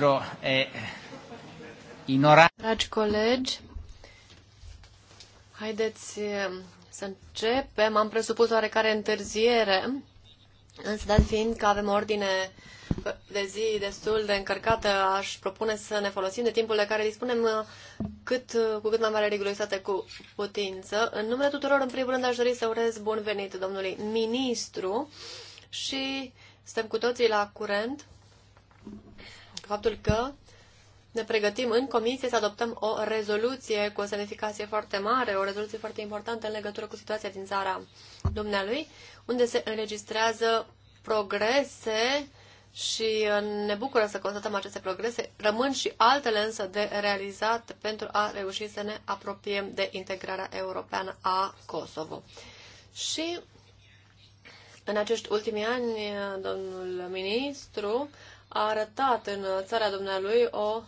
nostru e ignorant. Dragi colegi, haideți să începem. Am presupus oarecare întârziere, însă dat fiind că avem ordine de zi destul de încărcată, aș propune să ne folosim de timpul de care dispunem uh, cât, uh, cu cât mai mare rigurozitate cu putință. În numele tuturor, în primul rând, aș dori să urez bun venit domnului ministru și suntem cu toții la curent faptul că ne pregătim în comisie să adoptăm o rezoluție cu o semnificație foarte mare, o rezoluție foarte importantă în legătură cu situația din țara dumnealui, unde se înregistrează progrese și uh, ne bucură să constatăm aceste progrese. Rămân și altele însă de realizat pentru a reuși să ne apropiem de integrarea europeană a Kosovo. Și în acești ultimi ani, uh, domnul ministru a arătat în țara Domnului o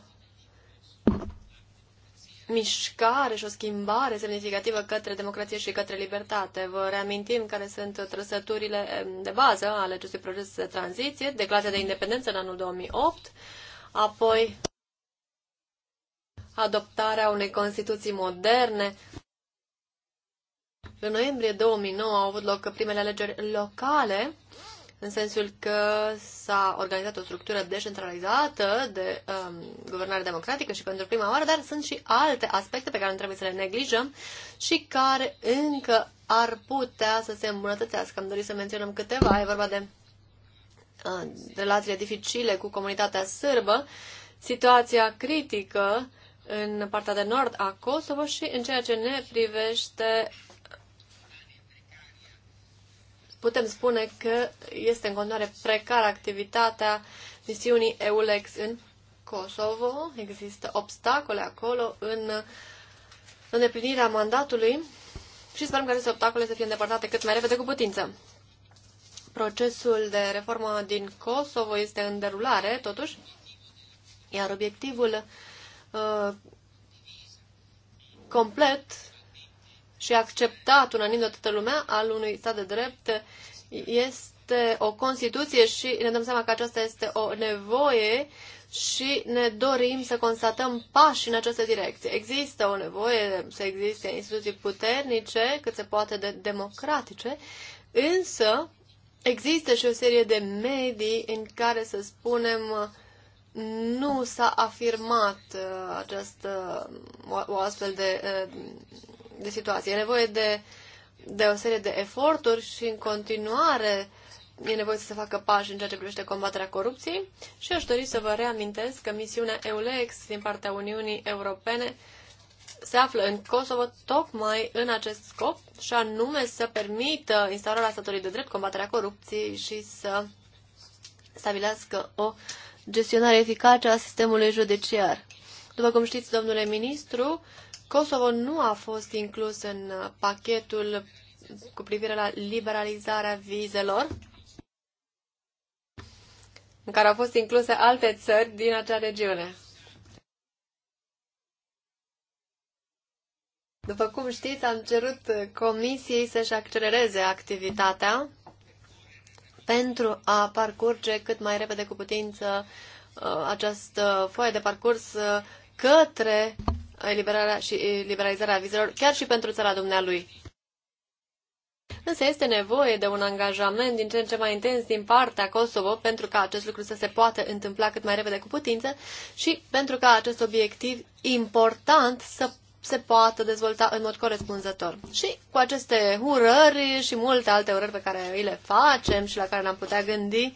mișcare și o schimbare semnificativă către democrație și către libertate. Vă reamintim care sunt trăsăturile de bază ale acestui proces de tranziție, declarația de independență în anul 2008, apoi adoptarea unei constituții moderne. În noiembrie 2009 au avut loc primele alegeri locale în sensul că s-a organizat o structură decentralizată de um, guvernare democratică și pentru prima oară, dar sunt și alte aspecte pe care nu trebuie să le neglijăm și care încă ar putea să se îmbunătățească. Am dorit să menționăm câteva. E vorba de uh, relațiile dificile cu comunitatea sârbă, situația critică în partea de nord a Kosovo și în ceea ce ne privește putem spune că este în continuare precară activitatea misiunii EULEX în Kosovo. Există obstacole acolo în îndeplinirea mandatului și sperăm că aceste obstacole să fie îndepărtate cât mai repede cu putință. Procesul de reformă din Kosovo este în derulare, totuși, iar obiectivul uh, complet și acceptat unanim de toată lumea al unui stat de drept este o Constituție și ne dăm seama că aceasta este o nevoie și ne dorim să constatăm pași în această direcție. Există o nevoie să existe instituții puternice, cât se poate de democratice, însă există și o serie de medii în care, să spunem, nu s-a afirmat uh, această, o astfel de uh, de situație. E nevoie de, de o serie de eforturi și în continuare e nevoie să se facă pași în ceea ce privește combaterea corupției și aș dori să vă reamintesc că misiunea EULEX din partea Uniunii Europene se află în Kosovo tocmai în acest scop și anume să permită instaurarea statului de drept, combaterea corupției și să stabilească o gestionare eficace a sistemului judiciar. După cum știți, domnule ministru, Kosovo nu a fost inclus în uh, pachetul cu privire la liberalizarea vizelor, în care au fost incluse alte țări din acea regiune. După cum știți, am cerut comisiei să-și accelereze activitatea pentru a parcurge cât mai repede cu putință uh, această foaie de parcurs uh, către eliberarea și liberalizarea vizelor, chiar și pentru țara dumnealui. Însă este nevoie de un angajament din ce în ce mai intens din partea Kosovo pentru ca acest lucru să se poată întâmpla cât mai repede cu putință și pentru ca acest obiectiv important să se poată dezvolta în mod corespunzător. Și cu aceste urări și multe alte urări pe care îi le facem și la care ne-am putea gândi,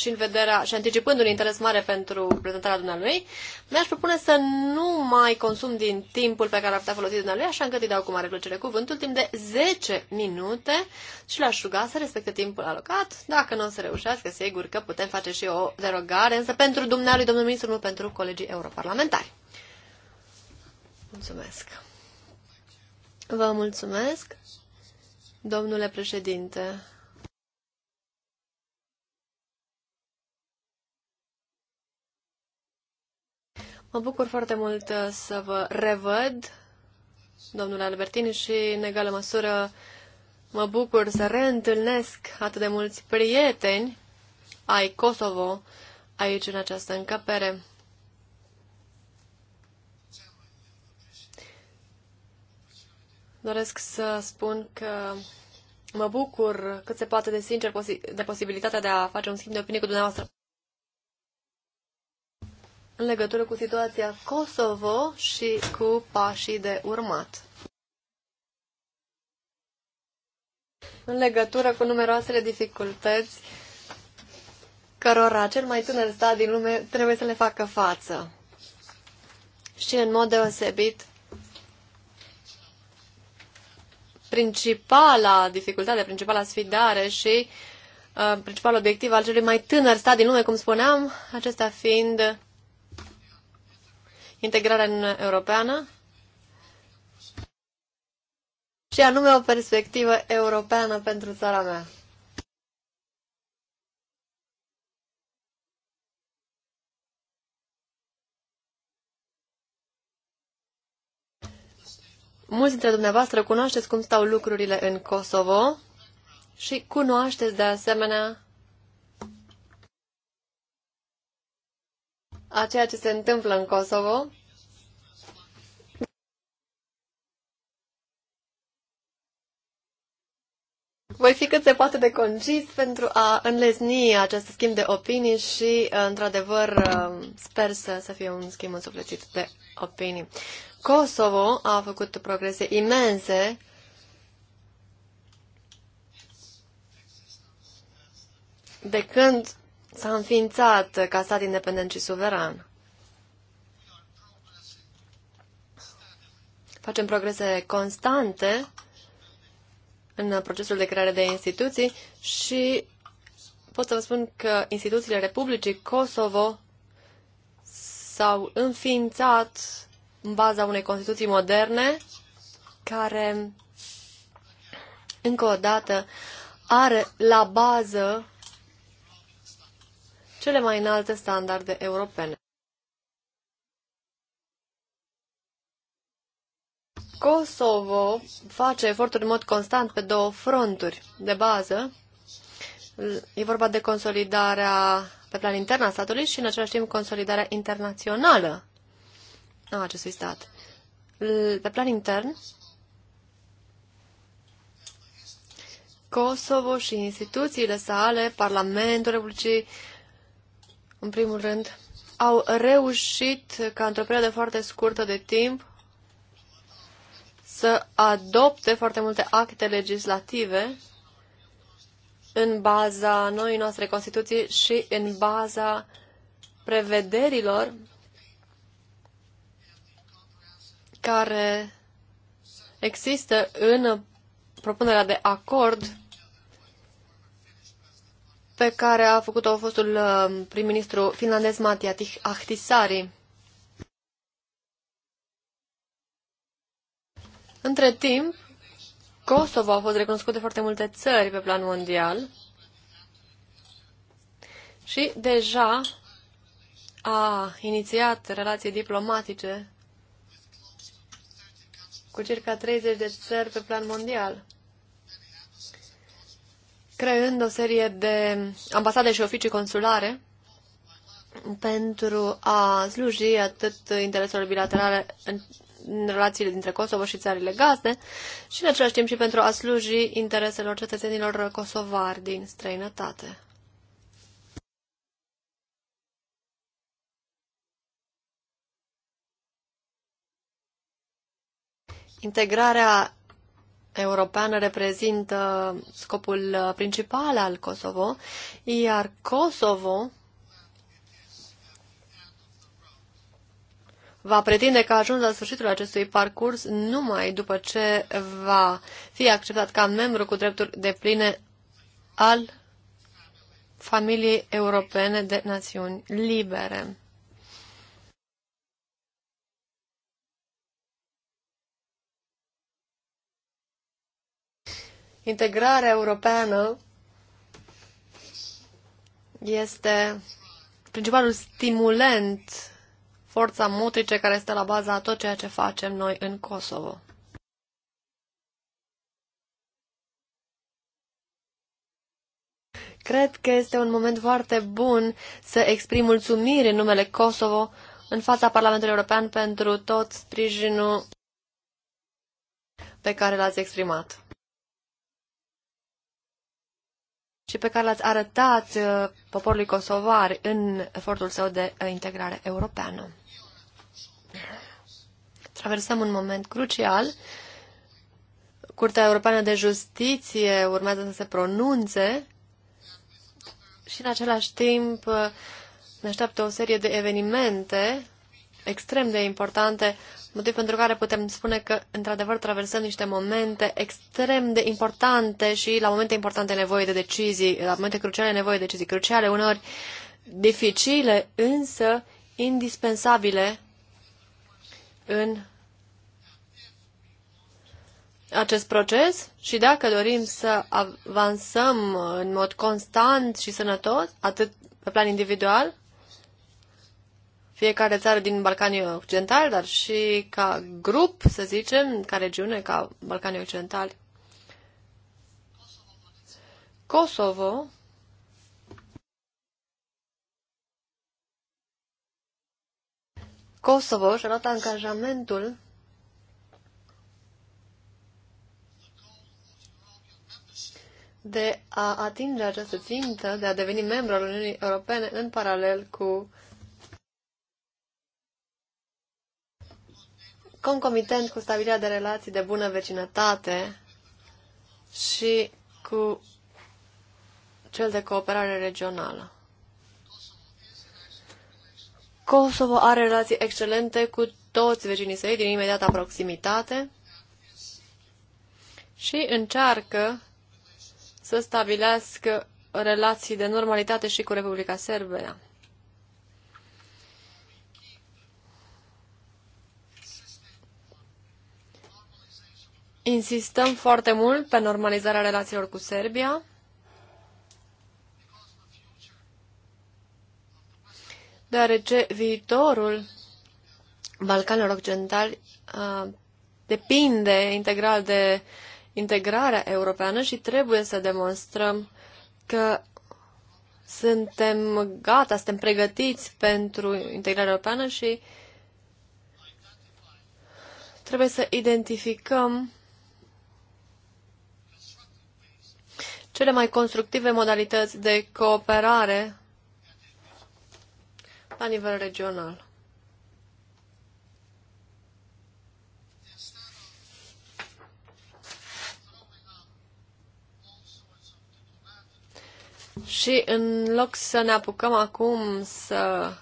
și în vederea și anticipând un interes mare pentru prezentarea dumnealui, mi-aș propune să nu mai consum din timpul pe care ar putea folosi dumnealui, așa încât îi dau cu mare plăcere cuvântul timp de 10 minute și l-aș ruga să respecte timpul alocat. Dacă nu o să reușească, sigur că putem face și o derogare, însă pentru dumnealui, domnul ministru, nu pentru colegii europarlamentari. Mulțumesc. Vă mulțumesc, domnule președinte. Mă bucur foarte mult uh, să vă revăd, domnule Albertini, și în egală măsură mă bucur să reîntâlnesc atât de mulți prieteni ai Kosovo aici în această încăpere. Doresc să spun că mă bucur cât se poate de sincer de posibilitatea de a face un schimb de opinie cu dumneavoastră în legătură cu situația Kosovo și cu pașii de urmat. În legătură cu numeroasele dificultăți cărora cel mai tânăr stat din lume trebuie să le facă față. Și în mod deosebit, principala dificultate, principala sfidare și uh, principal obiectiv al celui mai tânăr stat din lume, cum spuneam, acesta fiind integrarea în Europeană și anume o perspectivă europeană pentru țara mea. Mulți dintre dumneavoastră cunoașteți cum stau lucrurile în Kosovo și cunoașteți de asemenea a ceea ce se întâmplă în Kosovo. Voi fi cât se poate de concis pentru a înlezni acest schimb de opinii și, uh, într-adevăr, uh, sper să, să fie un schimb însuflețit de opinii. Kosovo a făcut progrese imense de când s-a înființat ca stat independent și suveran. Facem progrese constante în procesul de creare de instituții și pot să vă spun că instituțiile Republicii Kosovo s-au înființat în baza unei Constituții moderne care, încă o dată, are la bază cele mai înalte standarde europene. Kosovo face eforturi în mod constant pe două fronturi de bază. E vorba de consolidarea pe plan intern a statului și, în același timp, consolidarea internațională a acestui stat. Pe plan intern, Kosovo și instituțiile sale, Parlamentul Republicii în primul rând, au reușit ca într-o perioadă foarte scurtă de timp să adopte foarte multe acte legislative în baza noii noastre Constituții și în baza prevederilor care există în propunerea de acord pe care a făcut-o fostul uh, prim-ministru finlandez Matti Ahtisaari. Între timp, Kosovo a fost recunoscut de foarte multe țări pe plan mondial și deja a inițiat relații diplomatice cu circa 30 de țări pe plan mondial creând o serie de ambasade și oficii consulare pentru a sluji atât intereselor bilaterale în relațiile dintre Kosovo și țările gazde și în același timp și pentru a sluji intereselor cetățenilor kosovari din străinătate. Integrarea european reprezintă scopul principal al Kosovo, iar Kosovo va pretinde că a ajuns la sfârșitul acestui parcurs numai după ce va fi acceptat ca membru cu drepturi de pline al familiei europene de națiuni libere. Integrarea europeană este principalul stimulent, forța motrice care este la baza a tot ceea ce facem noi în Kosovo. Cred că este un moment foarte bun să exprim mulțumiri în numele Kosovo în fața Parlamentului European pentru tot sprijinul pe care l-ați exprimat. și pe care l-ați arătat uh, poporului kosovar în efortul său de uh, integrare europeană. Traversăm un moment crucial. Curtea Europeană de Justiție urmează să se pronunțe și în același timp uh, ne așteaptă o serie de evenimente extrem de importante, motiv pentru care putem spune că, într-adevăr, traversăm niște momente extrem de importante și la momente importante nevoie de decizii, la momente cruciale nevoie de decizii cruciale, uneori dificile, însă indispensabile în acest proces și dacă dorim să avansăm în mod constant și sănătos, atât pe plan individual, fiecare țară din Balcanii Occidentali, dar și ca grup, să zicem, ca regiune, ca Balcanii Occidentali. Kosovo Kosovo și-a luat angajamentul de a atinge această țintă, de a deveni membru al Uniunii Europene în paralel cu concomitent cu stabilirea de relații de bună vecinătate și cu cel de cooperare regională. Kosovo are relații excelente cu toți vecinii săi din imediata proximitate și încearcă să stabilească relații de normalitate și cu Republica Serbia. Insistăm foarte mult pe normalizarea relațiilor cu Serbia, deoarece viitorul Balcanilor Occidentali depinde integral de integrarea europeană și trebuie să demonstrăm că suntem gata, suntem pregătiți pentru integrarea europeană și trebuie să identificăm cele mai constructive modalități de cooperare la nivel regional. Și în loc să ne apucăm acum să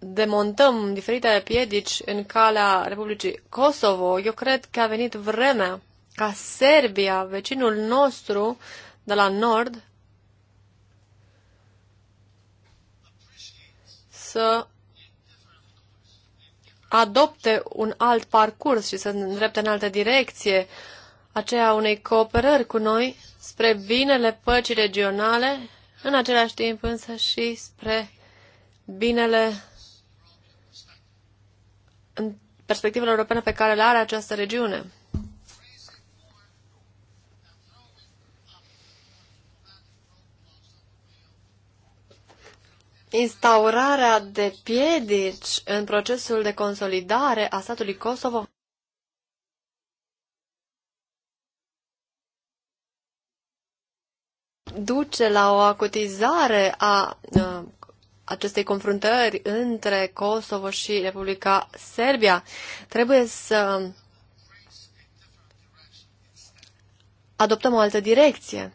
demontăm diferite piedici în calea Republicii Kosovo, eu cred că a venit vremea ca Serbia, vecinul nostru de la nord, să adopte un alt parcurs și să îndrepte în altă direcție, aceea unei cooperări cu noi spre binele păcii regionale, în același timp însă și spre binele în perspectivele europene pe care le are această regiune. instaurarea de piedici în procesul de consolidare a statului Kosovo duce la o acutizare a acestei confruntări între Kosovo și Republica Serbia. Trebuie să adoptăm o altă direcție.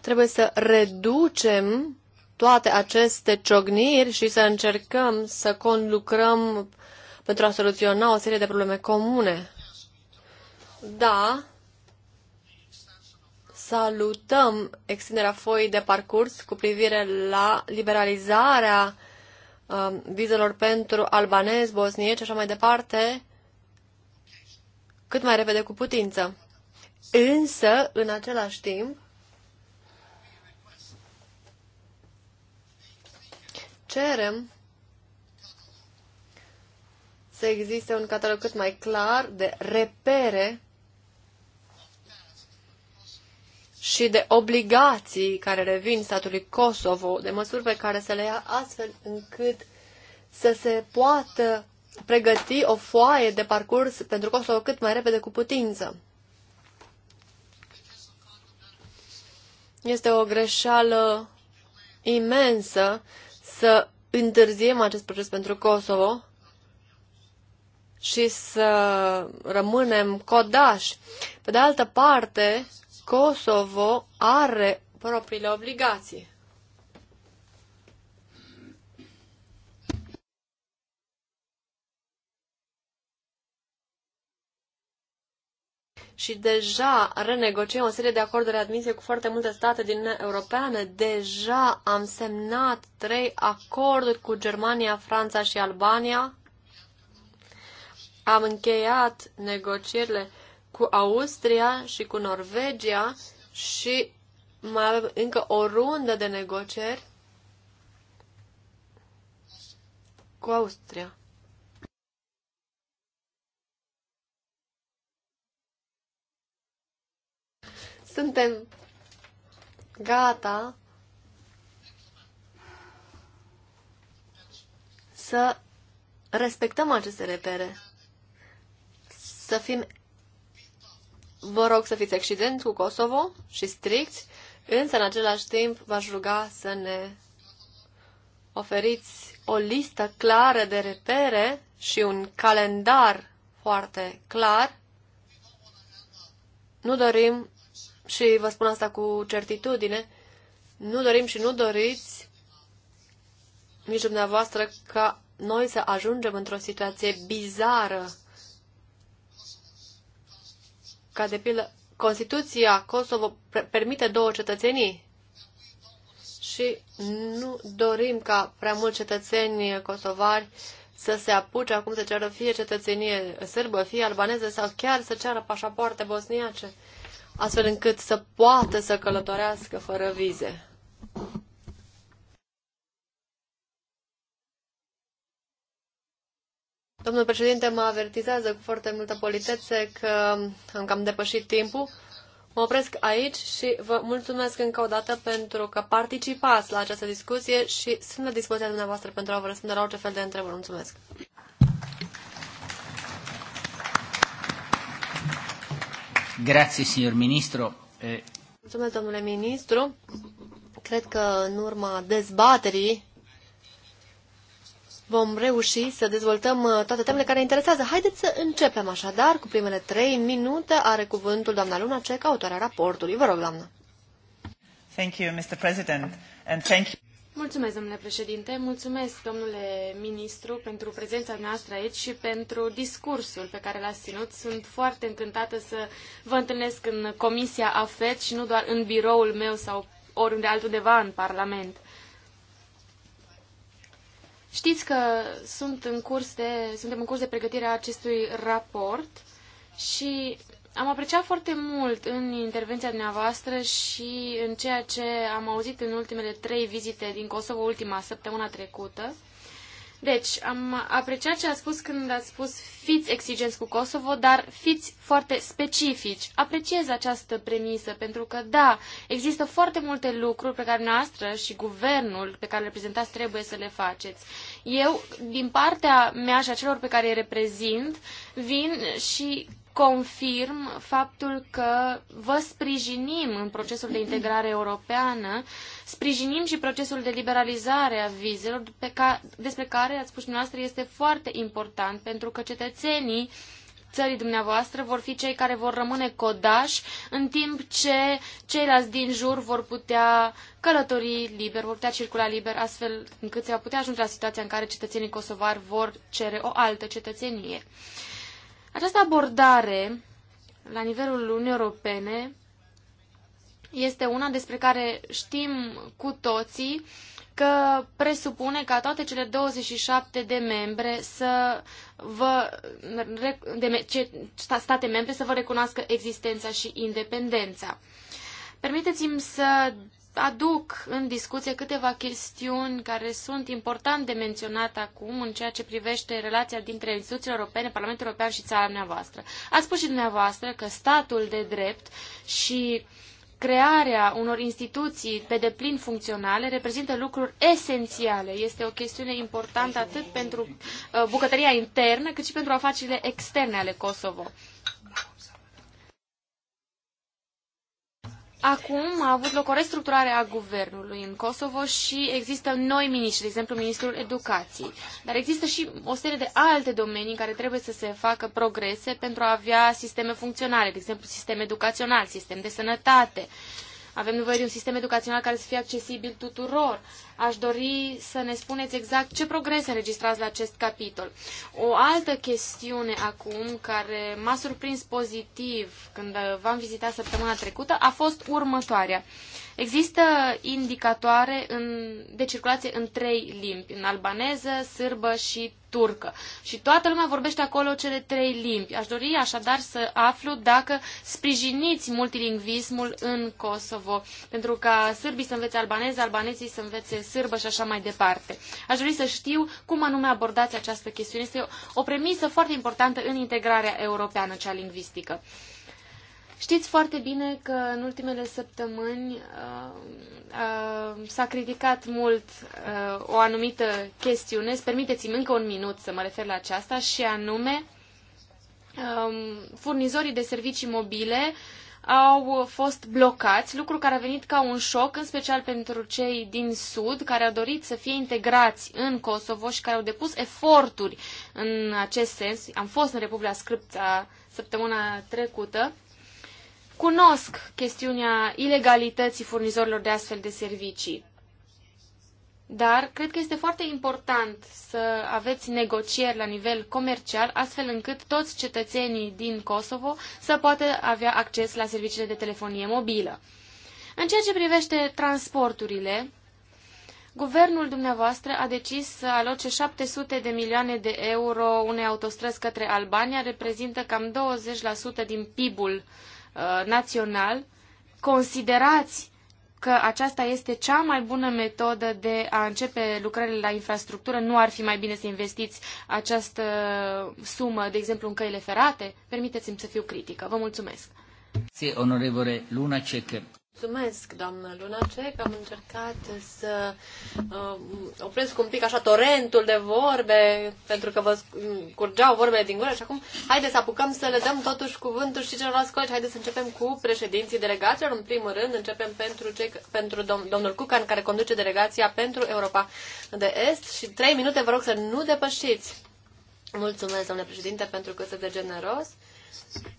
Trebuie să reducem toate aceste ciogniri și să încercăm să conlucrăm pentru a soluționa o serie de probleme comune. Da, salutăm extinderea foii de parcurs cu privire la liberalizarea um, vizelor pentru albanezi, bosnieci și așa mai departe, cât mai repede cu putință. Însă, în același timp, cerem să existe un catalog cât mai clar de repere și de obligații care revin statului Kosovo, de măsuri pe care să le ia astfel încât să se poată pregăti o foaie de parcurs pentru Kosovo cât mai repede cu putință. Este o greșeală imensă să întârziem acest proces pentru Kosovo și să rămânem codași. Pe de altă parte, Kosovo are propriile obligații. și deja renegociem o serie de acorduri de admisie cu foarte multe state din Uniunea Europeană. Deja am semnat trei acorduri cu Germania, Franța și Albania. Am încheiat negocierile cu Austria și cu Norvegia și mai avem încă o rundă de negocieri cu Austria. suntem gata să respectăm aceste repere. Să fim... Vă rog să fiți exigenți cu Kosovo și stricți, însă în același timp v-aș ruga să ne oferiți o listă clară de repere și un calendar foarte clar. Nu dorim și vă spun asta cu certitudine, nu dorim și nu doriți nici dumneavoastră ca noi să ajungem într-o situație bizară, ca de pildă Constituția Kosovo permite două cetățenii și nu dorim ca prea mulți cetățeni kosovari să se apuce acum să ceară fie cetățenie sârbă, fie albaneză sau chiar să ceară pașapoarte bosniace astfel încât să poată să călătorească fără vize. Domnul președinte mă avertizează cu foarte multă politețe că am cam depășit timpul. Mă opresc aici și vă mulțumesc încă o dată pentru că participați la această discuție și sunt la dispoziția dumneavoastră pentru a vă răspunde la orice fel de întrebări. Mulțumesc! Grazie, signor eh, Mulțumesc, domnule ministru. Cred că în urma dezbaterii vom reuși să dezvoltăm uh, toate temele care interesează. Haideți să începem așadar cu primele trei minute. Are cuvântul doamna Luna Cec, autoarea raportului. Vă rog, doamnă. Thank you, Mr. President, and thank you. Mulțumesc, domnule președinte, mulțumesc, domnule ministru, pentru prezența noastră aici și pentru discursul pe care l-ați ținut. Sunt foarte încântată să vă întâlnesc în Comisia AFET și nu doar în biroul meu sau oriunde altundeva în Parlament. Știți că sunt în curs de, suntem în curs de pregătire a acestui raport și am apreciat foarte mult în intervenția dumneavoastră și în ceea ce am auzit în ultimele trei vizite din Kosovo, ultima săptămâna trecută. Deci, am apreciat ce a spus când ați spus fiți exigenți cu Kosovo, dar fiți foarte specifici. Apreciez această premisă, pentru că, da, există foarte multe lucruri pe care noastră și guvernul pe care le reprezentați trebuie să le faceți. Eu, din partea mea și a celor pe care îi reprezint, vin și confirm faptul că vă sprijinim în procesul de integrare europeană, sprijinim și procesul de liberalizare a vizelor, pe ca, despre care, ați spus dumneavoastră, este foarte important, pentru că cetățenii țării dumneavoastră vor fi cei care vor rămâne codași, în timp ce ceilalți din jur vor putea călători liber, vor putea circula liber, astfel încât se va putea ajunge la situația în care cetățenii kosovari vor cere o altă cetățenie. Această abordare la nivelul Uniunii Europene este una despre care știm cu toții că presupune ca toate cele 27 de membre să vă de, ce, state membre să vă recunoască existența și independența. Permiteți-mi să aduc în discuție câteva chestiuni care sunt important de menționat acum în ceea ce privește relația dintre instituțiile europene, Parlamentul European și țara dumneavoastră. Ați spus și dumneavoastră că statul de drept și crearea unor instituții pe deplin funcționale reprezintă lucruri esențiale. Este o chestiune importantă atât pentru uh, bucătăria internă, cât și pentru afacerile externe ale Kosovo. Acum a avut loc o restructurare a guvernului în Kosovo și există noi miniștri, de exemplu ministrul educației. Dar există și o serie de alte domenii în care trebuie să se facă progrese pentru a avea sisteme funcționale, de exemplu sistem educațional, sistem de sănătate, uh, avem nevoie de un sistem educațional care să fie accesibil tuturor. Aș dori să ne spuneți exact ce progrese înregistrați la acest capitol. O altă chestiune acum care m-a surprins pozitiv când v-am vizitat săptămâna trecută a fost următoarea. Există indicatoare în, de circulație în trei limbi, în albaneză, sârbă și turcă. Și toată lumea vorbește acolo cele trei limbi. Aș dori așadar să aflu dacă sprijiniți multilingvismul în Kosovo, pentru ca sârbii să învețe albaneză, albanezii să învețe sârbă și așa mai departe. Aș dori să știu cum anume abordați această chestiune. Este o premisă foarte importantă în integrarea europeană, cea lingvistică. Știți foarte bine că în ultimele săptămâni uh, uh, s-a criticat mult uh, o anumită chestiune. permiteți-mi încă un minut să mă refer la aceasta și anume uh, furnizorii de servicii mobile au fost blocați, lucru care a venit ca un șoc, în special pentru cei din Sud, care au dorit să fie integrați în Kosovo și care au depus eforturi în acest sens. Am fost în Republica Scripța săptămâna trecută cunosc chestiunea ilegalității furnizorilor de astfel de servicii. Dar cred că este foarte important să aveți negocieri la nivel comercial, astfel încât toți cetățenii din Kosovo să poată avea acces la serviciile de telefonie mobilă. În ceea ce privește transporturile, guvernul dumneavoastră a decis să aloce 700 de milioane de euro unei autostrăzi către Albania, reprezintă cam 20% din PIB-ul uh, Uh, național, considerați că aceasta este cea mai bună metodă de a începe lucrările la infrastructură? Nu ar fi mai bine să investiți această sumă, de exemplu, în căile ferate? Permiteți-mi să fiu critică. Vă mulțumesc. Onorevole Lunacek. Mulțumesc, doamnă Lunacek. Am încercat să uh, opresc un pic așa torentul de vorbe, pentru că vă curgeau vorbele din gură și acum haideți să apucăm să le dăm totuși cuvântul și celorlalți colegi. Haideți să începem cu președinții delegațiilor. În primul rând începem pentru, ce, pentru dom- domnul Cucan, care conduce delegația pentru Europa de Est și trei minute vă rog să nu depășiți. Mulțumesc, domnule președinte, pentru că sunteți generos.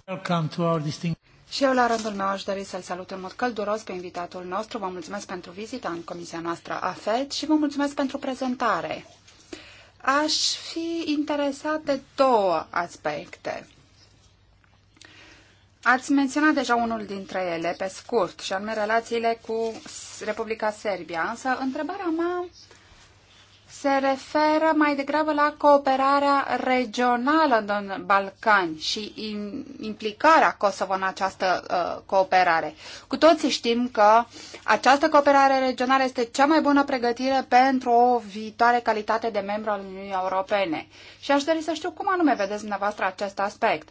Welcome to our distinct și eu, la rândul meu, aș dori să-l salut în mod călduros pe invitatul nostru. Vă mulțumesc pentru vizita în comisia noastră AFET și vă mulțumesc pentru prezentare. Aș fi interesat de două aspecte. Ați menționat deja unul dintre ele, pe scurt, și anume relațiile cu Republica Serbia, însă întrebarea mea se referă mai degrabă la cooperarea regională în Balcani și implicarea Kosovo în această uh, cooperare. Cu toții știm că această cooperare regională este cea mai bună pregătire pentru o viitoare calitate de membru al Uniunii Europene. Și aș dori să știu cum anume vedeți dumneavoastră acest aspect.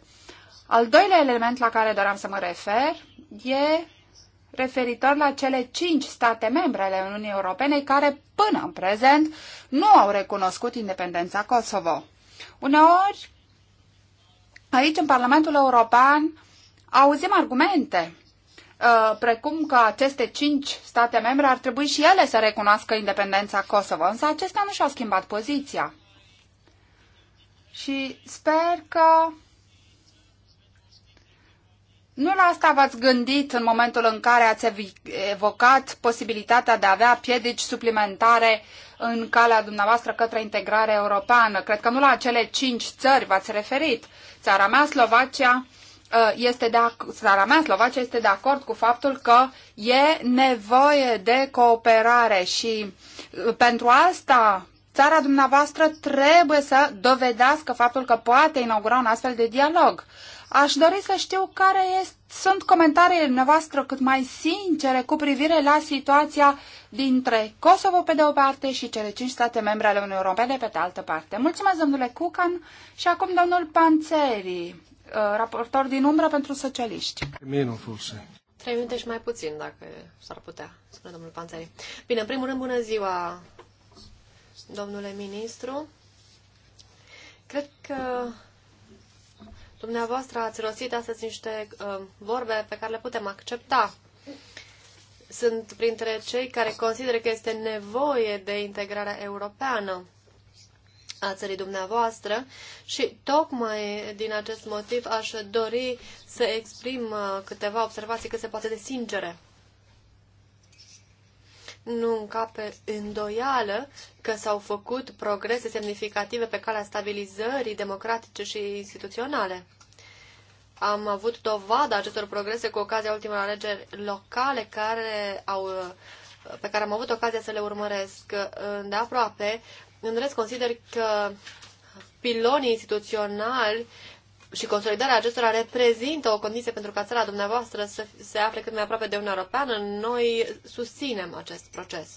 Al doilea element la care doream să mă refer e referitor la cele cinci state membre ale Uniunii Europene care, până în prezent, nu au recunoscut independența Kosovo. Uneori, aici, în Parlamentul European, auzim argumente uh, precum că aceste cinci state membre ar trebui și ele să recunoască independența Kosovo, însă acestea nu și-au schimbat poziția. Și sper că nu la asta v-ați gândit în momentul în care ați evocat posibilitatea de a avea piedici suplimentare în calea dumneavoastră către integrare europeană. Cred că nu la cele cinci țări v-ați referit. Țara mea, Slovacia, ă, este de, țara mea, Slovacia, este de acord cu faptul că e nevoie de cooperare și ă, pentru asta țara dumneavoastră trebuie să dovedească faptul că poate inaugura un astfel de dialog. Aș dori să știu care este, sunt comentariile noastre cât mai sincere cu privire la situația dintre Kosovo pe de o parte și cele cinci state membre ale Uniunii Europene pe de altă parte. Mulțumesc, domnule Cucan, și acum domnul Panțeri, uh, raportor din umbră pentru socialiști. Minu, forse. Trei minute și mai puțin, dacă s-ar putea, spune domnul Panțeri. Bine, în primul rând, bună ziua, domnule ministru. Cred că Dumneavoastră ați rostit astăzi niște uh, vorbe pe care le putem accepta. Sunt printre cei care consideră că este nevoie de integrarea europeană a țării dumneavoastră și tocmai din acest motiv aș dori să exprim uh, câteva observații cât se poate de sincere nu încape îndoială că s-au făcut progrese semnificative pe calea stabilizării democratice și instituționale. Am avut dovada acestor progrese cu ocazia ultimelor alegeri locale care au, pe care am avut ocazia să le urmăresc de aproape. În rest, consider că pilonii instituționali și consolidarea acestora reprezintă o condiție pentru ca țara dumneavoastră să se afle cât mai aproape de Uniunea Europeană. Noi susținem acest proces.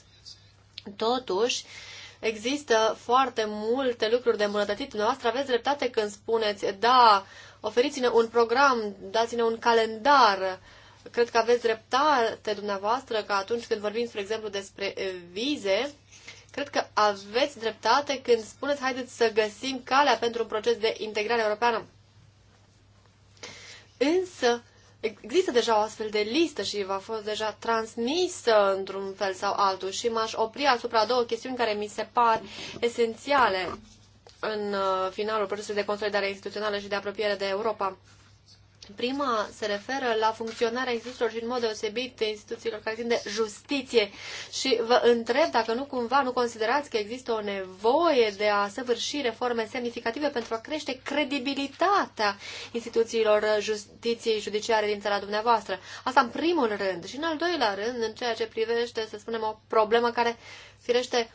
Totuși, există foarte multe lucruri de îmbunătățit. Dumneavoastră aveți dreptate când spuneți, da, oferiți-ne un program, dați-ne un calendar. Cred că aveți dreptate dumneavoastră că atunci când vorbim, spre exemplu, despre vize, cred că aveți dreptate când spuneți, haideți să găsim calea pentru un proces de integrare europeană. Însă, există deja o astfel de listă și va fost deja transmisă într-un fel sau altul și m-aș opri asupra două chestiuni care mi se par esențiale în uh, finalul procesului de consolidare instituțională și de apropiere de Europa. Prima se referă la funcționarea instituțiilor și în mod deosebit instituțiilor care țin de justiție și vă întreb dacă nu cumva nu considerați că există o nevoie de a săvârși reforme semnificative pentru a crește credibilitatea instituțiilor justiției judiciare din țara dumneavoastră. Asta în primul rând și în al doilea rând în ceea ce privește, să spunem, o problemă care firește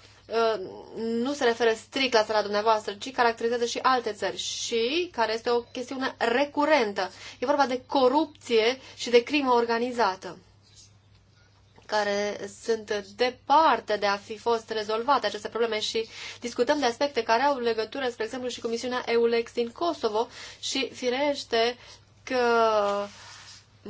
nu se referă strict la țara dumneavoastră, ci caracterizează și alte țări și care este o chestiune recurentă. E vorba de corupție și de crimă organizată care sunt departe de a fi fost rezolvate aceste probleme și discutăm de aspecte care au legătură, spre exemplu, și cu misiunea EULEX din Kosovo și firește că uh,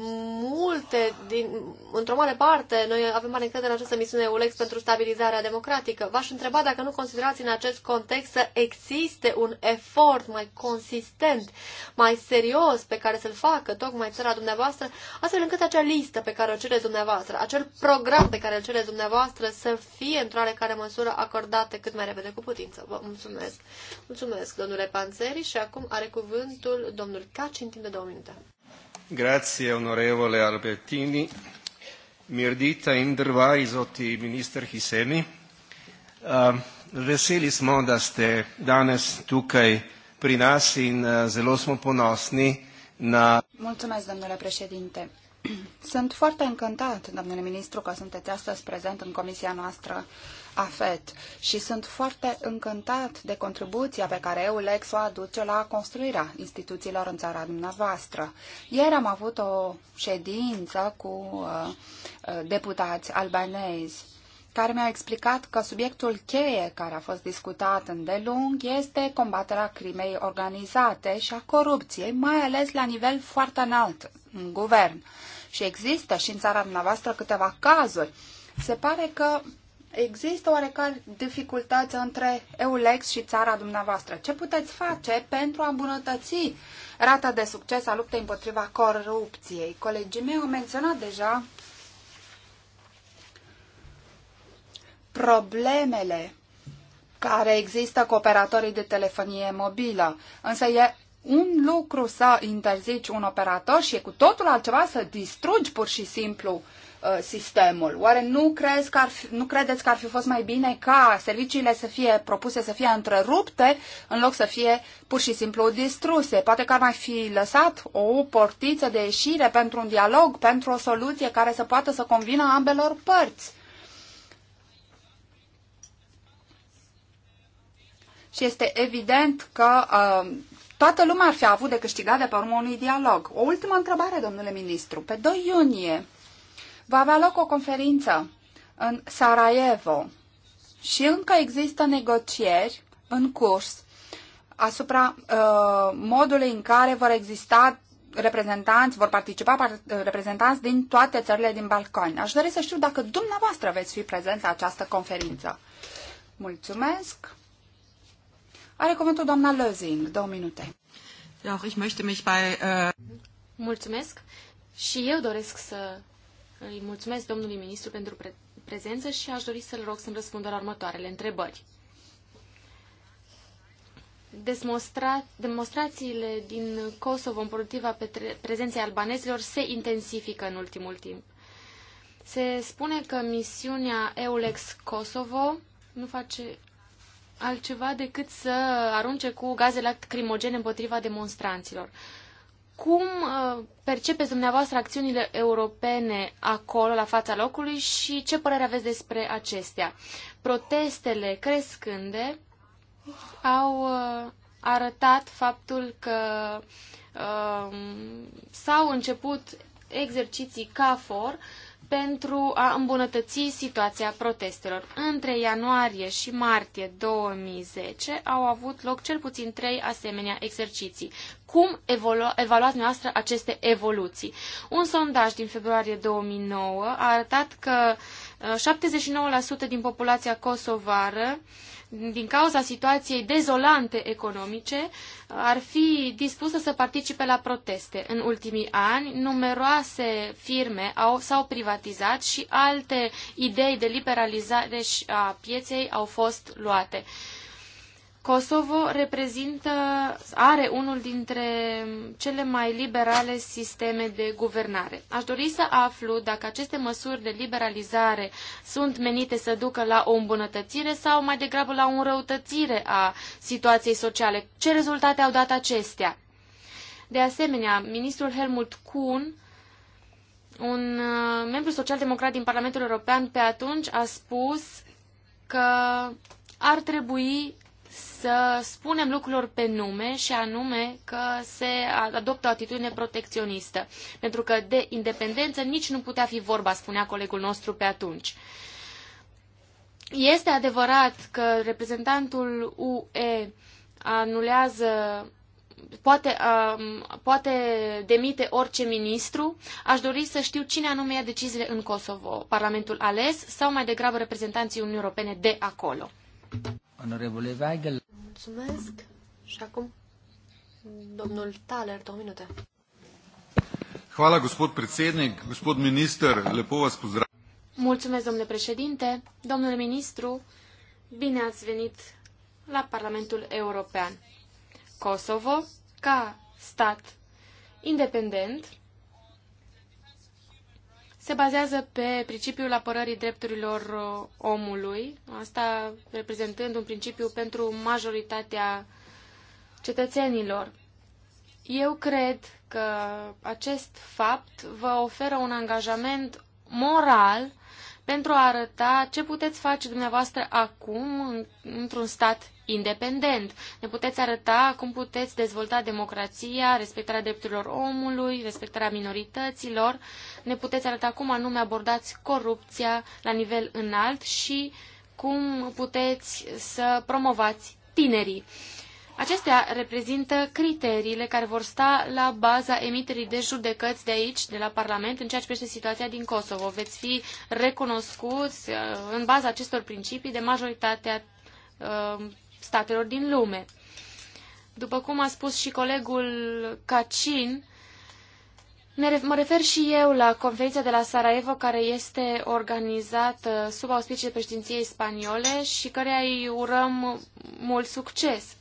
multe, din, într-o mare parte, noi avem mare încredere în această misiune ULEX pentru stabilizarea democratică. V-aș întreba dacă nu considerați în acest context să existe un efort mai consistent, mai serios pe care să-l facă tocmai țara dumneavoastră, astfel încât acea listă pe care o cereți dumneavoastră, acel program pe care îl cereți dumneavoastră să fie într-o care măsură acordate cât mai repede cu putință. Vă mulțumesc. Mulțumesc, domnule Panțeri, și acum are cuvântul domnul Caci în timp de două minute. Grazie onorevole Albertini. Mirdita minister Uh, veseli smo, da ste danes tukaj pri nas in uh, zelo smo ponosni na... Mulțumesc, domnule președinte. Sunt foarte încântat, domnule ministru, că sunteți astăzi prezent în comisia noastră uh, AFET și sunt foarte încântat de contribuția pe care EULEX o aduce la construirea instituțiilor în țara dumneavoastră. Ieri am avut o ședință cu uh, uh deputați albanezi care mi-a explicat că subiectul cheie care a fost discutat îndelung este combaterea crimei organizate și a corupției, mai ales la nivel foarte înalt în guvern. Și există și în țara dumneavoastră câteva cazuri. Se pare că există oarecare dificultăți între EULEX și țara dumneavoastră. Ce puteți face pentru a îmbunătăți rata de succes a luptei împotriva corupției? Colegii mei au menționat deja problemele care există cu operatorii de telefonie mobilă. Însă e un lucru să interzici un operator și e cu totul altceva să distrugi pur și simplu Uh, sistemul. Oare nu, crezi că ar fi, nu credeți că ar fi fost mai bine ca serviciile să fie propuse să fie întrerupte în loc să fie pur și simplu distruse? Poate că ar mai fi lăsat o portiță de ieșire pentru un dialog, pentru o soluție care să poată să convină ambelor părți. Și este evident că uh, Toată lumea ar fi avut de câștigat de pe urmă unui dialog. O ultimă întrebare, domnule ministru. Pe 2 iunie Va avea loc o conferință în Sarajevo și încă există negocieri în curs asupra uh, modului în care vor exista reprezentanți, vor participa part, uh, reprezentanți din toate țările din Balcani. Aș dori să știu dacă dumneavoastră veți fi prezenți la această conferință. Mulțumesc. Are cuvântul doamna Lözing, două minute. Ja, ich möchte mich bei, uh... Mulțumesc. Și eu doresc să îi mulțumesc domnului ministru pentru pre prezență și aș dori să-l rog să-mi răspundă la următoarele întrebări. demonstrațiile din Kosovo împotriva prezenței albanezilor se intensifică în ultimul timp. Se spune că misiunea EULEX Kosovo nu face altceva decât să arunce cu gaze lacrimogene împotriva demonstranților. Cum uh, percepeți dumneavoastră acțiunile europene acolo, la fața locului și ce părere aveți despre acestea? Protestele crescânde au uh, arătat faptul că uh, s-au început exerciții CAFOR pentru a îmbunătăți situația protestelor. Între ianuarie și martie 2010 au avut loc cel puțin trei asemenea exerciții cum evolua, evaluați noastră aceste evoluții. Un sondaj din februarie 2009 a arătat că 79% uh, din populația kosovară, din cauza situației dezolante economice, uh, ar fi dispusă să participe la proteste. În ultimii ani, numeroase firme au, s-au privatizat și alte idei de liberalizare a pieței au fost luate. Uh, Kosovo reprezintă, are unul dintre cele mai liberale sisteme de guvernare. Aș dori să aflu dacă aceste măsuri de liberalizare sunt menite să ducă la o îmbunătățire sau mai degrabă la o înrăutățire a situației sociale. Ce rezultate au dat acestea? De asemenea, ministrul Helmut Kuhn, un uh, membru social-democrat din Parlamentul European, pe atunci a spus că ar trebui să spunem lucrurilor pe nume și anume că se adoptă o atitudine protecționistă. Pentru că de independență nici nu putea fi vorba, spunea colegul nostru pe atunci. Este adevărat că reprezentantul UE anulează poate, uh, poate demite orice ministru. Aș dori să știu cine anume ia deciziile în Kosovo, Parlamentul ales sau mai degrabă reprezentanții Uniunii Europene de acolo. Onorevole Weigel. Mulțumesc. Și acum, domnul Thaler, două minute. Hvala, gospod predsednik, gospod minister, lepo vas pozdrav. Mulțumesc, domnule președinte, domnule ministru, bine ați venit la Parlamentul European. Kosovo, ca stat independent, se bazează pe principiul apărării drepturilor uh, omului, asta reprezentând un principiu pentru majoritatea cetățenilor. Eu cred că acest fapt vă oferă un angajament moral pentru a arăta ce puteți face dumneavoastră acum într-un stat independent. Ne puteți arăta cum puteți dezvolta democrația, respectarea drepturilor omului, respectarea minorităților. Ne puteți arăta cum anume abordați corupția la nivel înalt și cum puteți să promovați tinerii. Acestea reprezintă criteriile care vor sta la baza emiterii de judecăți de aici, de la Parlament, în ceea ce privește situația din Kosovo. Veți fi recunoscuți uh, în baza acestor principii de majoritatea uh, statelor din lume. După cum a spus și colegul Cacin, Mă refer și eu la conferința de la Sarajevo, care este organizată sub auspiciile președinției spaniole și care îi urăm mult succes.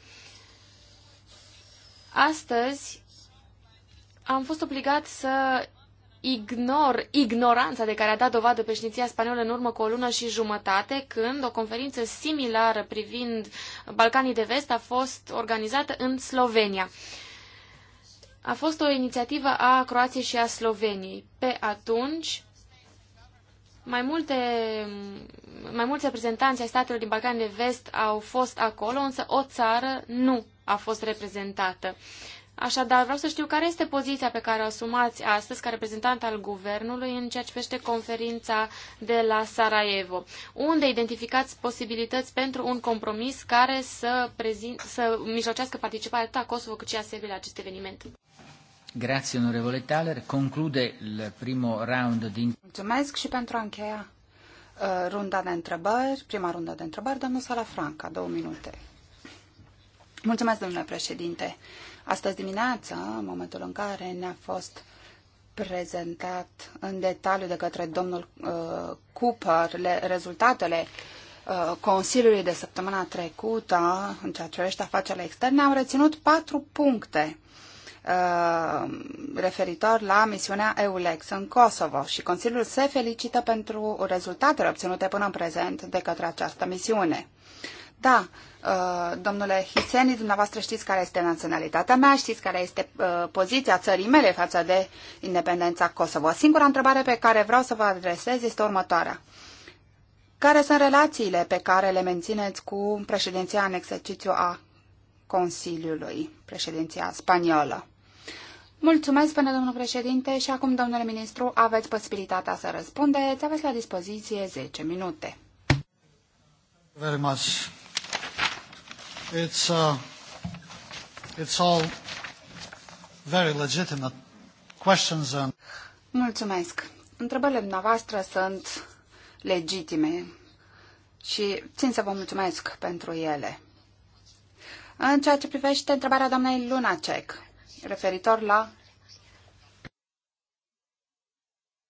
Astăzi am fost obligat să ignor ignoranța de care a dat dovadă președinția spaniolă în urmă cu o lună și jumătate, când o conferință similară privind Balcanii de Vest a fost organizată în Slovenia. A fost o inițiativă a Croației și a Sloveniei. Pe atunci, mai, multe, mai mulți reprezentanți ai statelor din Balcanii de Vest au fost acolo, însă o țară nu a fost reprezentată. Așadar, vreau să știu care este poziția pe care o asumați astăzi ca reprezentant al guvernului în ceea ce privește conferința de la Sarajevo. Unde identificați posibilități pentru un compromis care să, prezint, să mijlocească participarea atât a Kosovo cât și a Serbiei la acest eveniment? Grazie, onorevole Thaler. Conclude il primo round di... Mulțumesc și pentru a încheia uh, runda de întrebări, prima rundă de întrebări, domnul Franca, două minute. Mulțumesc, domnule președinte. Astăzi dimineață, în momentul în care ne-a fost prezentat în detaliu de către domnul uh, Cooper le, rezultatele uh, Consiliului de săptămâna trecută în ceea ce privește afacerile externe, am reținut patru puncte. Uh, Uh, referitor la misiunea EULEX în Kosovo și Consiliul se felicită pentru rezultatele obținute până în prezent de către această misiune. Da, uh, domnule Hiseni, dumneavoastră știți care este naționalitatea mea, știți care este uh, poziția țării mele față de independența Kosovo. Singura întrebare pe care vreau să vă adresez este următoarea. Care sunt relațiile pe care le mențineți cu președinția în exercițiu a Consiliului, președinția spaniolă? Mulțumesc, până domnul președinte, și acum, domnule ministru, aveți posibilitatea să răspundeți. Aveți la dispoziție 10 minute. Very much. It's, uh, it's all very legitimate questions and... Mulțumesc. Întrebările dumneavoastră sunt legitime și țin să vă mulțumesc pentru ele. În ceea ce privește întrebarea doamnei Lunacek, referitor la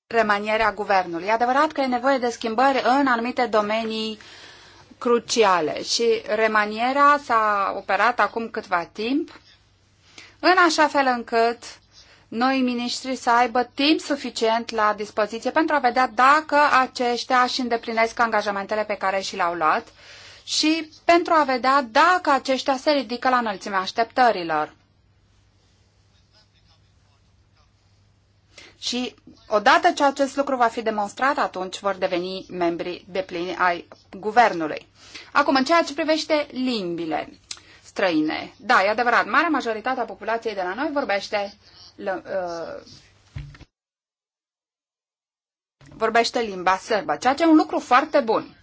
remanierea guvernului. E adevărat că e nevoie de schimbări în anumite domenii cruciale și remanierea s-a operat acum câtva timp în așa fel încât noi miniștri să aibă timp suficient la dispoziție pentru a vedea dacă aceștia își îndeplinesc angajamentele pe care și le-au luat și pentru a vedea dacă aceștia se ridică la înălțimea așteptărilor. și odată ce acest lucru va fi demonstrat, atunci vor deveni membri de plini ai guvernului. Acum, în ceea ce privește limbile străine, da, e adevărat, marea majoritate a populației de la noi vorbește uh, vorbește limba sârbă, ceea ce e un lucru foarte bun.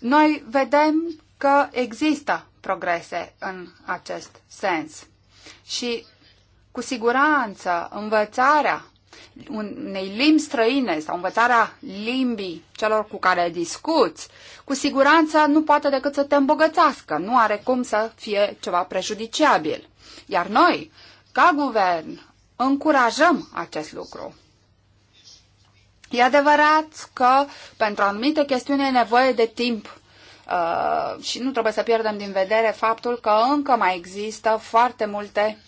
Noi vedem că există progrese în acest sens. Și cu siguranță, învățarea unei limbi străine sau învățarea limbii celor cu care discuți, cu siguranță nu poate decât să te îmbogățească, nu are cum să fie ceva prejudiciabil. Iar noi, ca guvern, încurajăm acest lucru. E adevărat că pentru anumite chestiuni e nevoie de timp uh, și nu trebuie să pierdem din vedere faptul că încă mai există foarte multe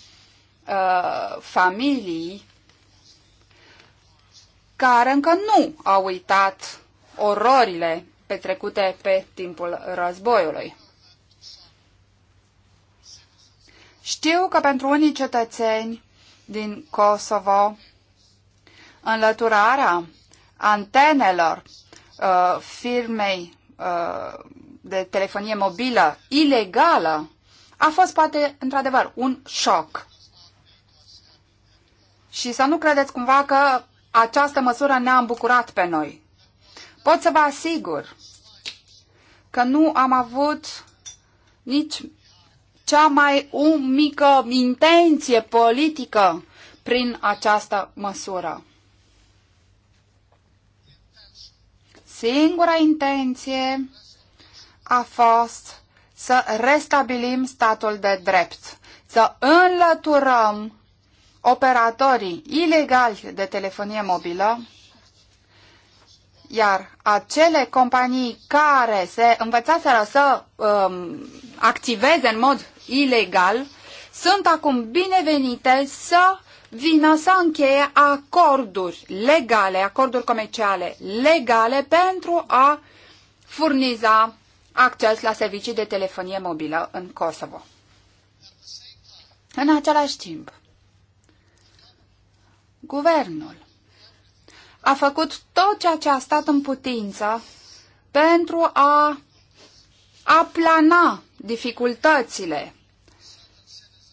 Uh, familii care încă nu au uitat ororile petrecute pe timpul războiului. Știu că pentru unii cetățeni din Kosovo, înlăturarea antenelor uh, firmei uh, de telefonie mobilă ilegală a fost poate într-adevăr un șoc. Și să nu credeți cumva că această măsură ne-a îmbucurat pe noi. Pot să vă asigur că nu am avut nici cea mai mică intenție politică prin această măsură. Singura intenție a fost să restabilim statul de drept, să înlăturăm operatorii ilegali de telefonie mobilă, iar acele companii care se învățaseră să um, activeze în mod ilegal, sunt acum binevenite să vină să încheie acorduri legale, acorduri comerciale legale pentru a furniza acces la servicii de telefonie mobilă în Kosovo. În același timp, Guvernul a făcut tot ceea ce a stat în putință pentru a aplana dificultățile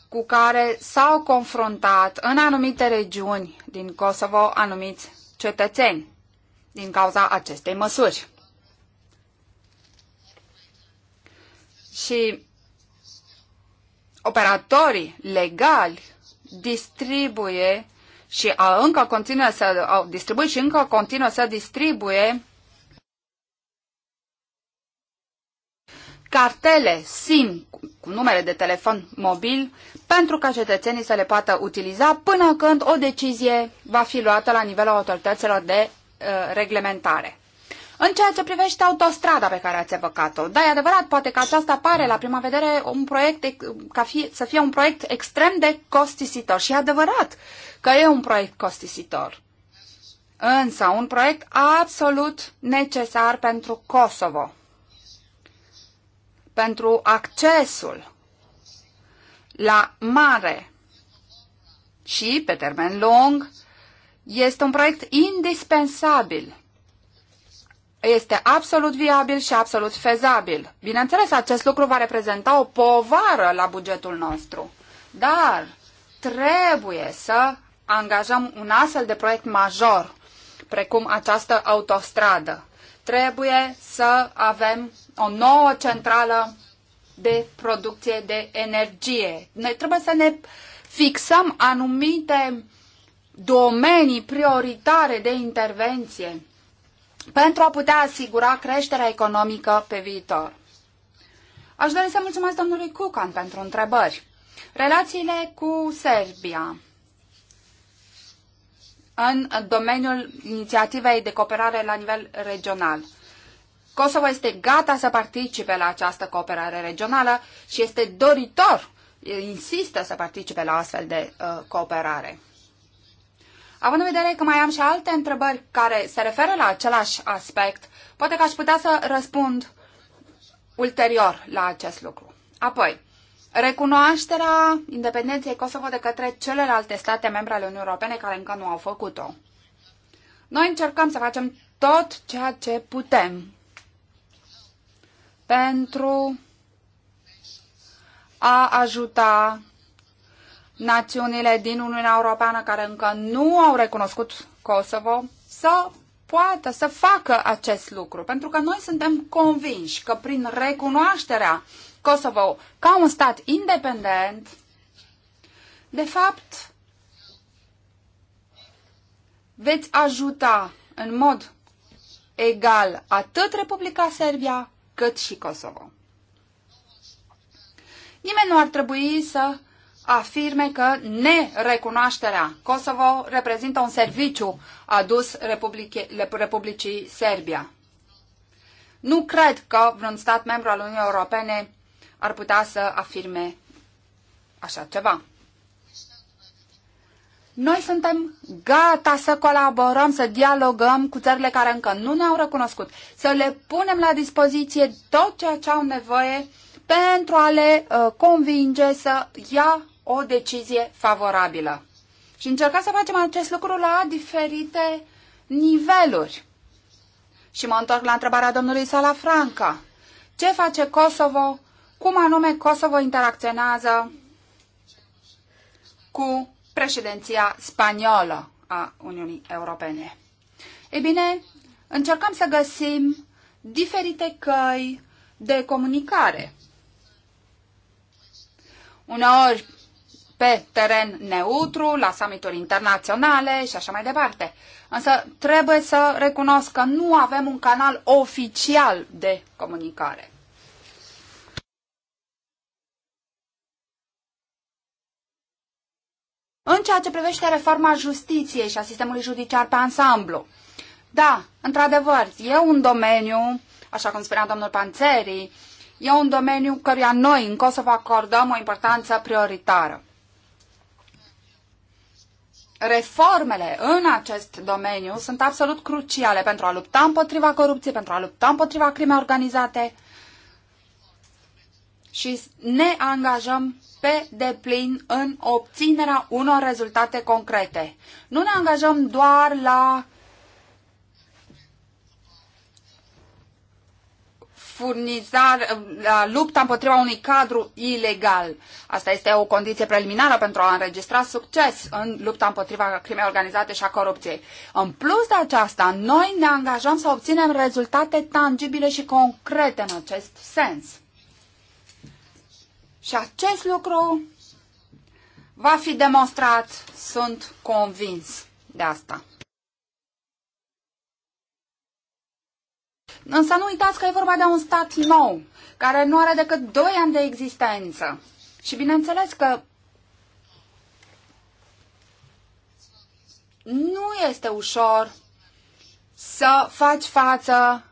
cu care s-au confruntat în anumite regiuni din Kosovo anumiți cetățeni din cauza acestei măsuri. Și operatorii legali distribuie și a, încă continuă să au distribui și încă continuă să distribuie cartele SIM cu numere de telefon mobil pentru ca cetățenii să le poată utiliza până când o decizie va fi luată la nivelul autorităților de uh, reglementare. În ceea ce privește autostrada pe care ați evocat-o, da, e adevărat, poate că aceasta pare la prima vedere un proiect, ca fi, să fie un proiect extrem de costisitor și e adevărat că e un proiect costisitor. Însă, un proiect absolut necesar pentru Kosovo, pentru accesul la mare și, pe termen lung, este un proiect indispensabil este absolut viabil și absolut fezabil. Bineînțeles, acest lucru va reprezenta o povară la bugetul nostru, dar trebuie să angajăm un astfel de proiect major, precum această autostradă. Trebuie să avem o nouă centrală de producție de energie. Noi trebuie să ne fixăm anumite domenii prioritare de intervenție pentru a putea asigura creșterea economică pe viitor. Aș dori să mulțumesc domnului Cucan pentru întrebări. Relațiile cu Serbia în domeniul inițiativei de cooperare la nivel regional. Kosovo este gata să participe la această cooperare regională și este doritor, insistă să participe la astfel de uh, cooperare. Având în vedere că mai am și alte întrebări care se referă la același aspect, poate că aș putea să răspund ulterior la acest lucru. Apoi, recunoașterea independenței Kosovo de către celelalte state membre ale Uniunii Europene care încă nu au făcut-o. Noi încercăm să facem tot ceea ce putem pentru a ajuta națiunile din Uniunea Europeană care încă nu au recunoscut Kosovo să poată să facă acest lucru. Pentru că noi suntem convinși că prin recunoașterea Kosovo ca un stat independent, de fapt, veți ajuta în mod egal atât Republica Serbia cât și Kosovo. Nimeni nu ar trebui să afirme că nerecunoașterea Kosovo reprezintă un serviciu adus Republicii, Serbia. Nu cred că vreun stat membru al Uniunii Europene ar putea să afirme așa ceva. Noi suntem gata să colaborăm, să dialogăm cu țările care încă nu ne-au recunoscut, să le punem la dispoziție tot ceea ce au nevoie pentru a le uh, convinge să ia o decizie favorabilă. Și încercăm să facem acest lucru la diferite niveluri. Și mă întorc la întrebarea domnului Salafranca. Ce face Kosovo? Cum anume Kosovo interacționează cu președinția spaniolă a Uniunii Europene? Ei bine, încercăm să găsim diferite căi de comunicare. Uneori pe teren neutru, la summituri internaționale și așa mai departe. Însă trebuie să recunosc că nu avem un canal oficial de comunicare. În ceea ce privește reforma justiției și a sistemului judiciar pe ansamblu, da, într-adevăr, e un domeniu, așa cum spunea domnul Panțerii, e un domeniu căruia noi în Kosovo acordăm o importanță prioritară reformele în acest domeniu sunt absolut cruciale pentru a lupta împotriva corupției, pentru a lupta împotriva crimei organizate și ne angajăm pe deplin în obținerea unor rezultate concrete. Nu ne angajăm doar la furnizare, la lupta împotriva unui cadru ilegal. Asta este o condiție preliminară pentru a înregistra succes în lupta împotriva crimei organizate și a corupției. În plus de aceasta, noi ne angajăm să obținem rezultate tangibile și concrete în acest sens. Și acest lucru va fi demonstrat, sunt convins de asta. Însă nu uitați că e vorba de un stat nou, care nu are decât 2 ani de existență. Și bineînțeles că nu este ușor să faci față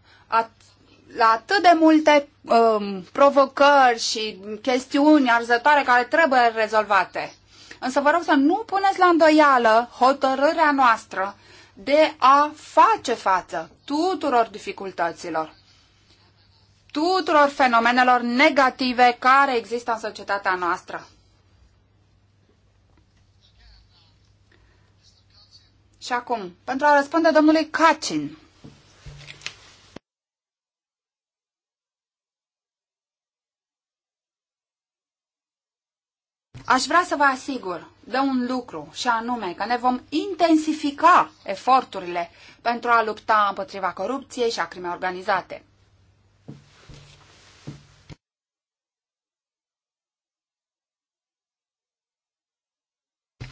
la atât de multe um, provocări și chestiuni arzătoare care trebuie rezolvate. Însă vă rog să nu puneți la îndoială hotărârea noastră de a face față tuturor dificultăților, tuturor fenomenelor negative care există în societatea noastră. Și acum, pentru a răspunde domnului Cacin. Aș vrea să vă asigur de un lucru, și anume că ne vom intensifica eforturile pentru a lupta împotriva corupției și a crimei organizate.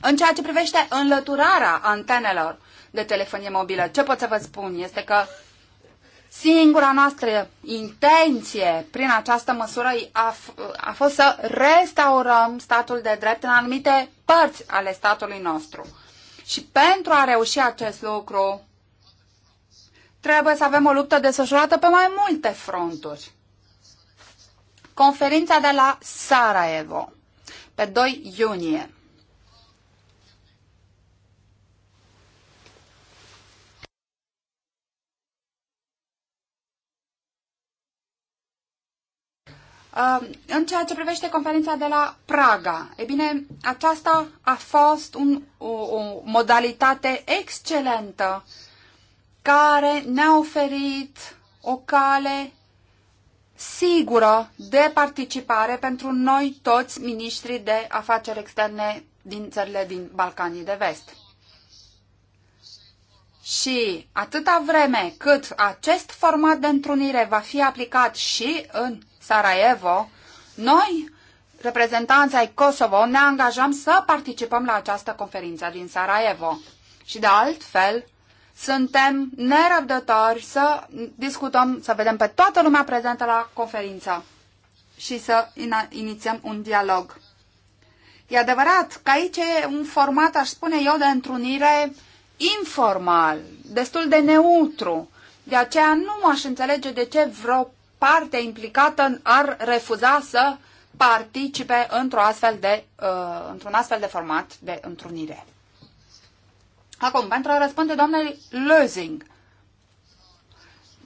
În ceea ce privește înlăturarea antenelor de telefonie mobilă, ce pot să vă spun este că Singura noastră intenție prin această măsură a, a fost să restaurăm statul de drept în anumite părți ale statului nostru. Și pentru a reuși acest lucru, trebuie să avem o luptă desfășurată pe mai multe fronturi. Conferința de la Sarajevo, pe 2 iunie. Uh, în ceea ce privește conferința de la Praga, e bine, aceasta a fost un, o, o modalitate excelentă care ne-a oferit o cale sigură de participare pentru noi toți miniștrii de afaceri externe din țările din Balcanii de Vest. Și atâta vreme cât acest format de întrunire va fi aplicat și în Sarajevo, noi, reprezentanții ai Kosovo, ne angajăm să participăm la această conferință din Sarajevo. Și de altfel, suntem nerăbdători să discutăm, să vedem pe toată lumea prezentă la conferință și să inițiem un dialog. E adevărat că aici e un format, aș spune eu, de întrunire informal, destul de neutru. De aceea nu aș înțelege de ce vreo partea implicată ar refuza să participe într un astfel de, uh, într-un astfel de format de întrunire. Acum, pentru a răspunde doamnei Lözing,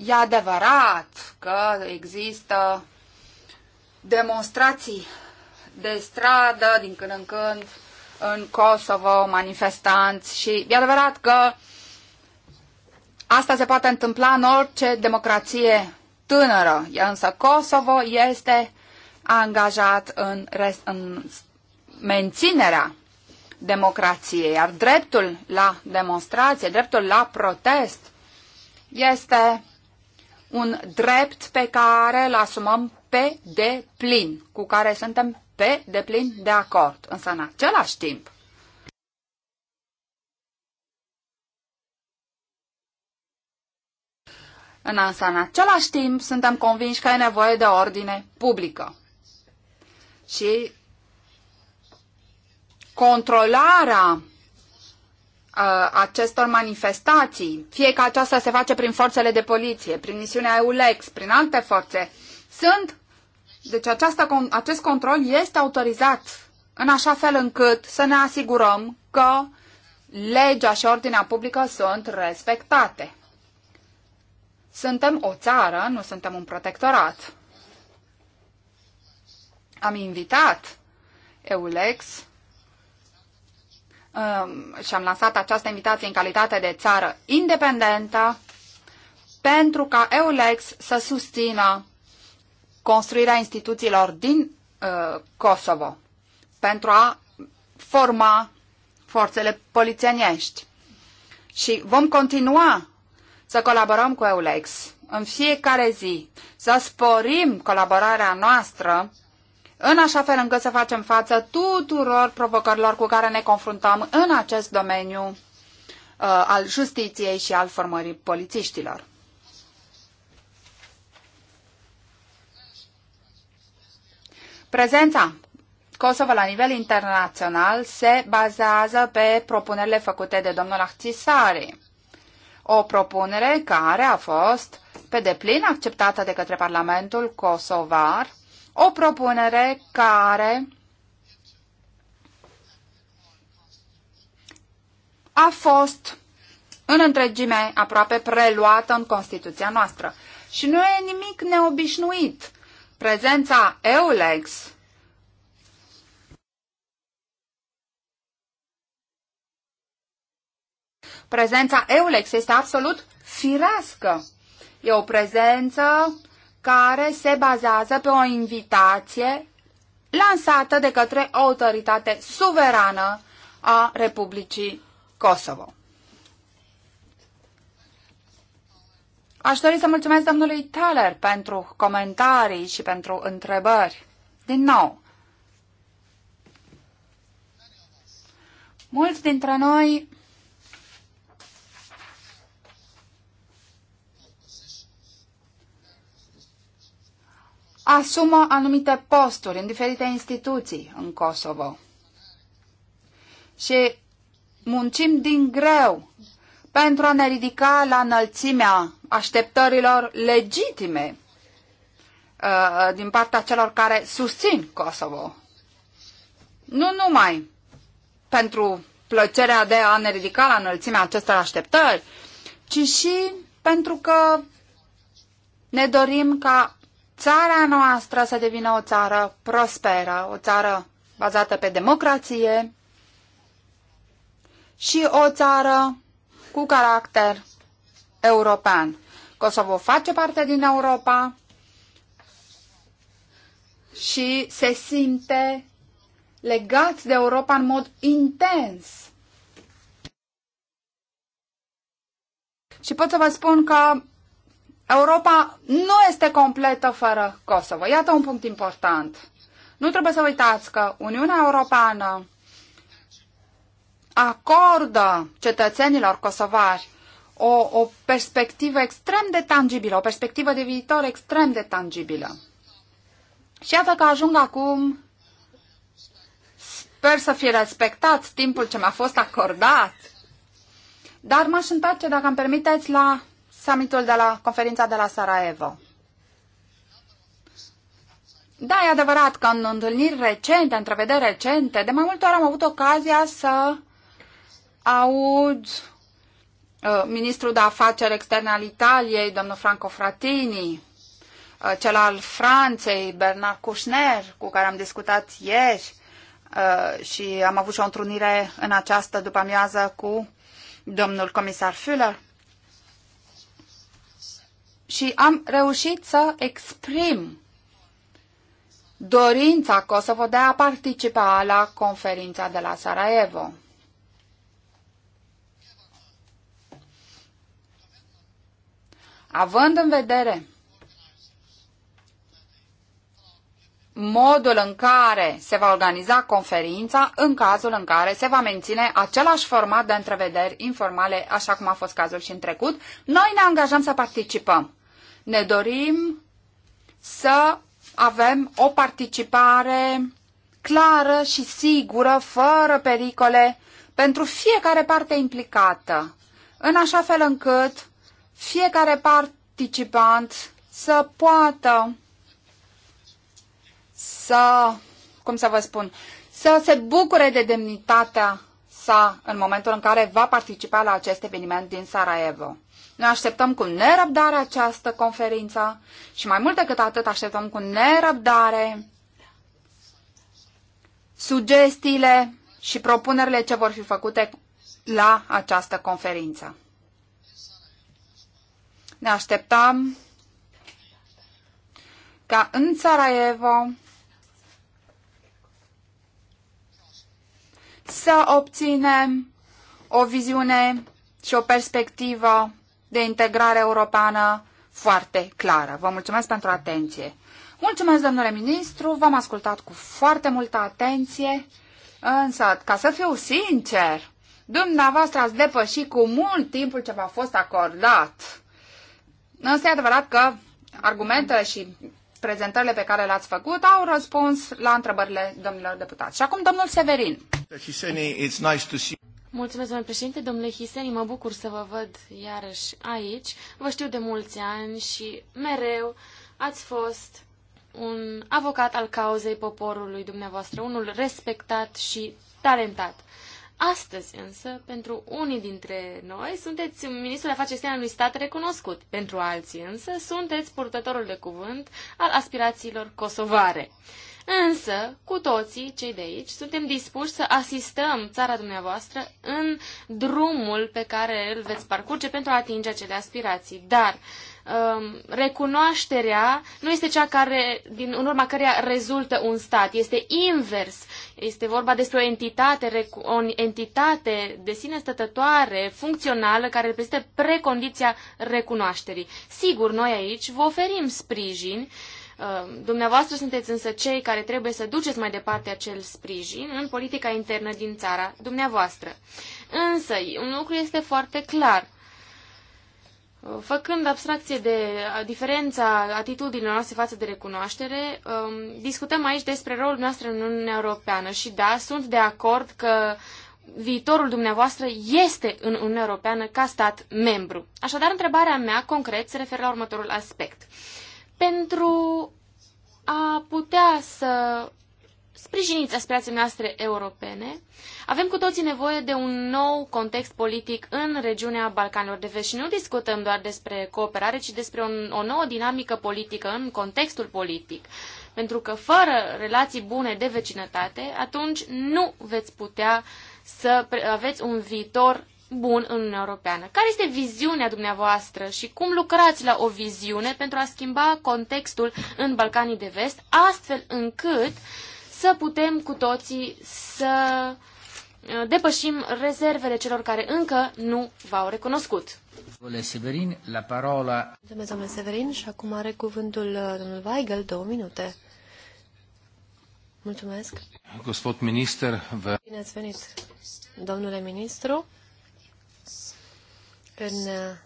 e adevărat că există demonstrații de stradă din când în când în Kosovo, manifestanți și e adevărat că asta se poate întâmpla în orice democrație tânără, însă Kosovo este angajat în, rest, în menținerea democrației, iar dreptul la demonstrație, dreptul la protest este un drept pe care îl asumăm pe deplin, cu care suntem pe deplin de acord. Însă, în același timp, Însă, în același timp, suntem convinși că e nevoie de ordine publică. Și controlarea uh, acestor manifestații, fie că aceasta se face prin forțele de poliție, prin misiunea EULEX, prin alte forțe, sunt, deci această, acest control este autorizat în așa fel încât să ne asigurăm că legea și ordinea publică sunt respectate. Suntem o țară, nu suntem un protectorat. Am invitat EULEX um, și am lansat această invitație în calitate de țară independentă pentru ca EULEX să susțină construirea instituțiilor din uh, Kosovo pentru a forma forțele polițienești. Și vom continua să colaborăm cu EULEX în fiecare zi, să sporim colaborarea noastră în așa fel încât să facem față tuturor provocărilor cu care ne confruntăm în acest domeniu uh, al justiției și al formării polițiștilor. Prezența Kosovo la nivel internațional se bazează pe propunerile făcute de domnul Ahtisari o propunere care a fost pe deplin acceptată de către Parlamentul Kosovar, o propunere care a fost în întregime aproape preluată în Constituția noastră. Și nu e nimic neobișnuit. Prezența EULEX Prezența EULEX este absolut firească. E o prezență care se bazează pe o invitație lansată de către o autoritate suverană a Republicii Kosovo. Aș dori să mulțumesc domnului Thaler pentru comentarii și pentru întrebări. Din nou, mulți dintre noi asumă anumite posturi în diferite instituții în Kosovo. Și muncim din greu pentru a ne ridica la înălțimea așteptărilor legitime uh, din partea celor care susțin Kosovo. Nu numai pentru plăcerea de a ne ridica la înălțimea acestor așteptări, ci și pentru că ne dorim ca țara noastră să devină o țară prosperă, o țară bazată pe democrație și o țară cu caracter european. Kosovo face parte din Europa și se simte legat de Europa în mod intens. Și pot să vă spun că Europa nu este completă fără Kosovo. Iată un punct important. Nu trebuie să uitați că Uniunea Europeană acordă cetățenilor kosovari o, o perspectivă extrem de tangibilă, o perspectivă de viitor extrem de tangibilă. Și iată că ajung acum, sper să fie respectat timpul ce mi-a fost acordat, dar m-aș întoarce, dacă îmi permiteți, la summitul de la conferința de la Sarajevo. Da, e adevărat că în întâlniri recente, întrevederi recente, de mai multe ori am avut ocazia să aud uh, ministrul de afaceri externe al Italiei, domnul Franco Fratini, uh, cel al Franței, Bernard Kushner, cu care am discutat ieri uh, și am avut și o întrunire în această după amiază cu domnul comisar Füller și am reușit să exprim dorința Kosovo de a participa la conferința de la Sarajevo. Având în vedere modul în care se va organiza conferința în cazul în care se va menține același format de întrevederi informale, așa cum a fost cazul și în trecut, noi ne angajăm să participăm ne dorim să avem o participare clară și sigură, fără pericole, pentru fiecare parte implicată, în așa fel încât fiecare participant să poată să, cum să vă spun, să se bucure de demnitatea sa în momentul în care va participa la acest eveniment din Sarajevo. Ne așteptăm cu nerăbdare această conferință și mai mult decât atât așteptăm cu nerăbdare sugestiile și propunerile ce vor fi făcute la această conferință. Ne așteptăm ca în Sarajevo să obținem o viziune și o perspectivă de integrare europeană foarte clară. Vă mulțumesc pentru atenție. Mulțumesc, domnule ministru, v-am ascultat cu foarte multă atenție, însă, ca să fiu sincer, dumneavoastră ați depășit cu mult timpul ce v-a fost acordat. Însă e adevărat că argumentele și prezentările pe care le-ați făcut au răspuns la întrebările domnilor deputați. Și acum domnul Severin. Mulțumesc, domnule președinte. Domnule Hiseni, mă bucur să vă văd iarăși aici. Vă știu de mulți ani și mereu ați fost un avocat al cauzei poporului dumneavoastră, unul respectat și talentat. Astăzi însă, pentru unii dintre noi, sunteți ministrul afaceri externe unui stat recunoscut. Pentru alții însă, sunteți purtătorul de cuvânt al aspirațiilor kosovare. Însă, cu toții cei de aici, suntem dispuși să asistăm țara dumneavoastră în drumul pe care îl veți parcurge pentru a atinge acele aspirații. Dar Um, recunoașterea nu este cea care, din, în urma căreia rezultă un stat. Este invers. Este vorba despre o entitate, o entitate de sine stătătoare, funcțională, care reprezintă precondiția recunoașterii. Sigur, noi aici vă oferim sprijin, um, Dumneavoastră sunteți însă cei care trebuie să duceți mai departe acel sprijin în politica internă din țara dumneavoastră. Însă, un lucru este foarte clar – Făcând abstracție de diferența atitudinilor noastre față de recunoaștere, um, discutăm aici despre rolul noastră în Uniunea Europeană și da, sunt de acord că viitorul dumneavoastră este în Uniunea Europeană ca stat membru. Așadar, întrebarea mea concret se referă la următorul aspect. Pentru a putea să sprijiniți aspirațiile noastre europene. Avem cu toții nevoie de un nou context politic în regiunea Balcanilor de Vest și nu discutăm doar despre cooperare, ci despre un, o nouă dinamică politică în contextul politic. Pentru că fără relații bune de vecinătate, atunci nu veți putea să aveți un viitor bun în Uniunea Europeană. Care este viziunea dumneavoastră și cum lucrați la o viziune pentru a schimba contextul în Balcanii de Vest, astfel încât uh, să putem cu toții să uh, depășim rezervele celor care încă nu v-au recunoscut. Domnule Severin, la parola... Mulțumesc, domnule Severin, și acum are cuvântul uh, domnul Weigel, două minute. Mulțumesc. Gospod minister, vă... Bine ați venit, domnule ministru. În uh,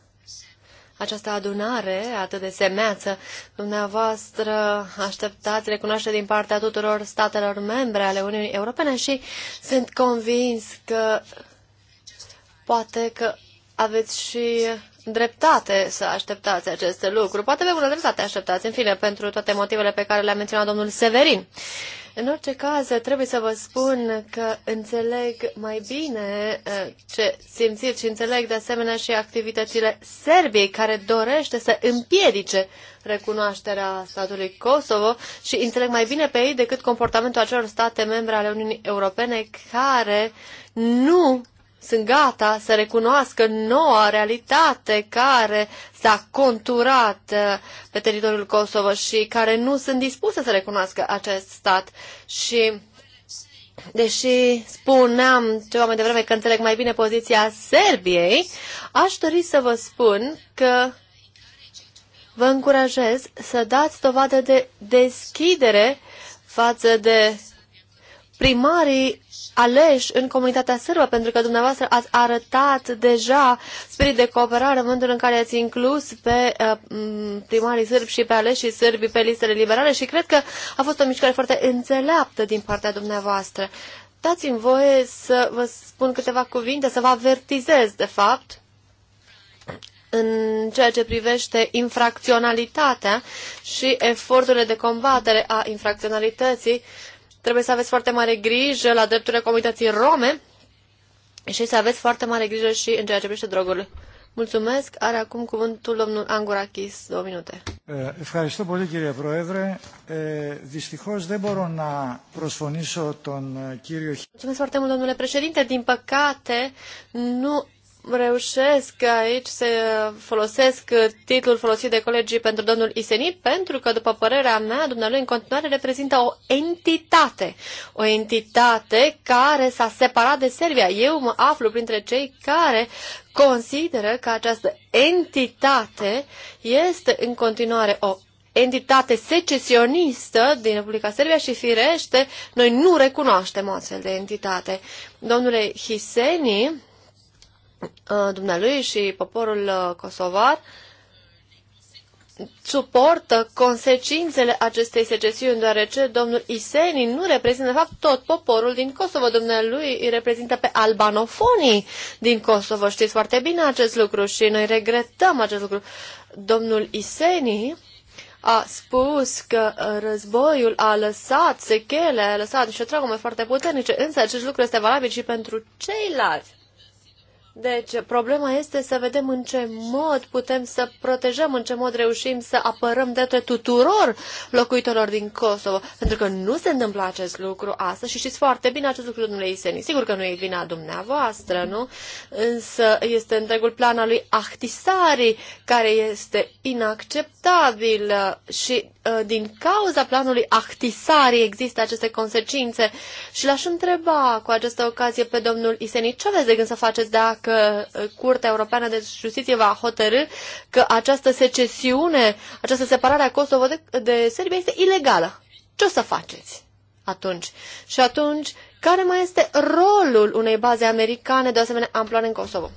această adunare atât de semeață. Dumneavoastră așteptați recunoaște din partea tuturor statelor membre ale Uniunii Europene și sunt convins că poate că aveți și dreptate să așteptați aceste lucruri. Poate pe bună dreptate așteptați, în fine, pentru toate motivele pe care le-a menționat domnul Severin. În orice caz, trebuie să vă spun că înțeleg mai bine uh, ce simțiți și înțeleg de asemenea și activitățile Serbiei, care dorește să împiedice recunoașterea statului Kosovo și înțeleg mai bine pe ei decât comportamentul acelor state membre ale Uniunii Europene care nu sunt gata să recunoască noua realitate care s-a conturat uh, pe teritoriul Kosovo și care nu sunt dispuse să recunoască acest stat. Și deși spuneam ceva mai devreme că înțeleg mai bine poziția Serbiei, aș dori să vă spun că vă încurajez să dați dovadă de deschidere față de primarii aleși în comunitatea sârbă, pentru că dumneavoastră ați arătat deja spirit de cooperare în momentul în care ați inclus pe uh, primarii sârbi și pe aleșii sârbi pe listele liberale și cred că a fost o mișcare foarte înțeleaptă din partea dumneavoastră. Dați-mi voie să vă spun câteva cuvinte, să vă avertizez, de fapt, în ceea ce privește infracționalitatea și eforturile de combatere a infracționalității Trebuie să aveți foarte mare grijă la drepturile comunității rome și să aveți foarte mare grijă și în ceea ce privește drogurile. Mulțumesc. Are acum cuvântul domnul Angurakis, două minute. Ευχαριστώ πολύ κύριε Πρόεδρε. Δυστυχώς δεν μπορώ να προσφωνήσω τον κύριο... Mulțumesc foarte mult, domnule președinte. Din păcate, nu reușesc aici să folosesc titlul folosit de colegii pentru domnul Isenit, pentru că, după părerea mea, dumnealui în continuare reprezintă o entitate. O entitate care s-a separat de Serbia. Eu mă aflu printre cei care consideră că această entitate este în continuare o entitate secesionistă din Republica Serbia și firește, noi nu recunoaștem o astfel de entitate. Domnule Hiseni, Uh, dumnealui și poporul uh, kosovar suportă consecințele acestei secesiuni, deoarece domnul Iseni nu reprezintă, de fapt, tot poporul din Kosovo. Dumnealui îi reprezintă pe albanofonii din Kosovo. Știți foarte bine acest lucru și noi regretăm acest lucru. Domnul Iseni a spus că războiul a lăsat sechele, a lăsat o traume foarte puternice, însă acest lucru este valabil și pentru ceilalți. Deci, problema este să vedem în ce mod putem să protejăm, în ce mod reușim să apărăm dreptul tuturor locuitorilor din Kosovo, pentru că nu se întâmplă acest lucru astăzi și știți foarte bine acest lucru, domnule Iseni. Sigur că nu e vina dumneavoastră, nu? Însă este întregul plan al lui Ahtisari, care este inacceptabil și Uh, din cauza planului Ahtisarii există aceste consecințe și l-aș întreba cu această ocazie pe domnul Iseni ce aveți de gând să faceți dacă uh, Curtea Europeană de Justiție va hotărâ că această secesiune, această separare a Kosovo de, de Serbia este ilegală. Ce o să faceți atunci? Și atunci, care mai este rolul unei baze americane de o asemenea amploare în Kosovo?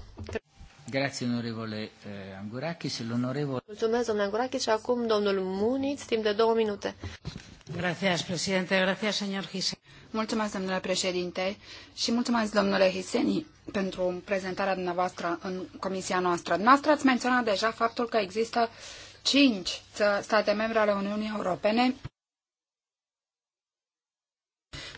Grazie, onorevole eh, Angurakis. L'onorevole... Mulțumesc, domnule Angurakis. Și acum, domnul Muniț, timp de două minute. Gracias, președinte. Gracias, señor Gisen. Mulțumesc, domnule președinte, și mulțumesc, domnule Hiseni, pentru prezentarea dumneavoastră în comisia noastră. Dumneavoastră ați menționat deja faptul că există cinci state membre ale Uniunii Europene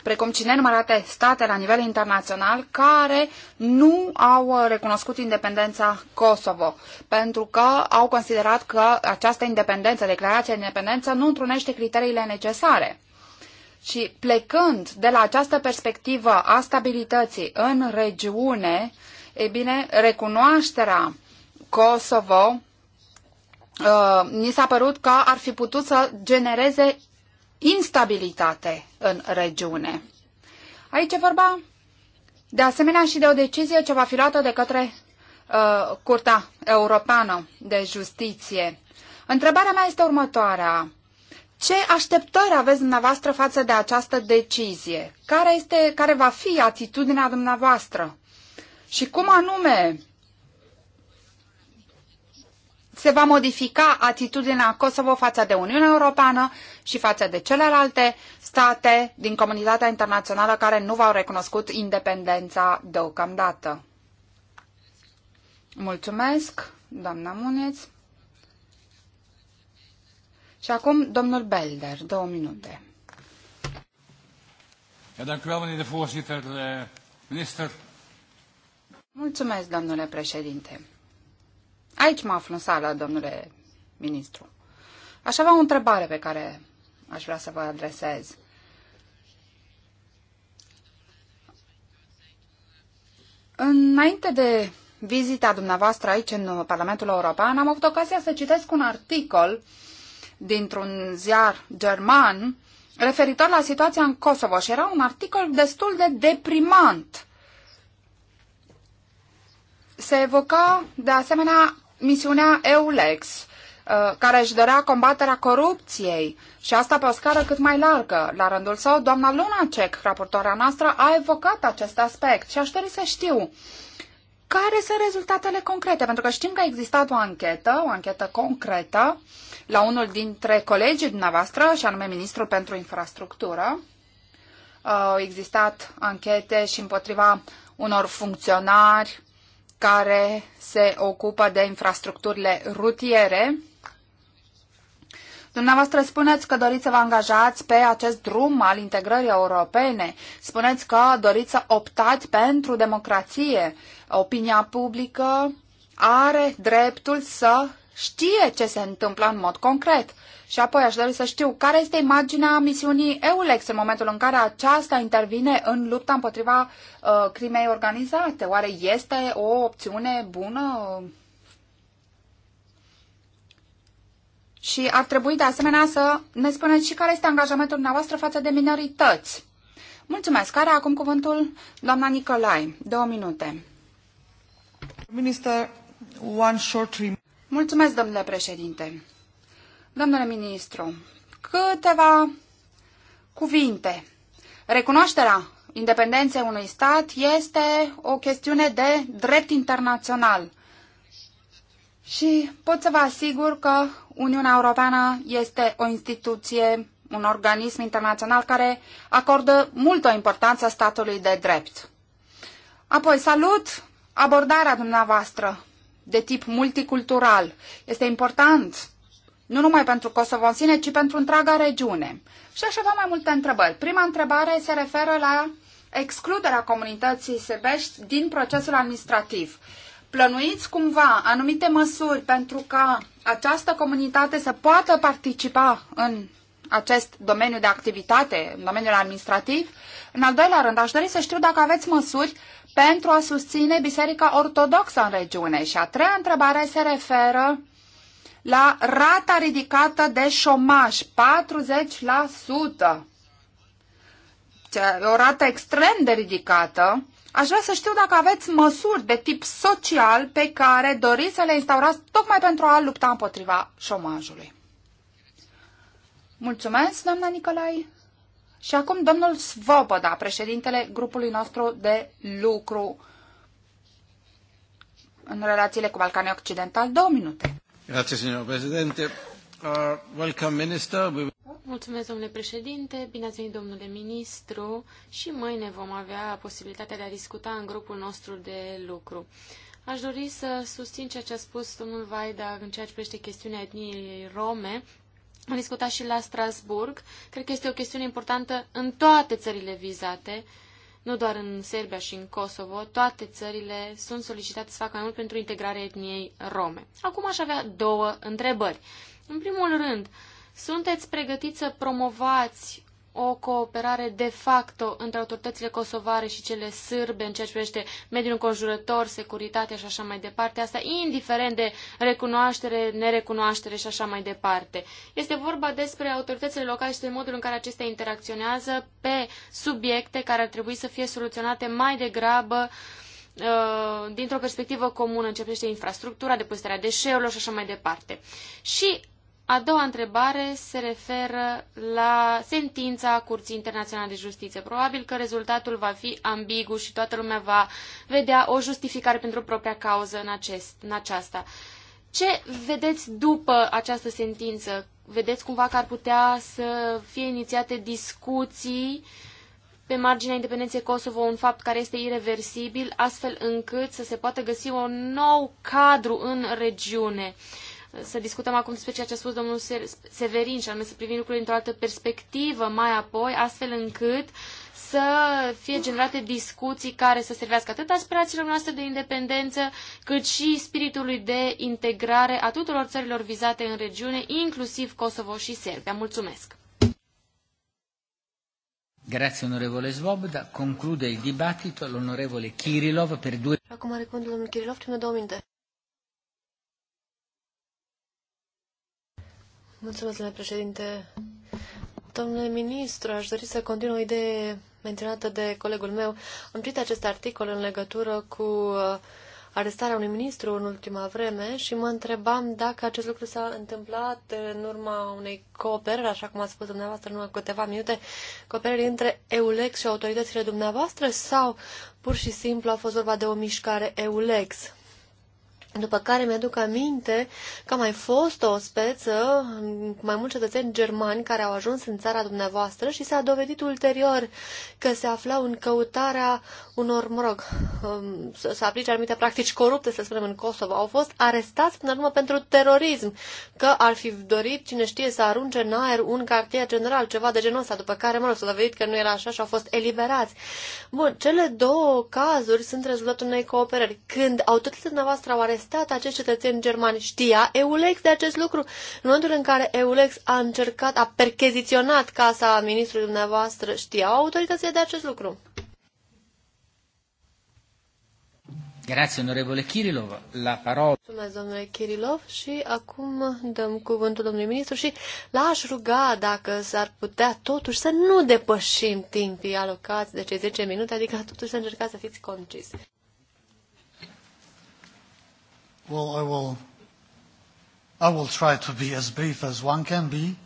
precum și nenumărate state la nivel internațional care nu au uh, recunoscut independența Kosovo, pentru că au considerat că această independență, declarația de independență, nu întrunește criteriile necesare. Și plecând de la această perspectivă a stabilității în regiune, e bine, recunoașterea Kosovo uh, ni s-a părut că ar fi putut să genereze instabilitate în regiune. Aici e vorba de asemenea și de o decizie ce va fi luată de către uh, Curtea Europeană de Justiție. Întrebarea mea este următoarea. Ce așteptări aveți dumneavoastră față de această decizie? Care, este, care va fi atitudinea dumneavoastră? Și cum anume se va modifica atitudinea Kosovo față de Uniunea Europeană și față de celelalte state din comunitatea internațională care nu v-au recunoscut independența deocamdată. Mulțumesc, doamna Muniț. Și acum, domnul Belder, două minute. Eh, Mulțumesc, domnule președinte. Aici mă aflu în sală, domnule ministru. Aș avea o întrebare pe care aș vrea să vă adresez. Înainte de vizita dumneavoastră aici în Parlamentul European, am avut ocazia să citesc un articol dintr-un ziar german referitor la situația în Kosovo și era un articol destul de deprimant. Se evoca de asemenea misiunea EULEX, uh, care își dorea combaterea corupției și asta pe o scară cât mai largă. La rândul său, doamna Lunacek, raportoarea noastră, a evocat acest aspect și aș dori să știu care sunt rezultatele concrete, pentru că știm că a existat o anchetă, o anchetă concretă la unul dintre colegii dumneavoastră, și anume Ministrul pentru Infrastructură. Uh, au existat anchete și împotriva unor funcționari care se ocupă de infrastructurile rutiere. Dumneavoastră spuneți că doriți să vă angajați pe acest drum al integrării europene, spuneți că doriți să optați pentru democrație. Opinia publică are dreptul să știe ce se întâmplă în mod concret. Și apoi aș dori să știu care este imaginea misiunii EULEX în momentul în care aceasta intervine în lupta împotriva uh, crimei organizate. Oare este o opțiune bună? Și ar trebui de asemenea să ne spuneți și care este angajamentul dumneavoastră față de minorități. Mulțumesc. Care acum cuvântul doamna Nicolai? Două minute. Minister, one short Mulțumesc, domnule președinte. Domnule ministru, câteva cuvinte. Recunoașterea independenței unui stat este o chestiune de drept internațional. Și pot să vă asigur că Uniunea Europeană este o instituție, un organism internațional care acordă multă importanță statului de drept. Apoi, salut abordarea dumneavoastră de tip multicultural. Este important nu numai pentru Kosovo în sine, ci pentru întreaga regiune. Și aș avea mai multe întrebări. Prima întrebare se referă la excluderea comunității sebești din procesul administrativ. Plănuiți cumva anumite măsuri pentru ca această comunitate să poată participa în acest domeniu de activitate, în domeniul administrativ? În al doilea rând, aș dori să știu dacă aveți măsuri pentru a susține Biserica Ortodoxă în regiune. Și a treia întrebare se referă la rata ridicată de șomaj, 40%. O rată extrem de ridicată. Aș vrea să știu dacă aveți măsuri de tip social pe care doriți să le instaurați tocmai pentru a lupta împotriva șomajului. Mulțumesc, doamna Nicolai. Și acum domnul Svoboda, președintele grupului nostru de lucru în relațiile cu Balcanii Occidental, două minute. Grazie, signor Presidente. Uh, welcome, Minister. We... Mulțumesc, domnule președinte, bine ați venit, domnule ministru, și mâine vom avea posibilitatea de a discuta în grupul nostru de lucru. Aș dori să susțin ceea ce a spus domnul Vaida în ceea ce privește chestiunea etniei rome. Am discutat și la Strasburg. Cred că este o chestiune importantă în toate țările vizate. Uh, nu doar în Serbia și în Kosovo, toate țările sunt solicitate să facă mai mult pentru integrarea etniei rome. Acum aș avea două întrebări. În primul rând, sunteți pregătiți să promovați o cooperare de facto între autoritățile kosovare și cele sârbe în ceea ce privește mediul înconjurător, securitatea și așa mai departe, asta indiferent de recunoaștere, nerecunoaștere și așa mai departe. Este vorba despre autoritățile locale și de modul în care acestea interacționează pe subiecte care ar trebui să fie soluționate mai degrabă uh, dintr-o perspectivă comună, începește infrastructura, depozitarea deșeurilor și așa mai departe. Și a doua întrebare se referă la sentința Curții Internaționale de Justiție. Probabil că rezultatul va fi ambigu și toată lumea va vedea o justificare pentru propria cauză în, acest, în aceasta. Ce vedeți după această sentință? Vedeți cumva că ar putea să fie inițiate discuții pe marginea independenței Kosovo, un fapt care este irreversibil, astfel încât să se poată găsi un nou cadru în regiune? Uh, să discutăm acum despre ceea ce a spus domnul Severin și anume să privim lucrurile într-o altă perspectivă mai apoi, astfel încât să fie generate discuții care să servească atât aspirațiilor noastre de independență, cât și spiritului de integrare a tuturor țărilor vizate în regiune, inclusiv Kosovo și Serbia. Mulțumesc! Grazie onorevole Svoboda. Conclude il dibattito l'onorevole Kirilov per due... Acum are cuvântul domnul Kirilov, prima două minute. Mulțumesc, domnule președinte. Domnule ministru, aș dori să continui o idee menționată de colegul meu. Am citit acest articol în legătură cu uh, arestarea unui ministru în ultima vreme și mă întrebam dacă acest lucru s-a întâmplat în urma unei cooperări, așa cum a spus dumneavoastră în urmă câteva minute, cooperări între EULEX și autoritățile dumneavoastră sau pur și simplu a fost vorba de o mișcare EULEX? După care mi-aduc aminte că a mai fost o speță cu mai mulți cetățeni germani care au ajuns în țara dumneavoastră și s-a dovedit ulterior că se aflau în căutarea unor, mă rog, um, să, să aplice anumite practici corupte, să spunem, în Kosovo. Au fost arestați până la urmă pentru terorism, că ar fi dorit, cine știe, să arunce în aer un cartier general, ceva de genul ăsta, după care, mă rog, s-a dovedit că nu era așa și au fost eliberați. Bun, cele două cazuri sunt rezultatul unei cooperări. Când autoritățile dumneavoastră au arestat arestat acest cetățen german. Știa Eulex de acest lucru? În momentul în care Eulex a încercat, a percheziționat casa ministrului dumneavoastră, știau autoritățile de acest lucru? Grazie, onorevole Kirilov. La parola. Mulțumesc, domnule Kirilov, și acum dăm cuvântul domnului ministru și l-aș ruga dacă s-ar putea totuși să nu depășim timpii alocați de cei 10 minute, adică totuși să încercați să fiți concis. Well, I will, I will try to be as brief as one can be.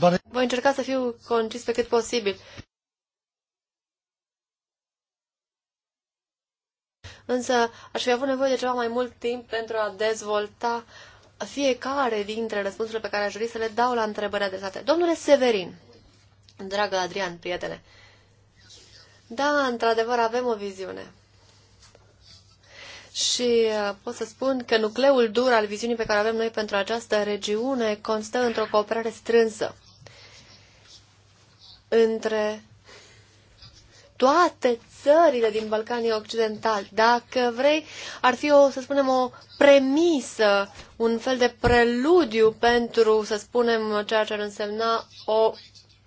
But... Voi încerca să fiu concis pe cât posibil. Însă aș fi avut nevoie de ceva mai mult timp pentru a dezvolta fiecare dintre răspunsurile pe care aș vrea să le dau la întrebări adresate. Domnule Severin, dragă Adrian, prietene, da, într-adevăr avem o viziune și uh, pot să spun că nucleul dur al viziunii pe care avem noi pentru această regiune constă într-o cooperare strânsă între toate țările din Balcanii Occidentali. Dacă vrei, ar fi, o, să spunem, o premisă, un fel de preludiu pentru, să spunem, ceea ce ar însemna o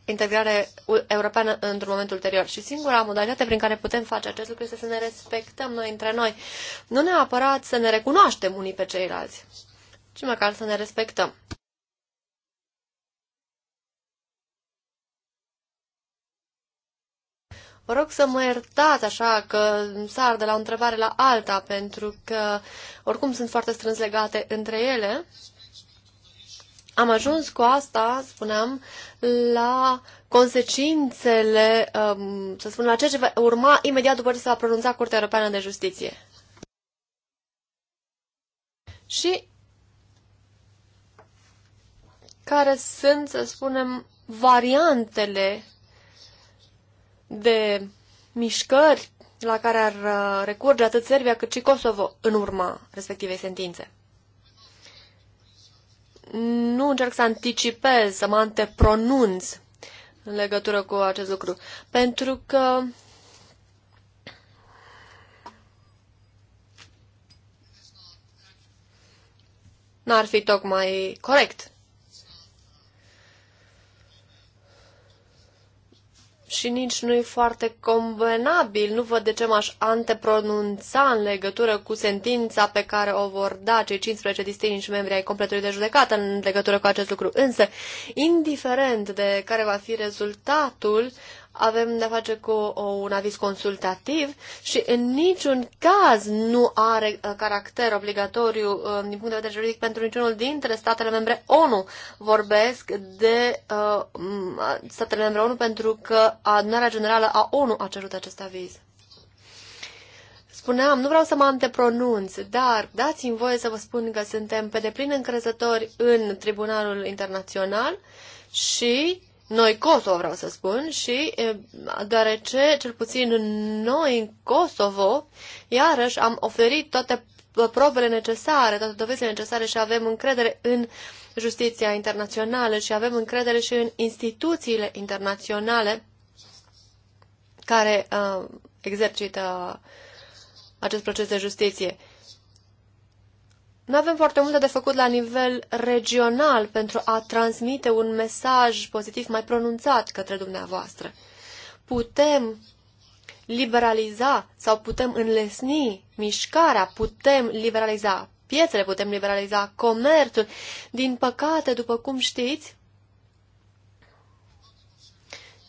integrare europeană într-un moment ulterior. Și singura modalitate prin care putem face acest lucru este să ne respectăm noi între noi. Nu neapărat să ne recunoaștem unii pe ceilalți, ci măcar să ne respectăm. Vă rog să mă iertați așa că sar de la o întrebare la alta, pentru că oricum sunt foarte strâns legate între ele. Am ajuns cu asta, spuneam, la consecințele, um, să spun, la ceea ce va urma imediat după ce s-a pronunțat Curtea Europeană de Justiție. Și care sunt, să spunem, variantele de mișcări la care ar uh, recurge atât Serbia cât și Kosovo în urma respectivei sentințe nu încerc să anticipez, să mă antepronunț în legătură cu acest lucru. Pentru că n-ar fi tocmai corect. și nici nu e foarte convenabil. Nu văd de ce m-aș antepronunța în legătură cu sentința pe care o vor da cei 15 distinși membri ai completului de judecată în legătură cu acest lucru. Însă, indiferent de care va fi rezultatul, avem de face cu un aviz consultativ și în niciun caz nu are uh, caracter obligatoriu uh, din punct de vedere juridic pentru niciunul dintre statele membre ONU. Vorbesc de uh, statele membre ONU pentru că adunarea generală a ONU a cerut acest aviz. Spuneam, nu vreau să mă antepronunț, dar dați-mi voie să vă spun că suntem pe deplin încrezători în Tribunalul Internațional și noi Kosovo, vreau să spun, și deoarece, cel puțin noi în Kosovo, iarăși am oferit toate probele necesare, toate dovezile necesare și avem încredere în justiția internațională și avem încredere și în instituțiile internaționale care uh, exercită acest proces de justiție. Nu avem foarte multe de făcut la nivel regional pentru a transmite un mesaj pozitiv mai pronunțat către dumneavoastră. Putem liberaliza sau putem înlesni mișcarea, putem liberaliza piețele, putem liberaliza comerțul. Din păcate, după cum știți,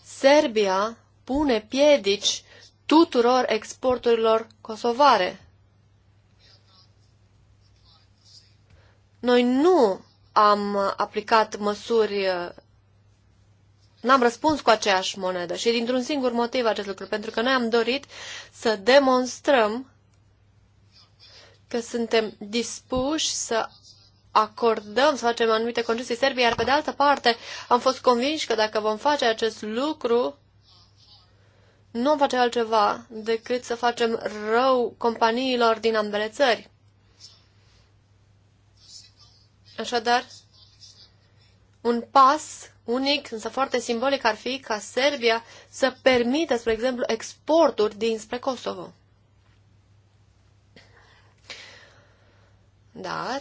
Serbia pune piedici tuturor exporturilor kosovare. Noi nu am aplicat măsuri, n-am răspuns cu aceeași monedă și dintr-un singur motiv acest lucru, pentru că noi am dorit să demonstrăm că suntem dispuși să acordăm, să facem anumite concesii serbii, iar pe de altă parte am fost convinși că dacă vom face acest lucru, nu vom face altceva decât să facem rău companiilor din ambele țări. Așadar, un pas unic, însă foarte simbolic, ar fi ca Serbia să permită, spre exemplu, exporturi dinspre Kosovo. Dar,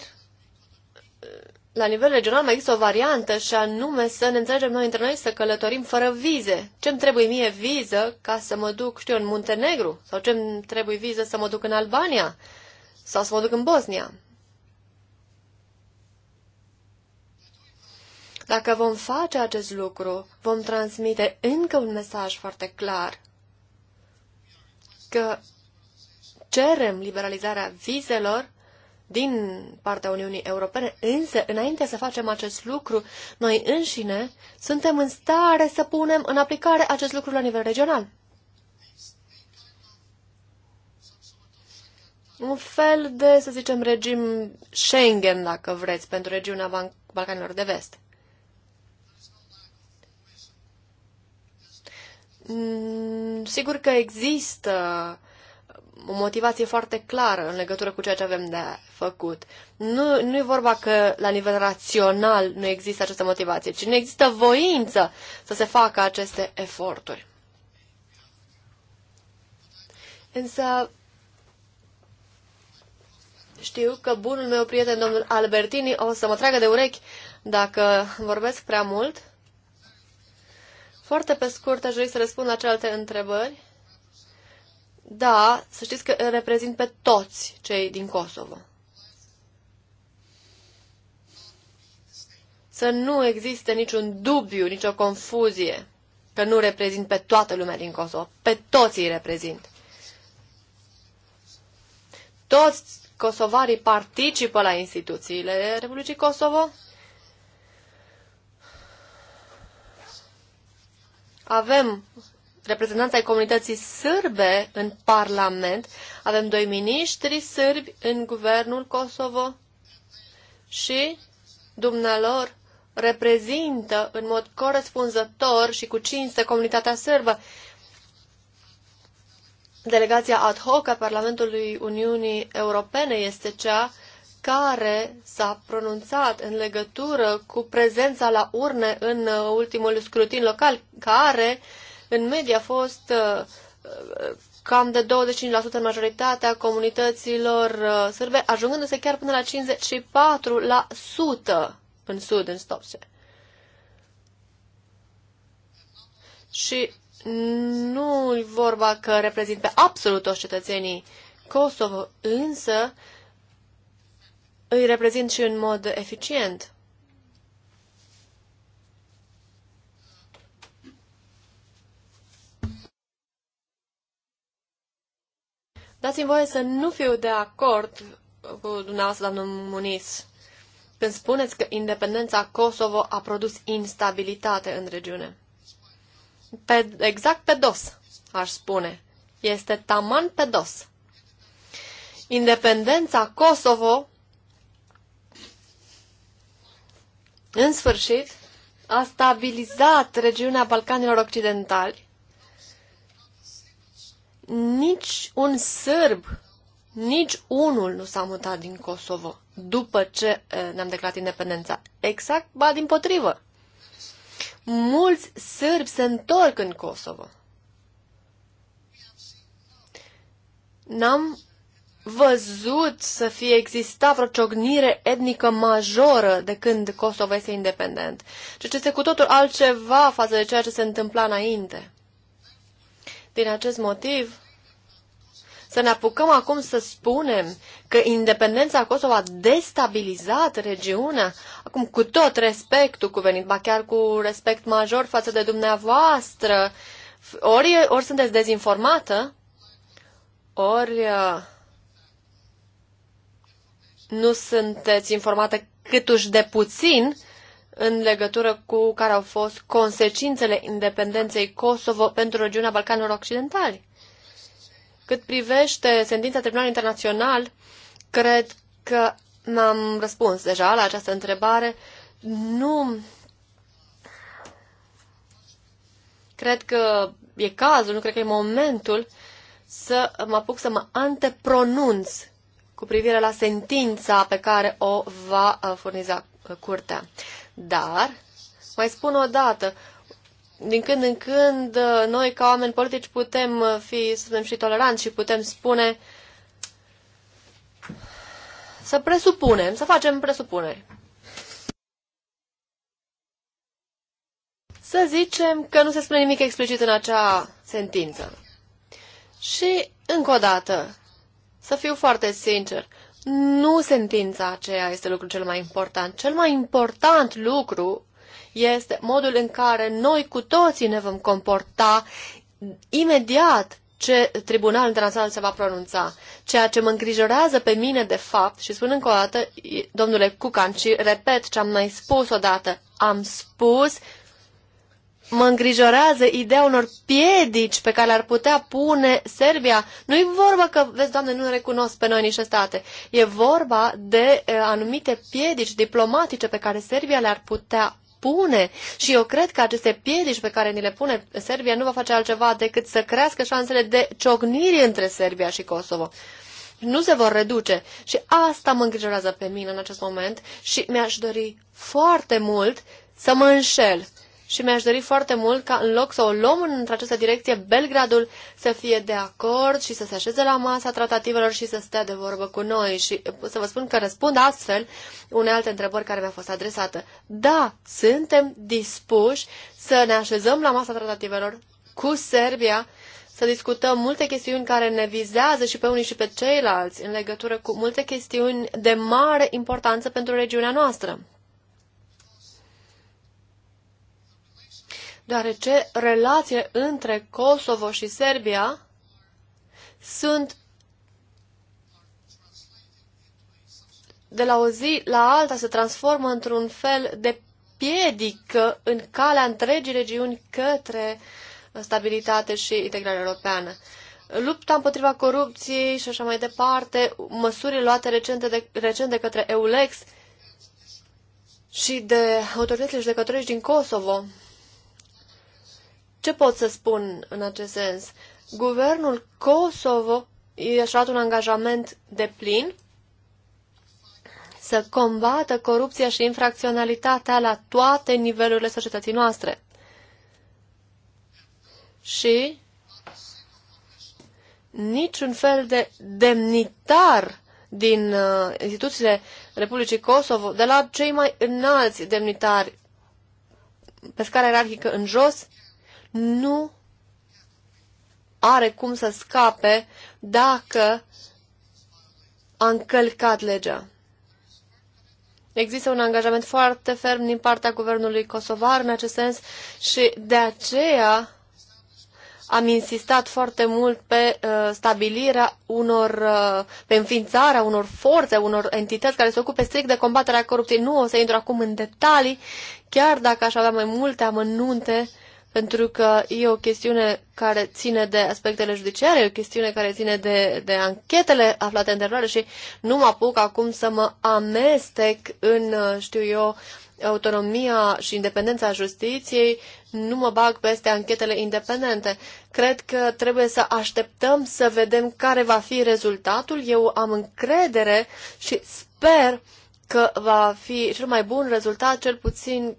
la nivel regional mai există o variantă și anume să ne înțelegem noi între noi să călătorim fără vize. Ce-mi trebuie mie viză ca să mă duc, știu, în Muntenegru? Sau ce-mi trebuie viză să mă duc în Albania? Sau să mă duc în Bosnia? Dacă vom face acest lucru, vom transmite încă un mesaj foarte clar că cerem liberalizarea vizelor din partea Uniunii Europene, însă înainte să facem acest lucru, noi înșine suntem în stare să punem în aplicare acest lucru la nivel regional. Un fel de, să zicem, regim Schengen, dacă vreți, pentru regiunea Balcanilor de Vest. Mm, sigur că există o motivație foarte clară în legătură cu ceea ce avem de făcut. Nu, nu e vorba că la nivel rațional nu există această motivație, ci nu există voință să se facă aceste eforturi. Însă știu că bunul meu prieten, domnul Albertini, o să mă tragă de urechi dacă vorbesc prea mult. Foarte pe scurt, aș dori să răspund la celelalte întrebări. Da, să știți că îl reprezint pe toți cei din Kosovo. Să nu existe niciun dubiu, nicio confuzie că nu reprezint pe toată lumea din Kosovo. Pe toți îi reprezint. Toți kosovarii participă la instituțiile Republicii Kosovo avem reprezentanța ai comunității sârbe în Parlament, avem doi miniștri sârbi în guvernul Kosovo și dumnealor reprezintă în mod corespunzător și cu cinste comunitatea sârbă. Delegația ad hoc a Parlamentului Uniunii Europene este cea care s-a pronunțat în legătură cu prezența la urne în uh, ultimul scrutin local, care în medie a fost uh, uh, cam de 25% în majoritatea comunităților sârbe, ajungându-se chiar până la 54% în sud, în Stopse. Și nu vorba că reprezintă absolut toți cetățenii Kosovo, însă uh, îi reprezint și în mod eficient. Dați-mi voie să nu fiu de acord cu dumneavoastră, domnul Muniz, când spuneți că independența Kosovo a produs instabilitate în regiune. Pe, exact pe dos, aș spune. Este taman pe dos. Independența Kosovo în sfârșit, a stabilizat regiunea Balcanilor Occidentali. Nici un sârb, nici unul nu s-a mutat din Kosovo după ce ne-am declarat independența. Exact, ba din potrivă. Mulți sârbi se întorc în Kosovo. N-am văzut să fie exista vreo ciognire etnică majoră de când Kosovo este independent, ceea ce este cu totul altceva față de ceea ce se întâmpla înainte. Din acest motiv, să ne apucăm acum să spunem că independența Kosovo a destabilizat regiunea, acum cu tot respectul cuvenit, ba chiar cu respect major față de dumneavoastră, ori, ori sunteți dezinformată, ori uh, nu sunteți informată câtuși de puțin în legătură cu care au fost consecințele independenței Kosovo pentru regiunea Balcanilor Occidentali. Cât privește sentința Tribunalului Internațional, cred că m-am răspuns deja la această întrebare. Nu. Cred că e cazul, nu cred că e momentul să mă apuc să mă antepronunț cu privire la sentința pe care o va uh, furniza uh, curtea. Dar, mai spun o dată, din când în când, uh, noi ca oameni politici putem fi, suntem și toleranți și putem spune să presupunem, să facem presupuneri. Să zicem că nu se spune nimic explicit în acea sentință. Și, încă o dată, să fiu foarte sincer, nu sentința aceea este lucrul cel mai important. Cel mai important lucru este modul în care noi cu toții ne vom comporta imediat ce tribunal internațional se va pronunța. Ceea ce mă îngrijorează pe mine, de fapt, și spun încă o dată, domnule Cucan, și repet ce am mai spus odată, am spus mă îngrijorează ideea unor piedici pe care ar putea pune Serbia. Nu e vorba că, vezi, doamne, nu recunosc pe noi niște state. E vorba de uh, anumite piedici diplomatice pe care Serbia le-ar putea pune și eu cred că aceste piedici pe care ni le pune Serbia nu va face altceva decât să crească șansele de ciocnire între Serbia și Kosovo nu se vor reduce. Și asta mă îngrijorează pe mine în acest moment și mi-aș dori foarte mult să mă înșel și mi-aș dori foarte mult ca în loc să o luăm într-această direcție, Belgradul să fie de acord și să se așeze la masa tratativelor și să stea de vorbă cu noi. Și să vă spun că răspund astfel unei alte întrebări care mi-a fost adresată. Da, suntem dispuși să ne așezăm la masa tratativelor cu Serbia, să discutăm multe chestiuni care ne vizează și pe unii și pe ceilalți în legătură cu multe chestiuni de mare importanță pentru regiunea noastră. deoarece relație între Kosovo și Serbia sunt de la o zi la alta se transformă într-un fel de piedică în calea întregii regiuni către stabilitate și integrare europeană. Lupta împotriva corupției și așa mai departe, măsuri luate recente de, recent de către EULEX și de autoritățile judecătorești din Kosovo, ce pot să spun în acest sens? Guvernul Kosovo i-a luat un angajament de plin să combată corupția și infracționalitatea la toate nivelurile societății noastre. Și niciun fel de demnitar din uh, instituțiile Republicii Kosovo, de la cei mai înalți demnitari pe scara ierarhică în jos, nu are cum să scape dacă a încălcat legea. Există un angajament foarte ferm din partea guvernului kosovar în acest sens și de aceea am insistat foarte mult pe uh, stabilirea unor, uh, pe înființarea unor forțe, unor entități care se ocupe strict de combaterea corupției. Nu o să intru acum în detalii, chiar dacă aș avea mai multe amănunte uh, pentru că e o chestiune care ține de aspectele judiciare, e o chestiune care ține de, de anchetele aflate în derulare și nu mă apuc acum să mă amestec în, știu eu, autonomia și independența justiției, nu mă bag peste anchetele independente. Cred că trebuie să așteptăm să vedem care va fi rezultatul. Eu am încredere și sper că va fi cel mai bun rezultat, cel puțin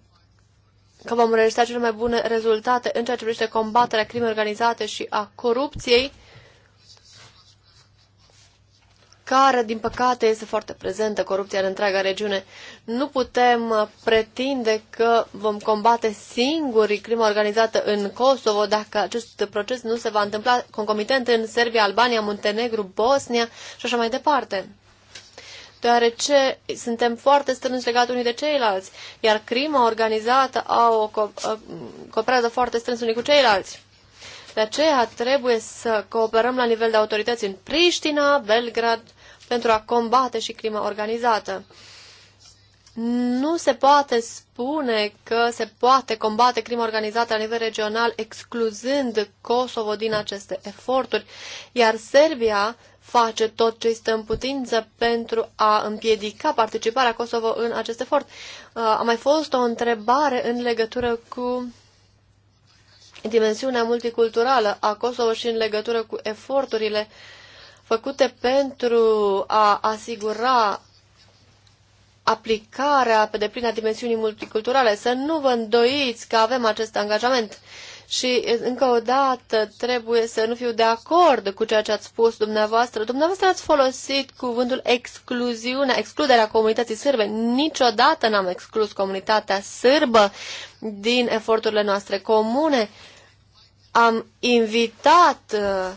că vom realiza cele mai bune rezultate în ceea ce privește combaterea crimei organizate și a corupției, care, din păcate, este foarte prezentă, corupția în întreaga regiune. Nu putem uh, pretinde că vom combate singuri crima organizată în Kosovo dacă acest proces nu se va întâmpla concomitent în Serbia, Albania, Muntenegru, Bosnia și așa mai departe deoarece suntem foarte strâns legați unii de ceilalți, iar crima organizată au o co- cooperează foarte strâns unii cu ceilalți. De aceea trebuie să cooperăm la nivel de autorități în Priștina, Belgrad, pentru a combate și crima organizată. Nu se poate spune că se poate combate crima organizată la nivel regional excluzând Kosovo din aceste eforturi, iar Serbia face tot ce este în putință pentru a împiedica participarea Kosovo în acest efort. Uh, a mai fost o întrebare în legătură cu dimensiunea multiculturală a Kosovo și în legătură cu eforturile făcute pentru a asigura aplicarea pe deplină a dimensiunii multiculturale. Să nu vă îndoiți că avem acest angajament și încă o dată trebuie să nu fiu de acord cu ceea ce ați spus dumneavoastră. Dumneavoastră ați folosit cuvântul excluziunea, excluderea comunității sârbe. Niciodată n-am exclus comunitatea sârbă din eforturile noastre comune. Am invitat uh,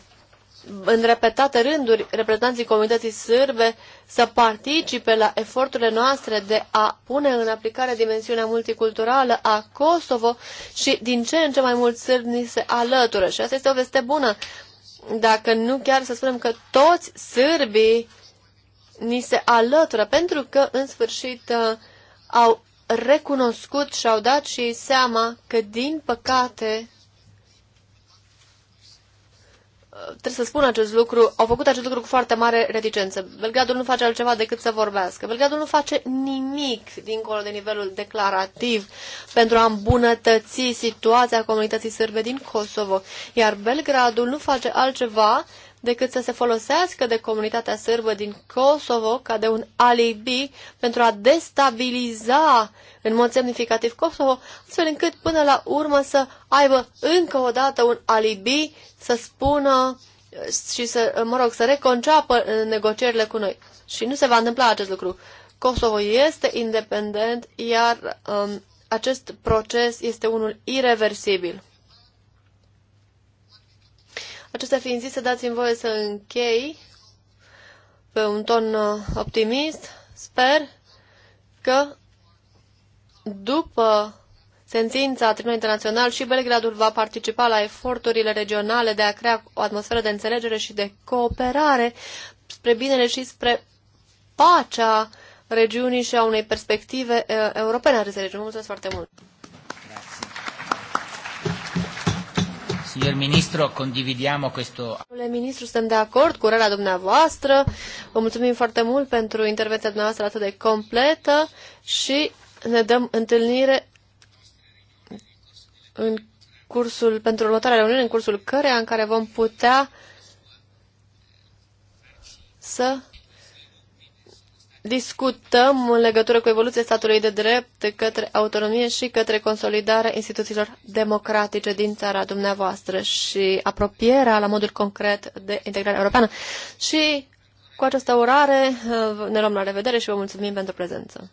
în repetate rânduri reprezentanții comunității sârbe să participe la eforturile noastre de a pune în aplicare dimensiunea multiculturală a Kosovo și din ce în ce mai mulți sârbi ni se alătură. Și asta este o veste bună, dacă nu chiar să spunem că toți sârbii ni se alătură, pentru că în sfârșit uh, au recunoscut și au dat și seama că, din păcate, trebuie să spun acest lucru, au făcut acest lucru cu foarte mare reticență. Belgradul nu face altceva decât să vorbească. Belgradul nu face nimic dincolo de nivelul declarativ pentru a îmbunătăți situația comunității sârbe din Kosovo. Iar Belgradul nu face altceva decât să se folosească de comunitatea sârbă din Kosovo ca de un alibi pentru a destabiliza uh, în mod semnificativ Kosovo, astfel încât până la urmă să aibă încă o dată un alibi să spună eh, și să, mă rog, să reconceapă eh, negocierile cu noi. Și nu se va întâmpla acest lucru. Kosovo este independent, iar um, acest proces este unul irreversibil. Acestea fiind zise, dați-mi voie să închei pe un ton uh, optimist. Sper că după sentința Tribunalului Internațional și Belgradul va participa la eforturile regionale de a crea o atmosferă de înțelegere și de cooperare spre binele și spre pacea regiunii și a unei perspective uh, europene a regiunii. Mulțumesc foarte mult! Signor Ministro, condividiamo questo... Domnule Ministru, suntem de acord cu urarea dumneavoastră. Vă mulțumim foarte mult pentru intervenția dumneavoastră atât de completă și ne dăm întâlnire în cursul, pentru următoarea reuniune, în cursul căreia în care vom putea să discutăm în legătură cu evoluția statului de drept către autonomie și către consolidarea instituțiilor democratice din țara dumneavoastră și apropierea la modul concret de integrare europeană. Și cu această orare ne luăm la revedere și vă mulțumim pentru prezență.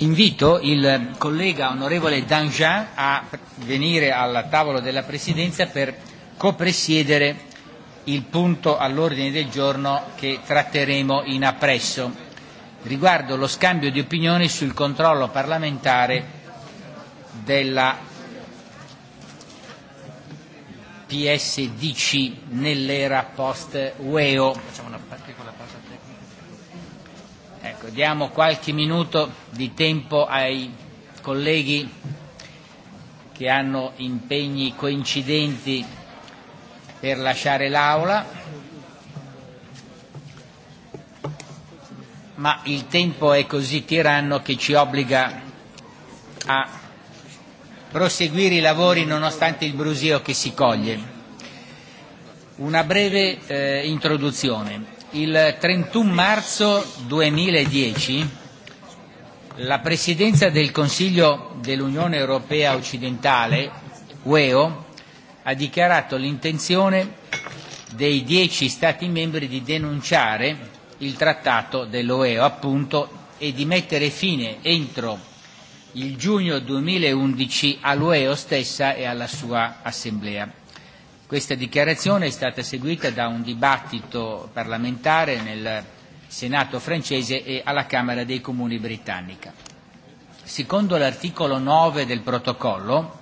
Invito il collega onorevole Danjean a venire al tavolo della Presidenza per copresiedere il punto all'ordine del giorno che tratteremo in appresso riguardo lo scambio di opinioni sul controllo parlamentare della PSDC nell'era post-UEO. Ecco, diamo qualche minuto di tempo ai colleghi che hanno impegni coincidenti per lasciare l'Aula, ma il tempo è così tiranno che ci obbliga a proseguire i lavori nonostante il brusio che si coglie. Una breve eh, introduzione. Il 31 marzo 2010 la Presidenza del Consiglio dell'Unione Europea Occidentale, UEO, ha dichiarato l'intenzione dei dieci Stati membri di denunciare il Trattato dell'UEO, appunto, e di mettere fine entro il giugno 2011 all'UEO stessa e alla sua assemblea. Questa dichiarazione è stata seguita da un dibattito parlamentare nel Senato francese e alla Camera dei Comuni britannica. Secondo l'articolo 9 del protocollo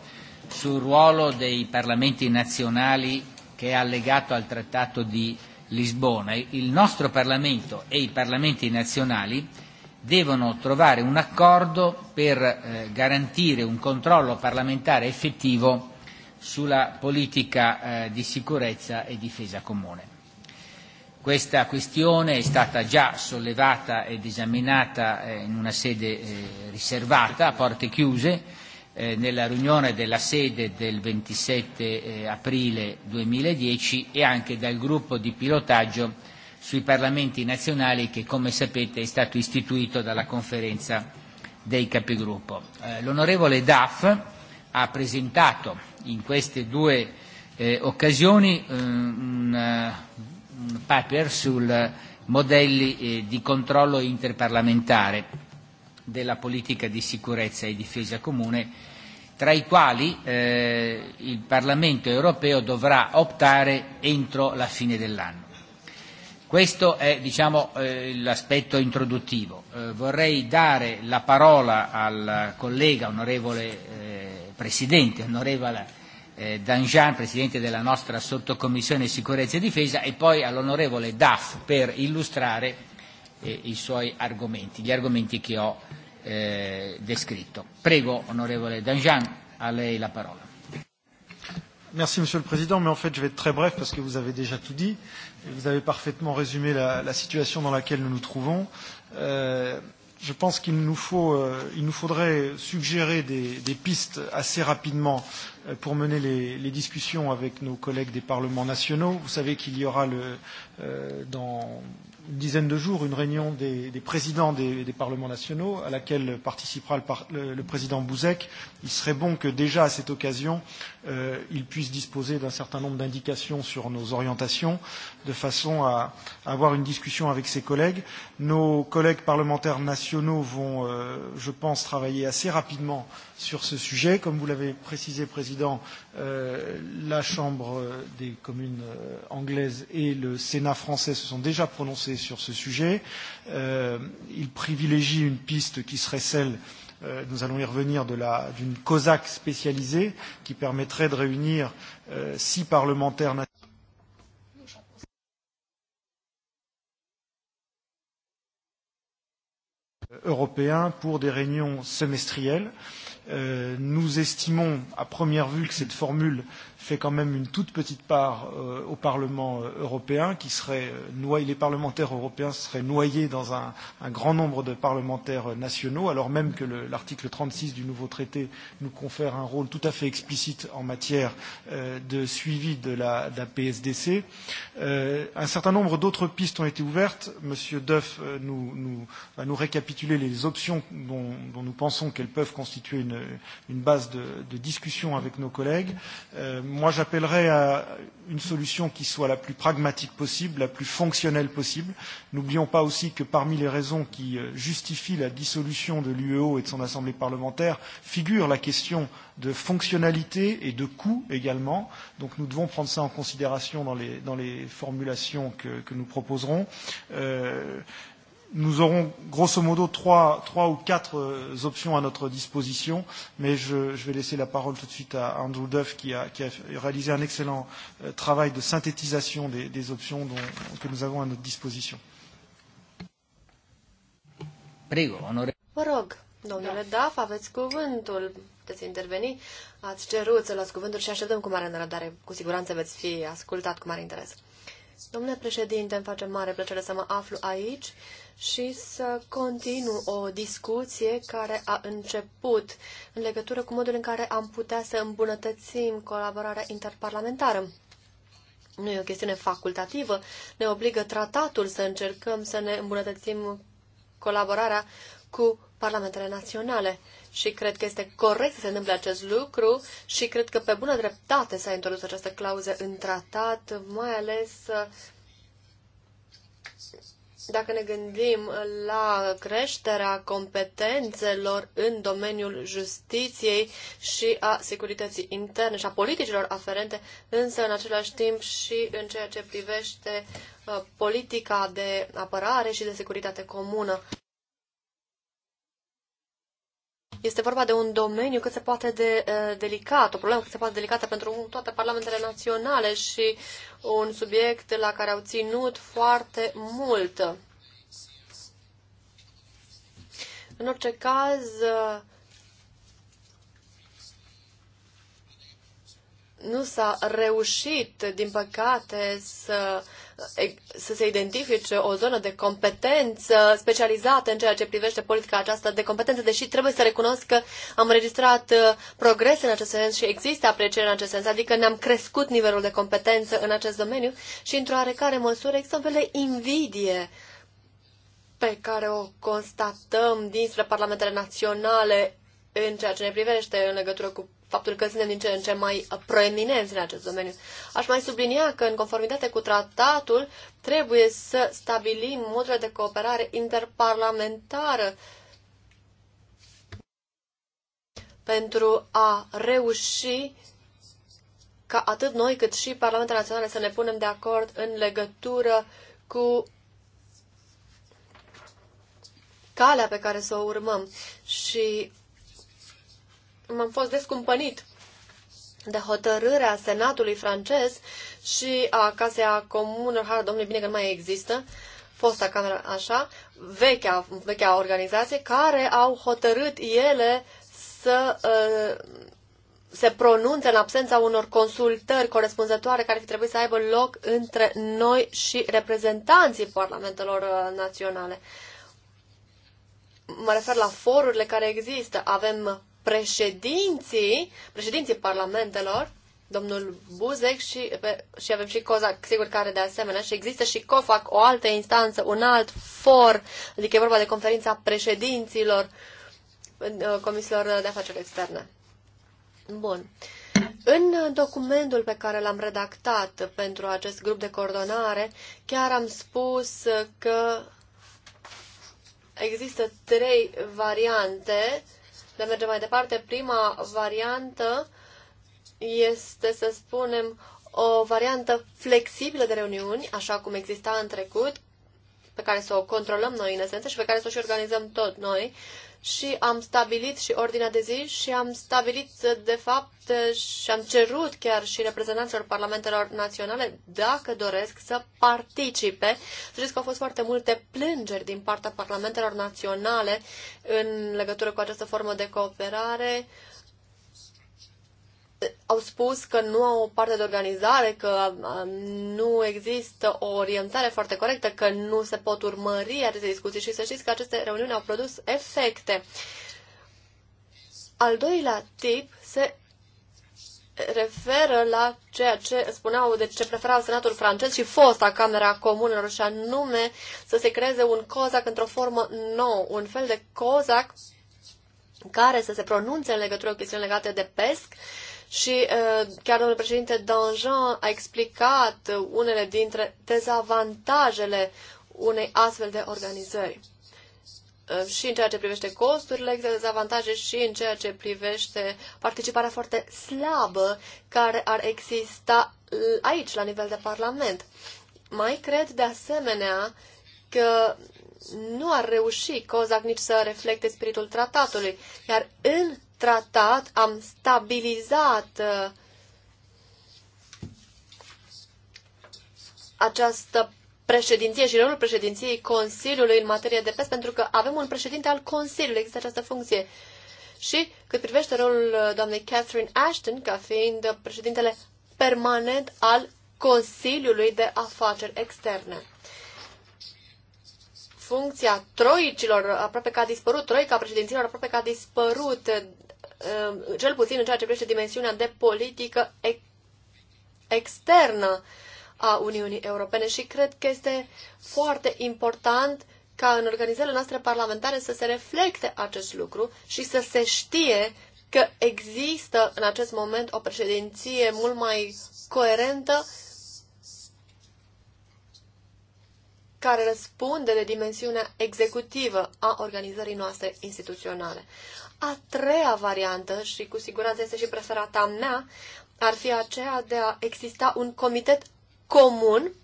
sul ruolo dei parlamenti nazionali che è allegato al Trattato di Lisbona, il nostro Parlamento e i parlamenti nazionali devono trovare un accordo per eh, garantire un controllo parlamentare effettivo sulla politica eh, di sicurezza e difesa comune. Questa questione è stata già sollevata ed esaminata eh, in una sede eh, riservata, a porte chiuse, eh, nella riunione della sede del 27 eh, aprile 2010 e anche dal gruppo di pilotaggio sui Parlamenti nazionali che, come sapete, è stato istituito dalla conferenza dei capigruppo. Eh, L'onorevole Duff ha presentato in queste due eh, occasioni eh, un, eh, un paper sul modelli eh, di controllo interparlamentare della politica di sicurezza e difesa comune, tra i quali eh, il Parlamento europeo dovrà optare entro la fine dell'anno. Questo è diciamo, eh, l'aspetto introduttivo. Eh, vorrei dare la parola al collega onorevole eh, Presidente, onorevole eh, Danjan, Presidente della nostra sottocommissione sicurezza e difesa, e poi all'onorevole Duff per illustrare eh, i suoi argomenti, gli argomenti che ho eh, descritto. Prego, onorevole Danjan, a lei la parola. Merci, Monsieur le Président. Mais en fait, je vais être très bref parce que vous avez déjà tout dit. Et vous avez parfaitement résumé la, la situation dans laquelle nous nous trouvons. Euh, je pense qu'il nous, euh, nous faudrait suggérer des, des pistes assez rapidement pour mener les, les discussions avec nos collègues des parlements nationaux. Vous savez qu'il y aura le, euh, dans une dizaine de jours une réunion des, des présidents des, des parlements nationaux à laquelle participera le, par, le, le président Bouzek. Il serait bon que déjà à cette occasion, euh, il puisse disposer d'un certain nombre d'indications sur nos orientations de façon à, à avoir une discussion avec ses collègues. Nos collègues parlementaires nationaux vont, euh, je pense, travailler assez rapidement euh, sur ce sujet. Comme vous l'avez précisé, Président, euh, la Chambre des communes euh, anglaises et le Sénat français se sont déjà prononcés sur ce sujet. Euh, ils privilégient une piste qui serait celle euh, nous allons y revenir, d'une COSAC spécialisée qui permettrait de réunir euh, six parlementaires nationaux. européen pour des réunions semestrielles. Euh, Euh, nous estimons à première vue que cette formule fait quand même une toute petite part euh, au Parlement euh, européen, qui serait euh, noyé, les parlementaires européens seraient noyés dans un, un grand nombre de parlementaires euh, nationaux, alors même que l'article 36 du nouveau traité nous confère un rôle tout à fait explicite en matière euh, de suivi de la, de la PSDC. Euh, un certain nombre d'autres pistes ont été ouvertes. Monsieur Duff nous, nous, va nous récapituler les options dont, dont nous pensons qu'elles peuvent constituer une, une base de, de discussion avec nos collègues. Euh, moi, j'appellerais à une solution qui soit la plus pragmatique possible, la plus fonctionnelle possible. N'oublions pas aussi que parmi les raisons qui euh, justifient la dissolution de l'UEO et de son assemblée parlementaire figure la question de fonctionnalité et de coût également. Donc nous devons prendre ça en considération dans les, dans les formulations que, que nous proposerons. Euh, nous aurons grosso modo trois, trois ou quatre euh, options à notre disposition, mais je, je vais laisser la parole tout de suite à Andrew Duff qui a, qui a réalisé un excellent euh, travail de synthétisation des, des options dont, que nous avons à notre disposition. Prigo, Vă rog, domnule da. Daf, aveți cuvântul. Puteți interveni. Ați cerut să luați cuvântul și așteptăm cu mare nerăbdare. Cu siguranță veți fi ascultat cu mare interes. Domnule președinte, îmi face mare plăcere să mă aflu aici și să continu o discuție care a început în legătură cu modul în care am putea să îmbunătățim colaborarea interparlamentară. Nu e o chestiune facultativă, ne obligă tratatul să încercăm să ne îmbunătățim colaborarea cu parlamentele naționale. Și cred că este corect să se întâmple acest lucru și cred că pe bună dreptate s-a introdus această clauză în tratat, mai ales dacă ne gândim la creșterea competențelor în domeniul justiției și a securității interne și a politicilor aferente, însă în același timp și în ceea ce privește uh, politica de apărare și de securitate comună. Este vorba de un domeniu cât se poate de uh, delicat, o problemă cât se poate delicată pentru toate parlamentele naționale și un subiect la care au ținut foarte mult. În orice caz, uh, nu s-a reușit, din păcate, să, să se identifice o zonă de competență specializată în ceea ce privește politica aceasta de competență, deși trebuie să recunosc că am registrat uh, progrese în acest sens și există apreciere în acest sens, adică ne-am crescut nivelul de competență în acest domeniu și, într-o oarecare măsură, există un fel de invidie pe care o constatăm dinspre parlamentele naționale în ceea ce ne privește în legătură cu faptul că suntem din ce în ce mai proeminenți în acest domeniu. Aș mai sublinia că, în conformitate cu tratatul, trebuie să stabilim modurile de cooperare interparlamentară pentru a reuși ca atât noi cât și Parlamentele Naționale să ne punem de acord în legătură cu calea pe care să o urmăm. Și m-am fost descumpănit de hotărârea Senatului francez și a Casei a Comunelor, domnule, bine că nu mai există, fosta cameră așa, vechea, vechea organizație, care au hotărât ele să uh, se pronunțe în absența unor consultări corespunzătoare care fi trebuit să aibă loc între noi și reprezentanții parlamentelor uh, naționale. Mă refer la forurile care există. Avem președinții, președinții parlamentelor, domnul Buzek și, pe, și avem și COZAC, sigur care de asemenea, și există și COFAC, o altă instanță, un alt for, adică e vorba de conferința președinților uh, comisiilor de afaceri externe. Bun. În documentul pe care l-am redactat pentru acest grup de coordonare, chiar am spus că există trei variante de a merge mai departe. Prima variantă este, să spunem, o variantă flexibilă de reuniuni, așa cum exista în trecut, pe care să o controlăm noi în esență și pe care să o și organizăm tot noi și am stabilit și ordinea de zi și am stabilit, de fapt, și am cerut chiar și reprezentanților parlamentelor naționale, dacă doresc, să participe. Să știți că au fost foarte multe plângeri din partea parlamentelor naționale în legătură cu această formă de cooperare. Uh, au spus că nu au o parte de organizare, că um, nu există o orientare foarte corectă, că nu se pot urmări aceste discuții și să știți că aceste reuniuni au produs efecte. Al doilea tip se referă la ceea ce spuneau, de ce prefera senatul francez și fosta Camera Comunelor, și anume să se creeze un COSAC într-o formă nouă, un fel de COSAC care să se pronunțe în legătură cu chestiuni legate de pesc și uh, chiar domnul președinte Danjean a explicat unele dintre dezavantajele unei astfel de organizări uh, și în ceea ce privește costurile, există dezavantaje și în ceea ce privește participarea foarte slabă care ar exista aici, la nivel de Parlament. Mai cred, de asemenea, că nu ar reuși COSAC nici să reflecte spiritul tratatului, iar în tratat, am stabilizat uh, această președinție și rolul președinției Consiliului în materie de pes, pentru că avem un președinte al Consiliului, există această funcție. Și cât privește rolul uh, doamnei Catherine Ashton, ca fiind președintele permanent al Consiliului de Afaceri Externe. Funcția troicilor aproape că a dispărut, troica președinților aproape că a dispărut Um, cel puțin în ceea ce privește dimensiunea de politică externă a Uniunii Europene și cred că este foarte important ca în organizările noastre parlamentare să se reflecte acest lucru și să se știe că există în acest moment o președinție mult mai coerentă care răspunde de dimensiunea executivă a organizării noastre instituționale. A treia variantă, și cu siguranță este și preferata mea, ar fi aceea de a exista un comitet comun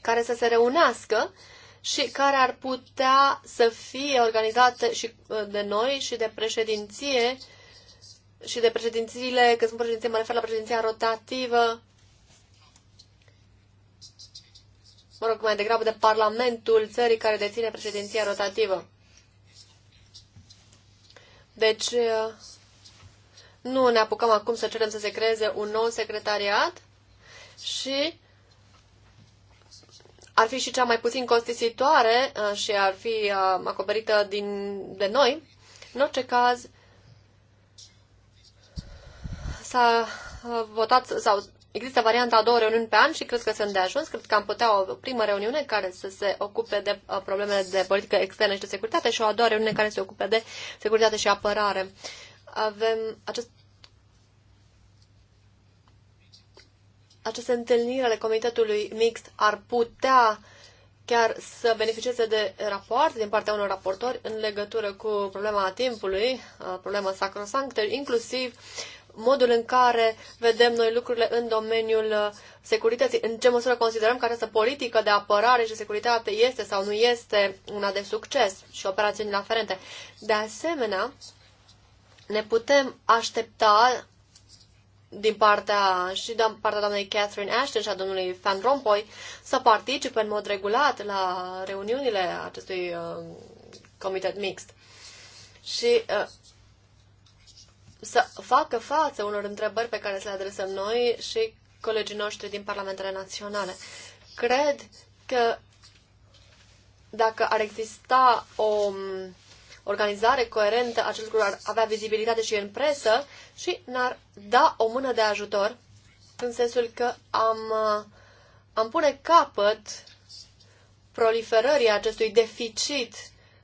care să se reunească și care ar putea să fie organizată și uh, de noi și de președinție și de președințiile, că sunt președinție, mă refer la președinția rotativă, mă rog, mai degrabă de Parlamentul țării care deține președinția rotativă. Deci, uh, nu ne apucăm acum să cerem să se creeze un nou secretariat și ar fi și cea mai puțin costisitoare uh, și ar fi uh, acoperită din, de noi. În orice caz, s-a votat sau Există varianta a două reuniuni pe an și cred că sunt de ajuns. Cred că am putea o primă reuniune care să se ocupe de uh, problemele de politică externă și de securitate și o a doua reuniune care să se ocupe de securitate și apărare. Avem acest aceste întâlniri ale comitetului mixt ar putea chiar să beneficieze de rapoarte din partea unor raportori în legătură cu problema timpului, uh, problema sacrosanctă, inclusiv uh, modul în care vedem noi lucrurile în domeniul uh, securității, în ce măsură considerăm că această politică de apărare și securitate este sau nu este una de succes și operațiunile aferente. De asemenea, ne putem aștepta din partea și din partea doamnei Catherine Ashton și a domnului Van Rompuy să participe în mod regulat la reuniunile acestui uh, comitet mixt. Și uh, să facă față unor întrebări pe care să le adresăm noi și colegii noștri din Parlamentele Naționale. Cred că dacă ar exista o mm, organizare coerentă, acest lucru ar avea vizibilitate și în presă și n ar da o mână de ajutor, în sensul că am, am pune capăt proliferării acestui deficit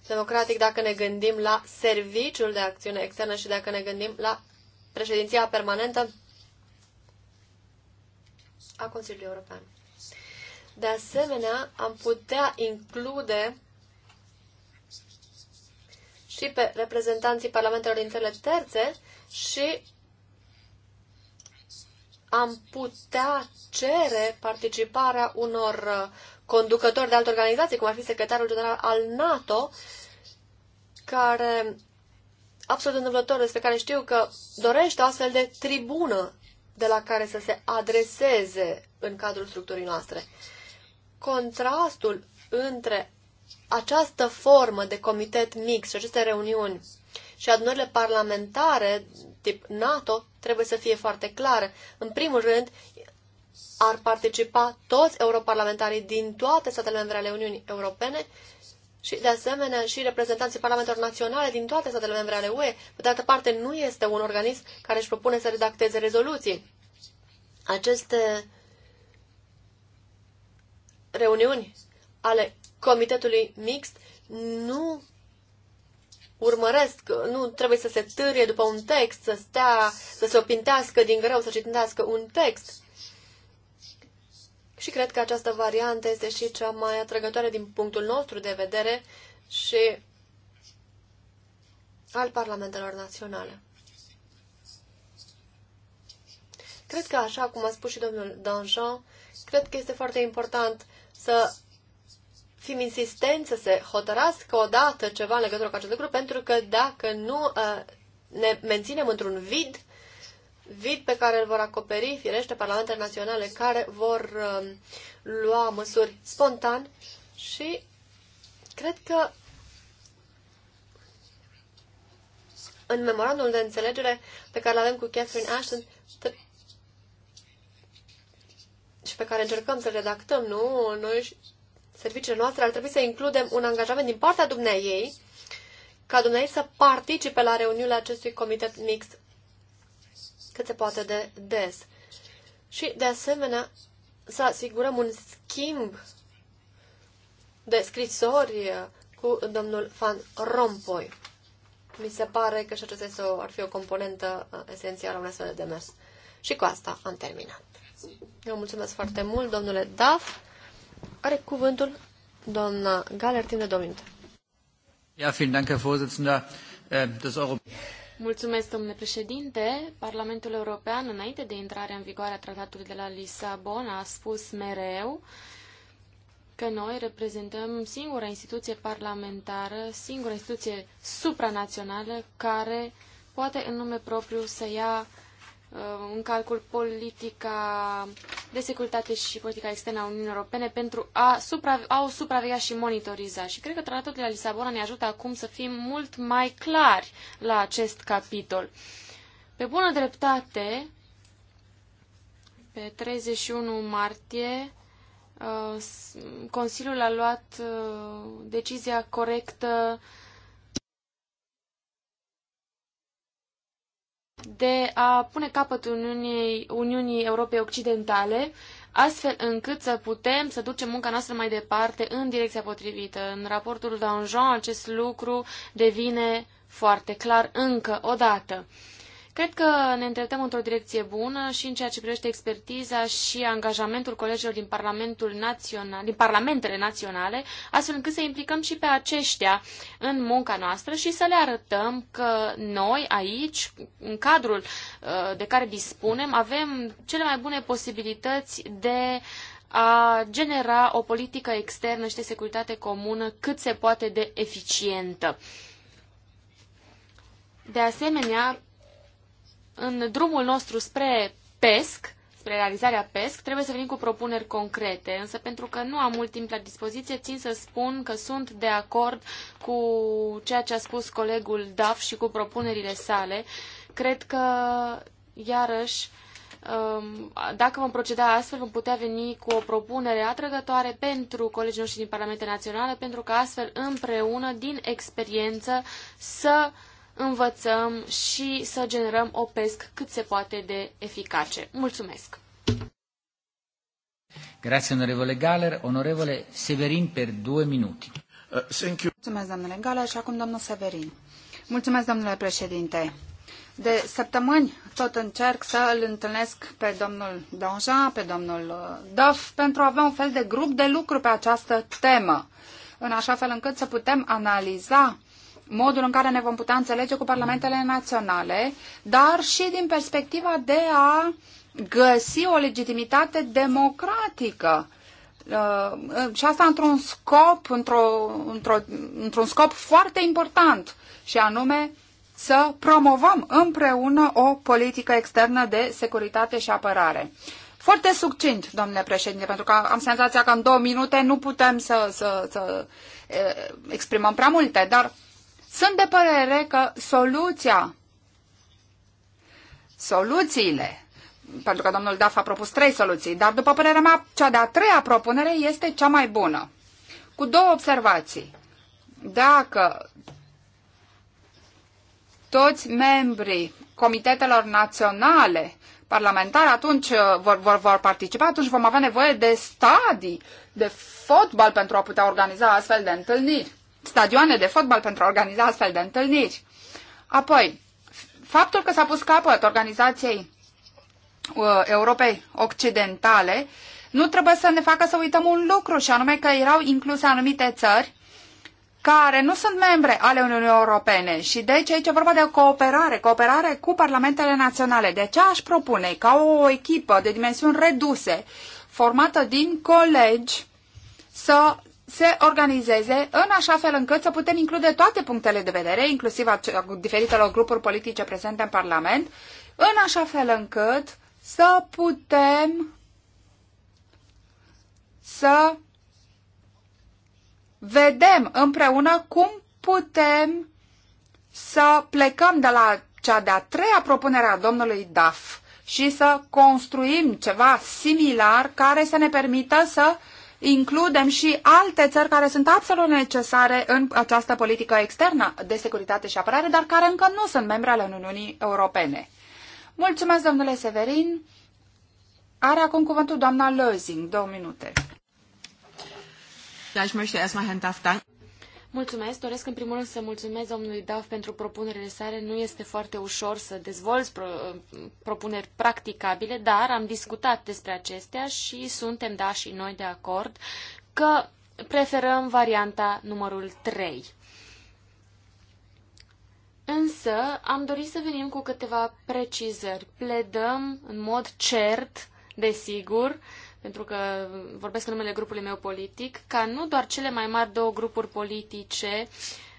democratic dacă ne gândim la serviciul de acțiune externă și dacă ne gândim la președinția permanentă a Consiliului European. De asemenea, am putea include și pe reprezentanții parlamentelor din țările terțe și am putea cere participarea unor uh, conducători de alte organizații, cum ar fi secretarul general al NATO, care, absolut întâmplător, despre care știu că dorește o astfel de tribună de la care să se adreseze în cadrul structurii noastre. Contrastul între această formă de comitet mix și aceste reuniuni și adunările parlamentare tip NATO trebuie să fie foarte clare. În primul rând, ar participa toți europarlamentarii din toate statele membre ale Uniunii Europene și, de asemenea, și reprezentanții parlamentelor naționale din toate statele membre ale UE. Pe de altă parte, nu este un organism care își propune să redacteze rezoluții. Aceste reuniuni ale comitetului mixt nu urmăresc, nu trebuie să se târie după un text, să stea, să se opintească din greu, să citească un text și cred că această variantă este și cea mai atrăgătoare din punctul nostru de vedere și al parlamentelor naționale. Cred că, așa cum a spus și domnul Danjean, cred că este foarte important să fim insistenți să se hotărască odată ceva în legătură cu acest lucru, pentru că dacă nu uh, ne menținem într-un vid, vid pe care îl vor acoperi, firește, parlamentele naționale care vor um, lua măsuri spontan și cred că în memorandul de înțelegere pe care îl avem cu Catherine Ashton și pe care încercăm să redactăm, nu? Noi și serviciile noastre ar trebui să includem un angajament din partea dumneai ei ca dumneai să participe la reuniunile acestui comitet mixt cât se poate de des. Și, de asemenea, să asigurăm un schimb de scrisori cu domnul Van Rompuy. Mi se pare că și acesta este o, ar fi o componentă uh, esențială a unui astfel de demers. Și cu asta am terminat. Eu mulțumesc foarte mult, domnule Daf. Are cuvântul doamna Galer, timp de două minute. Ja, vielen Dank, Herr Vorsitzender. Äh, das Euro Mulțumesc, domnule președinte. Parlamentul European, înainte de intrarea în vigoare a tratatului de la Lisabona, a spus mereu că noi reprezentăm singura instituție parlamentară, singura instituție supranațională care poate în nume propriu să ia Uh, în calcul politica de securitate și politica externă a Uniunii Europene pentru a, supra, a o supraveghea și monitoriza. Și cred că tratatul de la Lisabona ne ajută acum să fim mult mai clari la acest capitol. Pe bună dreptate, pe 31 martie, uh, Consiliul a luat uh, decizia corectă de a pune capăt Uniunii, Uniunii Europei Occidentale, astfel încât să putem să ducem munca noastră mai departe în direcția potrivită. În raportul Danjean acest lucru devine foarte clar încă o dată. Cred că ne îndreptăm într-o direcție bună și în ceea ce privește expertiza și angajamentul colegilor din, Parlamentul Național, din parlamentele naționale, astfel încât să implicăm și pe aceștia în munca noastră și să le arătăm că noi aici, în cadrul uh, de care dispunem, avem cele mai bune posibilități de a genera o politică externă și de securitate comună cât se poate de eficientă. De asemenea, în drumul nostru spre PESC, spre realizarea PESC, trebuie să venim cu propuneri concrete, însă pentru că nu am mult timp la dispoziție, țin să spun că sunt de acord cu ceea ce a spus colegul DAF și cu propunerile sale. Cred că, iarăși, um, dacă vom proceda astfel, vom putea veni cu o propunere atrăgătoare pentru colegii noștri din Parlamentul Național, pentru că astfel, împreună, din experiență, să învățăm și să generăm o pesc cât se poate de eficace. Mulțumesc! Grazie, onorevole Galer. Onorevole Severin, per două minute. Uh, Mulțumesc, domnule Galer, și acum domnul Severin. Mulțumesc, domnule președinte. De săptămâni tot încerc să îl întâlnesc pe domnul Donjean, pe domnul uh, Duff, pentru a avea un fel de grup de lucru pe această temă, în așa fel încât să putem analiza uh, modul în care ne vom putea înțelege cu parlamentele naționale, dar și din perspectiva de a găsi o legitimitate democratică. Uh, și asta într-un scop, într-o, într-o, într-un scop foarte important, și anume să promovăm împreună o politică externă de securitate și apărare. Foarte succint, domnule președinte, pentru că am senzația că în două minute nu putem să, să, să uh, exprimăm prea multe, dar sunt de părere că soluția, soluțiile, pentru că domnul Daf a propus trei soluții, dar după părerea mea, cea de-a treia propunere este cea mai bună. Cu două observații. Dacă toți membrii comitetelor naționale parlamentare atunci uh, vor, vor, vor participa, atunci vom avea nevoie de stadii de fotbal pentru a putea organiza astfel de întâlniri stadioane de fotbal pentru a organiza astfel de întâlniri. Apoi, faptul că s-a pus capăt organizației uh, Europei Occidentale nu trebuie să ne facă să uităm un lucru, și anume că erau incluse anumite țări care nu sunt membre ale Uniunii Europene și deci aici e vorba de cooperare, cooperare cu parlamentele naționale. De ce aș propune ca o echipă de dimensiuni reduse, formată din colegi, să se organizeze în așa fel încât să putem include toate punctele de vedere, inclusiv a diferitelor grupuri politice prezente în Parlament, în așa fel încât să putem să vedem împreună cum putem să plecăm de la cea de-a treia propunere a domnului Daf și să construim ceva similar care să ne permită să uh, includem și alte țări care sunt absolut necesare în această politică externă de securitate și apărare, dar care încă nu sunt membre ale Uniunii Europene. Mulțumesc, domnule Severin. Are acum cuvântul doamna Lözing, două minute. Ja, ich möchte erstmal Herrn Daftan. Mulțumesc. Doresc în primul rând să mulțumesc domnului Daf pentru propunerile sale. Nu este foarte ușor să dezvolți pro, propuneri practicabile, dar am discutat despre acestea și suntem, da, și noi de acord că preferăm varianta numărul 3. Însă am dorit să venim cu câteva precizări. Pledăm în mod cert, desigur, pentru că vorbesc în numele grupului meu politic, ca nu doar cele mai mari două grupuri politice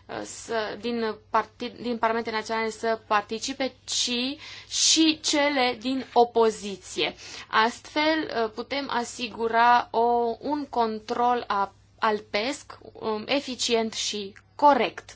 uh, să, din, partid, din Parlamentele Naționale să participe, ci și cele din opoziție. Astfel uh, putem asigura o, un control a, al PESC um, eficient și corect.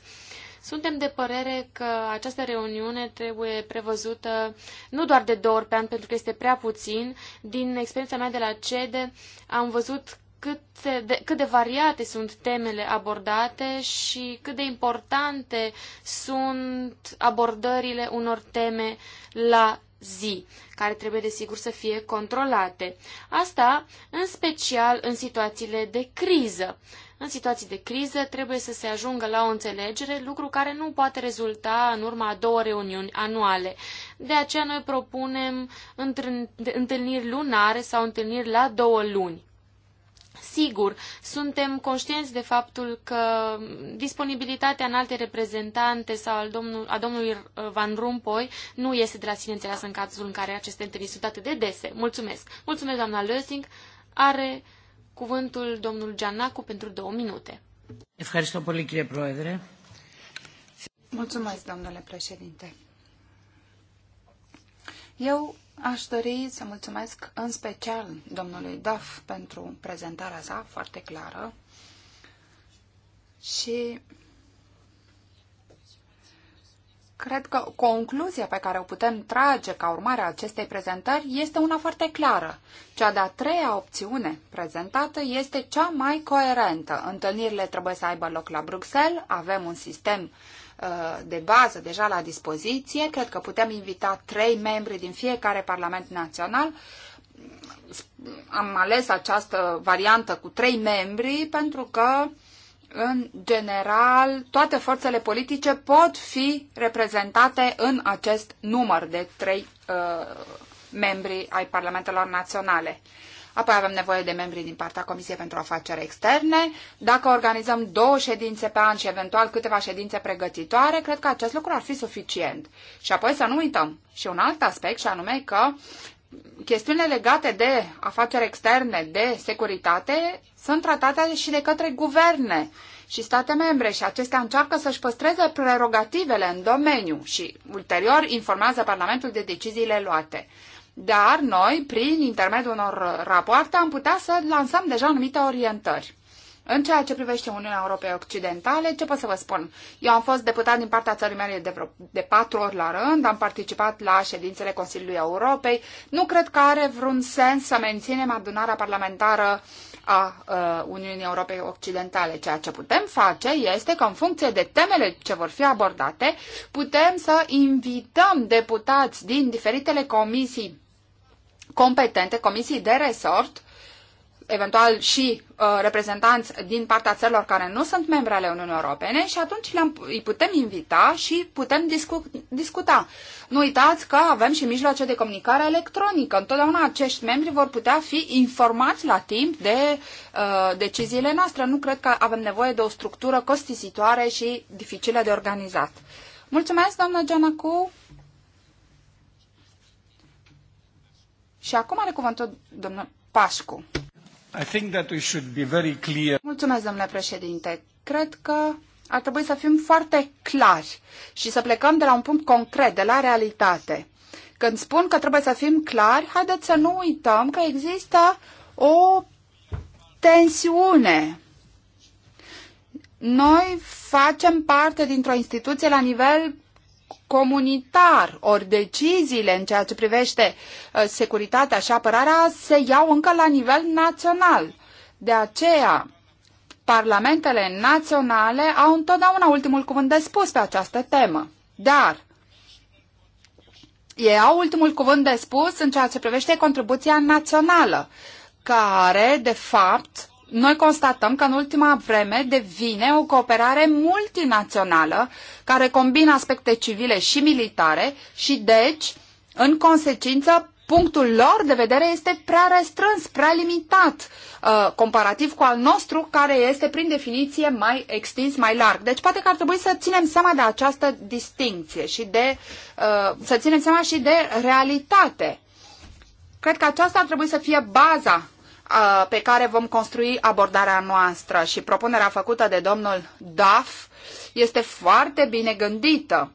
Suntem de părere că această reuniune trebuie prevăzută nu doar de două ori pe an, pentru că este prea puțin. Din experiența mea de la CEDE am văzut cât de, cât de variate sunt temele abordate și cât de importante sunt abordările unor teme la zi, care trebuie desigur să fie controlate. Asta în special în situațiile de criză. În situații de criză trebuie să se ajungă la o înțelegere, lucru care nu poate rezulta în urma a două reuniuni anuale. De aceea noi propunem întâlniri lunare sau întâlniri la două luni. Sigur, suntem conștienți de faptul că disponibilitatea în alte reprezentante sau al domnul, a domnului uh, Van Rompuy nu este de la sine înțeleasă în cazul în care aceste întâlniri sunt atât de dese. Mulțumesc. Mulțumesc, doamna Lösing. Are cuvântul domnul Gianacu pentru două minute. Mulțumesc, domnule președinte. Eu aș dori să mulțumesc în special domnului Daf pentru prezentarea sa foarte clară și cred că concluzia pe care o putem trage ca urmare a acestei prezentări este una foarte clară. Cea de-a treia opțiune prezentată este cea mai coerentă. Întâlnirile trebuie să aibă loc la Bruxelles, avem un sistem uh, de bază deja la dispoziție. Cred că putem invita trei membri din fiecare Parlament Național. Am ales această variantă cu trei membri pentru că uh, în general, toate forțele politice pot fi reprezentate în acest număr de trei uh, membri ai Parlamentelor Naționale. Apoi avem nevoie de membri din partea Comisiei pentru Afaceri Externe. Dacă organizăm două ședințe pe an și eventual câteva ședințe pregătitoare, cred că acest lucru ar fi suficient. Și apoi să nu uităm și un alt aspect, și anume că chestiunile legate de afaceri externe, de securitate, sunt tratate și de către guverne și state membre și acestea încearcă să-și păstreze prerogativele în domeniu și ulterior informează Parlamentul de deciziile luate. Dar noi, prin intermediul unor rapoarte, am putea să lansăm deja anumite orientări. În ceea ce privește Uniunea Europei Occidentale, ce pot să vă spun? Eu am fost deputat din partea țării mele de, vreo, de patru ori la rând, am participat la ședințele Consiliului Europei. Nu cred că are vreun sens să menținem adunarea parlamentară a uh, Uniunii Europei Occidentale. Ceea ce putem face este că, în funcție de temele ce vor fi abordate, putem să invităm deputați din diferitele comisii competente, comisii de resort, eventual și uh, reprezentanți din partea țărilor care nu sunt membre ale Uniunii Europene și atunci le îi putem invita și putem discu- discuta. Nu uitați că avem și mijloace de comunicare electronică. Întotdeauna acești membri vor putea fi informați la timp de uh, deciziile noastre. Nu cred că avem nevoie de o structură costisitoare și dificilă de organizat. Mulțumesc, doamna Gianacu! Și acum are cuvântul domnul Pașcu. I think that we should be very clear. Mulțumesc, domnule președinte. Cred că ar trebui să fim foarte clari și să plecăm de la un punct concret, de la realitate. Când spun că trebuie să fim clari, haideți să nu uităm că există o tensiune. Noi facem parte dintr-o instituție la nivel comunitar, ori deciziile în ceea ce privește uh, securitatea și apărarea se iau încă la nivel național. De aceea, parlamentele naționale au întotdeauna ultimul cuvânt de spus pe această temă. Dar ei au ultimul cuvânt de spus în ceea ce privește contribuția națională, care, de fapt, noi constatăm că în ultima vreme devine o cooperare multinațională care combină aspecte civile și militare și deci, în consecință, punctul lor de vedere este prea restrâns, prea limitat, uh, comparativ cu al nostru, care este prin definiție mai extins, mai larg. Deci poate că ar trebui să ținem seama de această distinție și de, uh, să ținem seama și de realitate. Cred că aceasta ar trebui să fie baza pe care vom construi abordarea noastră și propunerea făcută de domnul Duff este foarte bine gândită.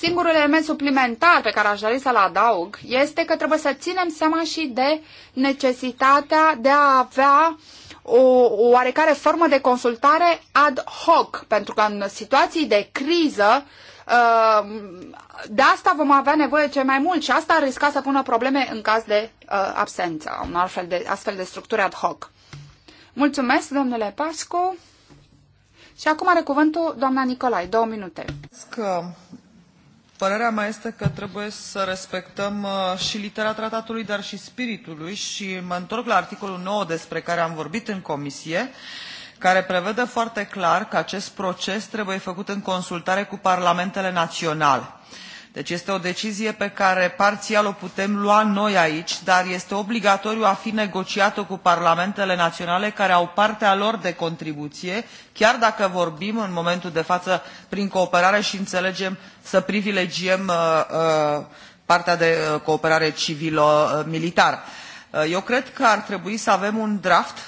Singurul element suplimentar pe care aș dori să-l adaug este că trebuie să ținem seama și de necesitatea de a avea o, o oarecare formă de consultare ad hoc, pentru că în situații de criză Ehm, de asta vom avea nevoie cel mai mult și asta ar risca să pună probleme în caz de uh, absență un astfel de, astfel de structuri ad hoc. Mulțumesc, domnule Pascu. Și acum are cuvântul doamna Nicolai, două minute. Că părerea mea este că trebuie să respectăm uh, și litera tratatului, dar și spiritului și mă întorc la articolul 9 despre care am vorbit în comisie. Uh, care prevede foarte clar că acest proces trebuie făcut în consultare cu parlamentele naționale. Deci este o decizie pe care parțial o putem lua noi aici, dar este obligatoriu a fi negociată cu parlamentele naționale care au partea lor de contribuție, chiar dacă vorbim în momentul de față prin cooperare și înțelegem să privilegiem uh, uh, partea de uh, cooperare civilo-militară. Uh, uh, eu cred că ar trebui să avem un draft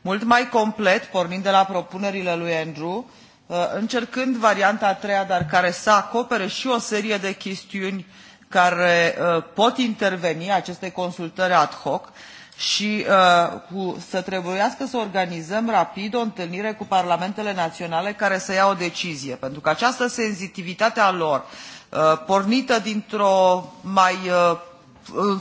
mult mai complet, pornind de la propunerile lui Andrew, uh, încercând varianta a treia, dar care să acopere și o serie de chestiuni care uh, pot interveni, aceste consultări ad hoc, și uh, cu, să trebuiască să organizăm rapid o întâlnire cu parlamentele naționale care să ia o decizie, pentru că această senzitivitate a lor, uh, pornită dintr-o mai uh,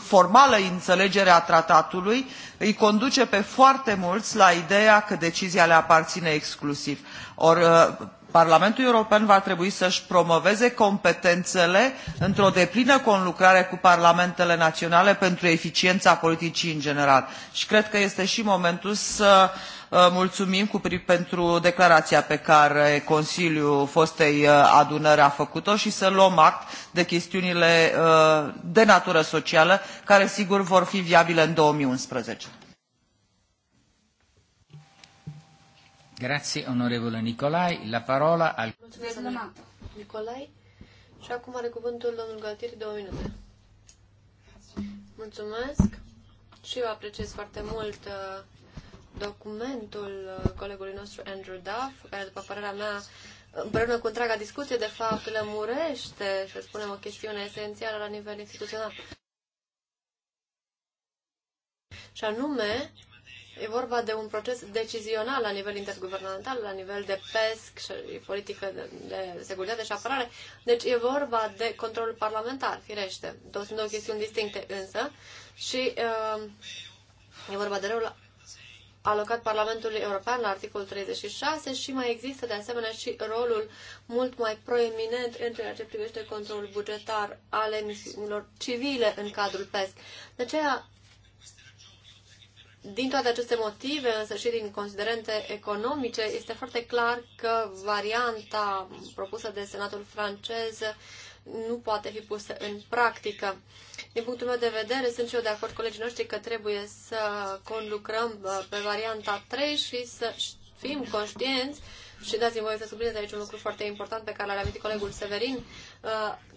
formală înțelegere a tratatului îi conduce pe foarte mulți la ideea că decizia le aparține exclusiv. Or, uh, Parlamentul European va trebui să-și promoveze competențele într-o deplină conlucrare cu parlamentele naționale pentru eficiența politicii în general. Și cred că este și momentul să uh, Uh, mulțumim cu, pentru declarația pe care Consiliul fostei uh, adunări a făcut-o și să luăm act de chestiunile uh, de natură socială, care sigur vor fi viabile în 2011. Grazie onorevole Nicolai. La parola al... Mulțumesc, Nicolai. Și acum are cuvântul domnul Galtieri, două minute. Mulțumesc și eu apreciez foarte mult uh, documentul uh, colegului nostru Andrew Duff, care, după părerea mea, împreună cu întreaga discuție, de fapt, lămurește, să spunem, o chestiune esențială la nivel instituțional. Și anume, e vorba de un proces decizional la nivel interguvernamental, la nivel de PESC și politică de, de securitate și apărare. Deci e vorba de controlul parlamentar, firește. Două sunt două chestiuni distincte, însă. Și uh, e vorba de rolul alocat Parlamentului European la articolul 36 și mai există de asemenea și rolul mult mai proeminent în ceea ce privește controlul bugetar al emisiunilor civile în cadrul PESC. De aceea, din toate aceste motive, însă și din considerente economice, este foarte clar că varianta propusă de Senatul francez nu poate fi pusă în practică. Din punctul meu de vedere, sunt și eu de acord colegii noștri că trebuie să conlucrăm pe varianta 3 și să fim conștienți și dați-mi voie să subliniez aici un lucru foarte important pe care l-a amintit colegul Severin. Uh,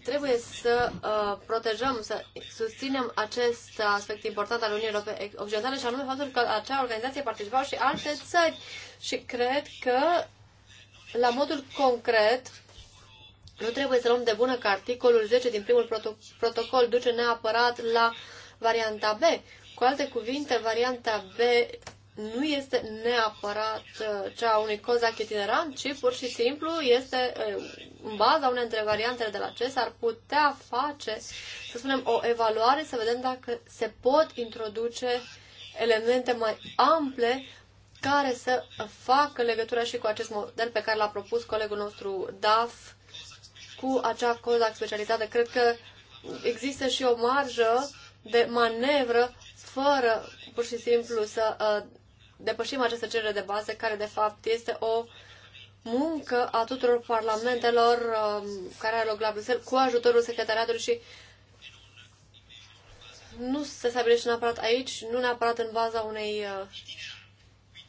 trebuie să uh, protejăm, să susținem acest aspect important al Uniunii Europene, Occidentale și anume faptul că acea organizație participau și alte țări. Și cred că, la modul concret, nu trebuie să luăm de bună că articolul 10 din primul proto protocol duce neapărat la varianta B. Cu alte cuvinte, varianta B nu este neapărat uh, cea a unui cozac itinerant, ci pur și simplu este uh, în baza unei dintre variantele de la ce s-ar putea face, să spunem, o evaluare, să vedem dacă se pot introduce elemente mai ample care să facă legătura și cu acest model pe care l-a propus colegul nostru DAF cu acea CODAC specializată. Cred că există și o marjă de manevră fără pur și simplu să uh, depășim această cerere de bază, care de fapt este o muncă a tuturor parlamentelor uh, care are loc la Bruxelles cu ajutorul secretariatului și nu se stabilește neapărat aici, nu neapărat în baza unei uh,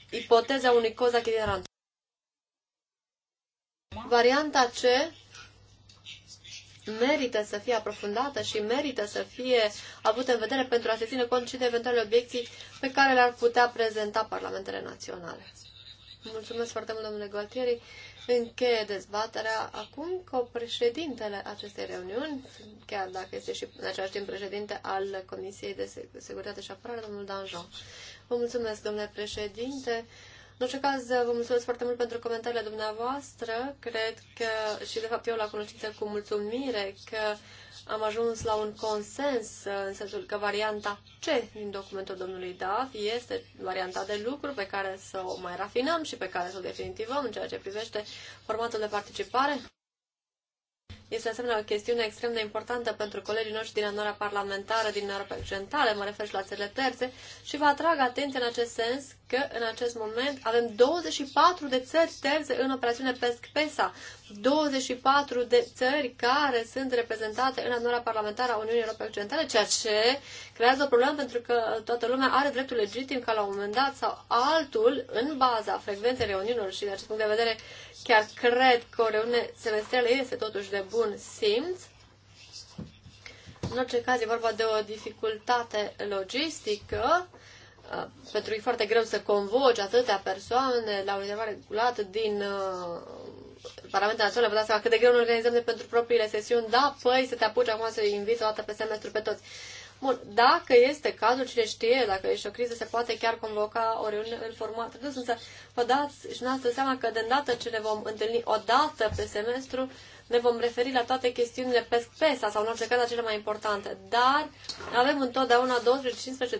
ipoteze a unui cozac itinerant. Varianta C merită să fie aprofundată și merită să fie avută în vedere pentru a se ține cont și de eventuale obiecții pe care le-ar putea prezenta parlamentele naționale. Mulțumesc foarte mult, domnule Gualtieri. Încheie dezbaterea acum cu președintele acestei reuniuni, chiar dacă este și în același timp președinte al Comisiei de Securitate și Apărare, domnul Danjon. Vă mulțumesc, domnule președinte. În orice caz, vă mulțumesc foarte mult pentru comentariile dumneavoastră. Cred că, și de fapt eu la cunoștință cu mulțumire, că am ajuns la un consens în sensul că varianta C din documentul domnului Daf este varianta de lucru pe care să o mai rafinăm și pe care să o definitivăm în ceea ce privește formatul de participare. Este asemenea o chestiune extrem de importantă pentru colegii noștri din anora parlamentară, din Europa Occidentală, mă refer și la țările terțe, și vă atrag atenția în acest sens că în acest moment avem 24 de țări terțe în operațiune PESC-PESA, 24 de țări care sunt reprezentate în anora parlamentară a Uniunii Europei Occidentale, ceea ce creează o problemă pentru că toată lumea are dreptul legitim ca la un moment dat sau altul, în baza frecvenței reuniunilor și de acest punct de vedere Chiar cred că o reuniune semestrială este totuși de bun simț. În orice caz, e vorba de o dificultate logistică, uh, pentru că e foarte greu să convoci atâtea persoane la un interval regulat din uh, Parlamentul Național, vă dați seama cât de greu ne organizăm de pentru propriile sesiuni, da, păi să te apuci acum să inviți o dată pe semestru pe toți. Bun, dacă este cazul, cine știe, dacă ești o criză, se poate chiar convoca o reuniune în format redus, însă vă dați și noastră seama că de îndată ce ne vom întâlni o dată pe semestru, ne vom referi la toate chestiunile pe PESA sau în orice caz la cele mai importante. Dar avem întotdeauna 12-15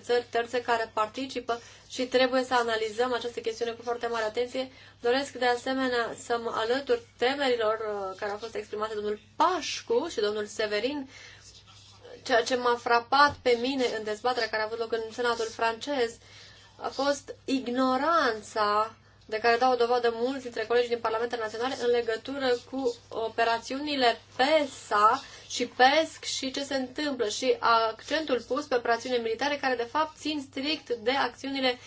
țări terțe care participă și trebuie să analizăm această chestiune cu foarte mare atenție. Doresc de asemenea să mă alătur temerilor uh, care au fost exprimate domnul Pașcu și domnul Severin ceea ce m-a frapat pe mine în dezbaterea care a avut loc în Senatul francez a fost ignoranța de care dau dovadă mulți dintre colegii din Parlamentele Naționale în legătură cu operațiunile PESA și PESC și ce se întâmplă și accentul pus pe operațiunile militare care de fapt țin strict de acțiunile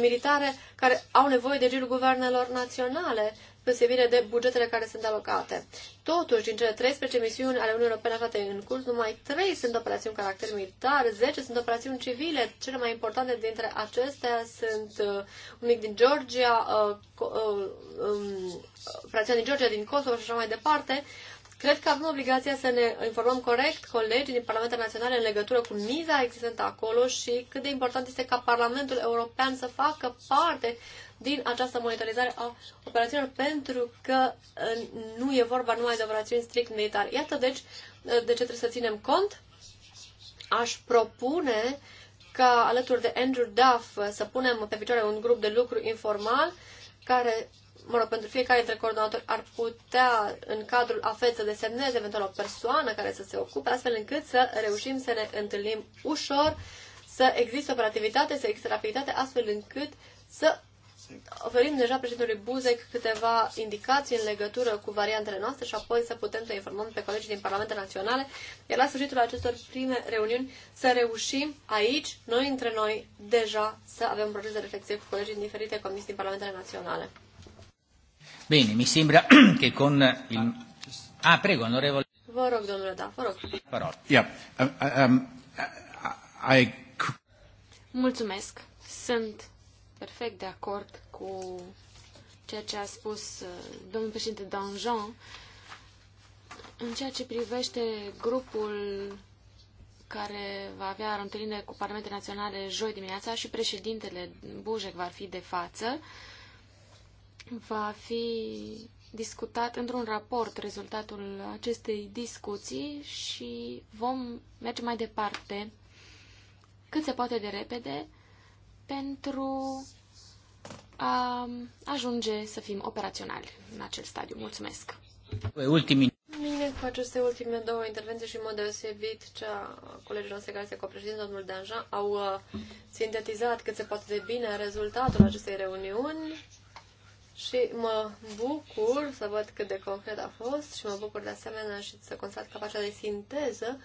militare care au nevoie de girul guvernelor naționale vine de bugetele care sunt alocate. Totuși, din cele 13 misiuni ale Uniunii Europene aflate în curs, numai 3 sunt operațiuni caracter militar, 10 sunt operațiuni civile. Cele mai importante dintre acestea sunt uh, unic din Georgia, uh, uh, um, operațiunea din Georgia, din Kosovo și așa mai departe. Cred că avem obligația să ne informăm corect colegii din Parlamentele Naționale în legătură cu miza existentă acolo și cât de important este ca Parlamentul European să facă parte din această monitorizare a operațiunilor, pentru că uh, nu e vorba numai de operațiuni strict militare. Iată, deci, uh, de ce trebuie să ținem cont. Aș propune ca alături de Andrew Duff uh, să punem pe picioare un grup de lucru informal care mă rog, pentru fiecare dintre coordonatori ar putea, în cadrul AFET, să desemneze eventual o persoană care să se ocupe, astfel încât să reușim să ne întâlnim ușor, să există operativitate, să există rapiditate, astfel încât să oferim deja președintelui Buzek câteva indicații în legătură cu variantele noastre și apoi să putem să informăm pe colegii din Parlamentele Naționale, iar la sfârșitul acestor prime reuniuni să reușim aici, noi între noi, deja să avem un proces de reflexie cu colegii din diferite comisii din Parlamentele Naționale. Bine, mi sembra că con il... Ah, prego, onorevole. Vă rog, domnule, da, vă rog. rog. Yeah. Um, um, I... Mulțumesc. Sunt perfect de acord cu ceea ce a spus uh, domnul președinte Danjean în ceea ce privește grupul care va avea întâlnire cu Parlamentele Naționale joi dimineața și președintele Bujec va fi de față, va fi discutat într-un raport rezultatul acestei discuții și vom merge mai departe cât se poate de repede pentru a um, ajunge să fim operaționali în acel stadiu. Mulțumesc! Ultimii. Bine, cu aceste ultime două intervenții și în mod deosebit cea colegii noastre care se copreședin, domnul Danja, au uh, sintetizat cât se poate de bine rezultatul acestei reuniuni și mă bucur să văd cât de concret a fost și mă bucur de asemenea și să constat capacitatea de sinteză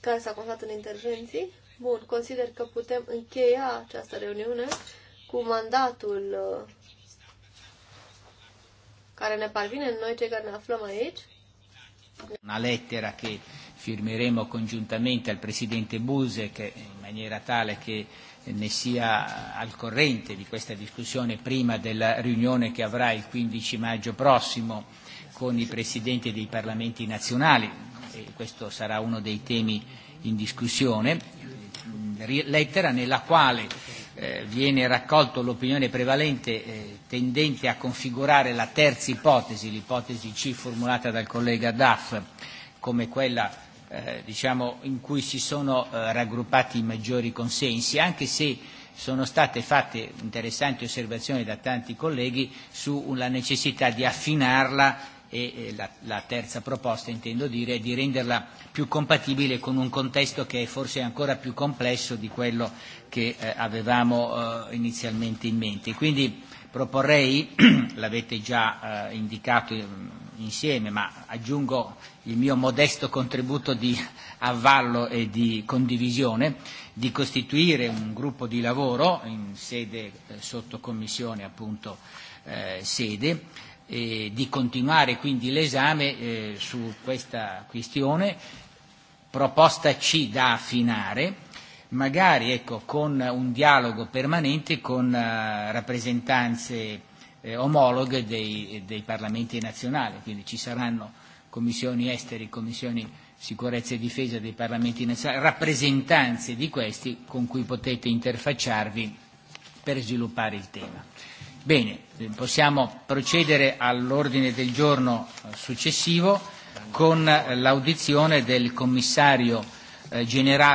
care s-a constat în intervenții Bun, consider că putem încheia această reuniune cu mandatul uh, care ne parvine noi cei care ne aflăm aici. Una lettera che firmeremo congiuntamente al Presidente che in maniera tale che ne sia al corrente di questa discussione prima della riunione che avrà il 15 maggio prossimo con i Presidenti dei Parlamenti nazionali. E questo sarà uno dei temi in discussione lettera nella quale eh, viene raccolto l'opinione prevalente eh, tendente a configurare la terza ipotesi, l'ipotesi C formulata dal collega Duff, come quella eh, diciamo, in cui si sono eh, raggruppati i maggiori consensi, anche se sono state fatte interessanti osservazioni da tanti colleghi sulla necessità di affinarla e la, la terza proposta, intendo dire, è di renderla più compatibile con un contesto che è forse ancora più complesso di quello che eh, avevamo eh, inizialmente in mente. Quindi proporrei, l'avete già eh, indicato insieme, ma aggiungo il mio modesto contributo di avvallo e di condivisione, di costituire un gruppo di lavoro in sede eh, sottocommissione appunto eh, sede eh, eh, di continuare quindi l'esame eh, su questa questione, proposta C da affinare, magari ecco, con un dialogo permanente con eh, rappresentanze eh, omologhe dei, dei parlamenti nazionali, quindi ci saranno commissioni esteri, commissioni sicurezza e difesa dei parlamenti nazionali, rappresentanze di questi con cui potete interfacciarvi per sviluppare il tema. Bene, possiamo procedere all'ordine del giorno eh, successivo con eh, l'audizione del commissario eh, generale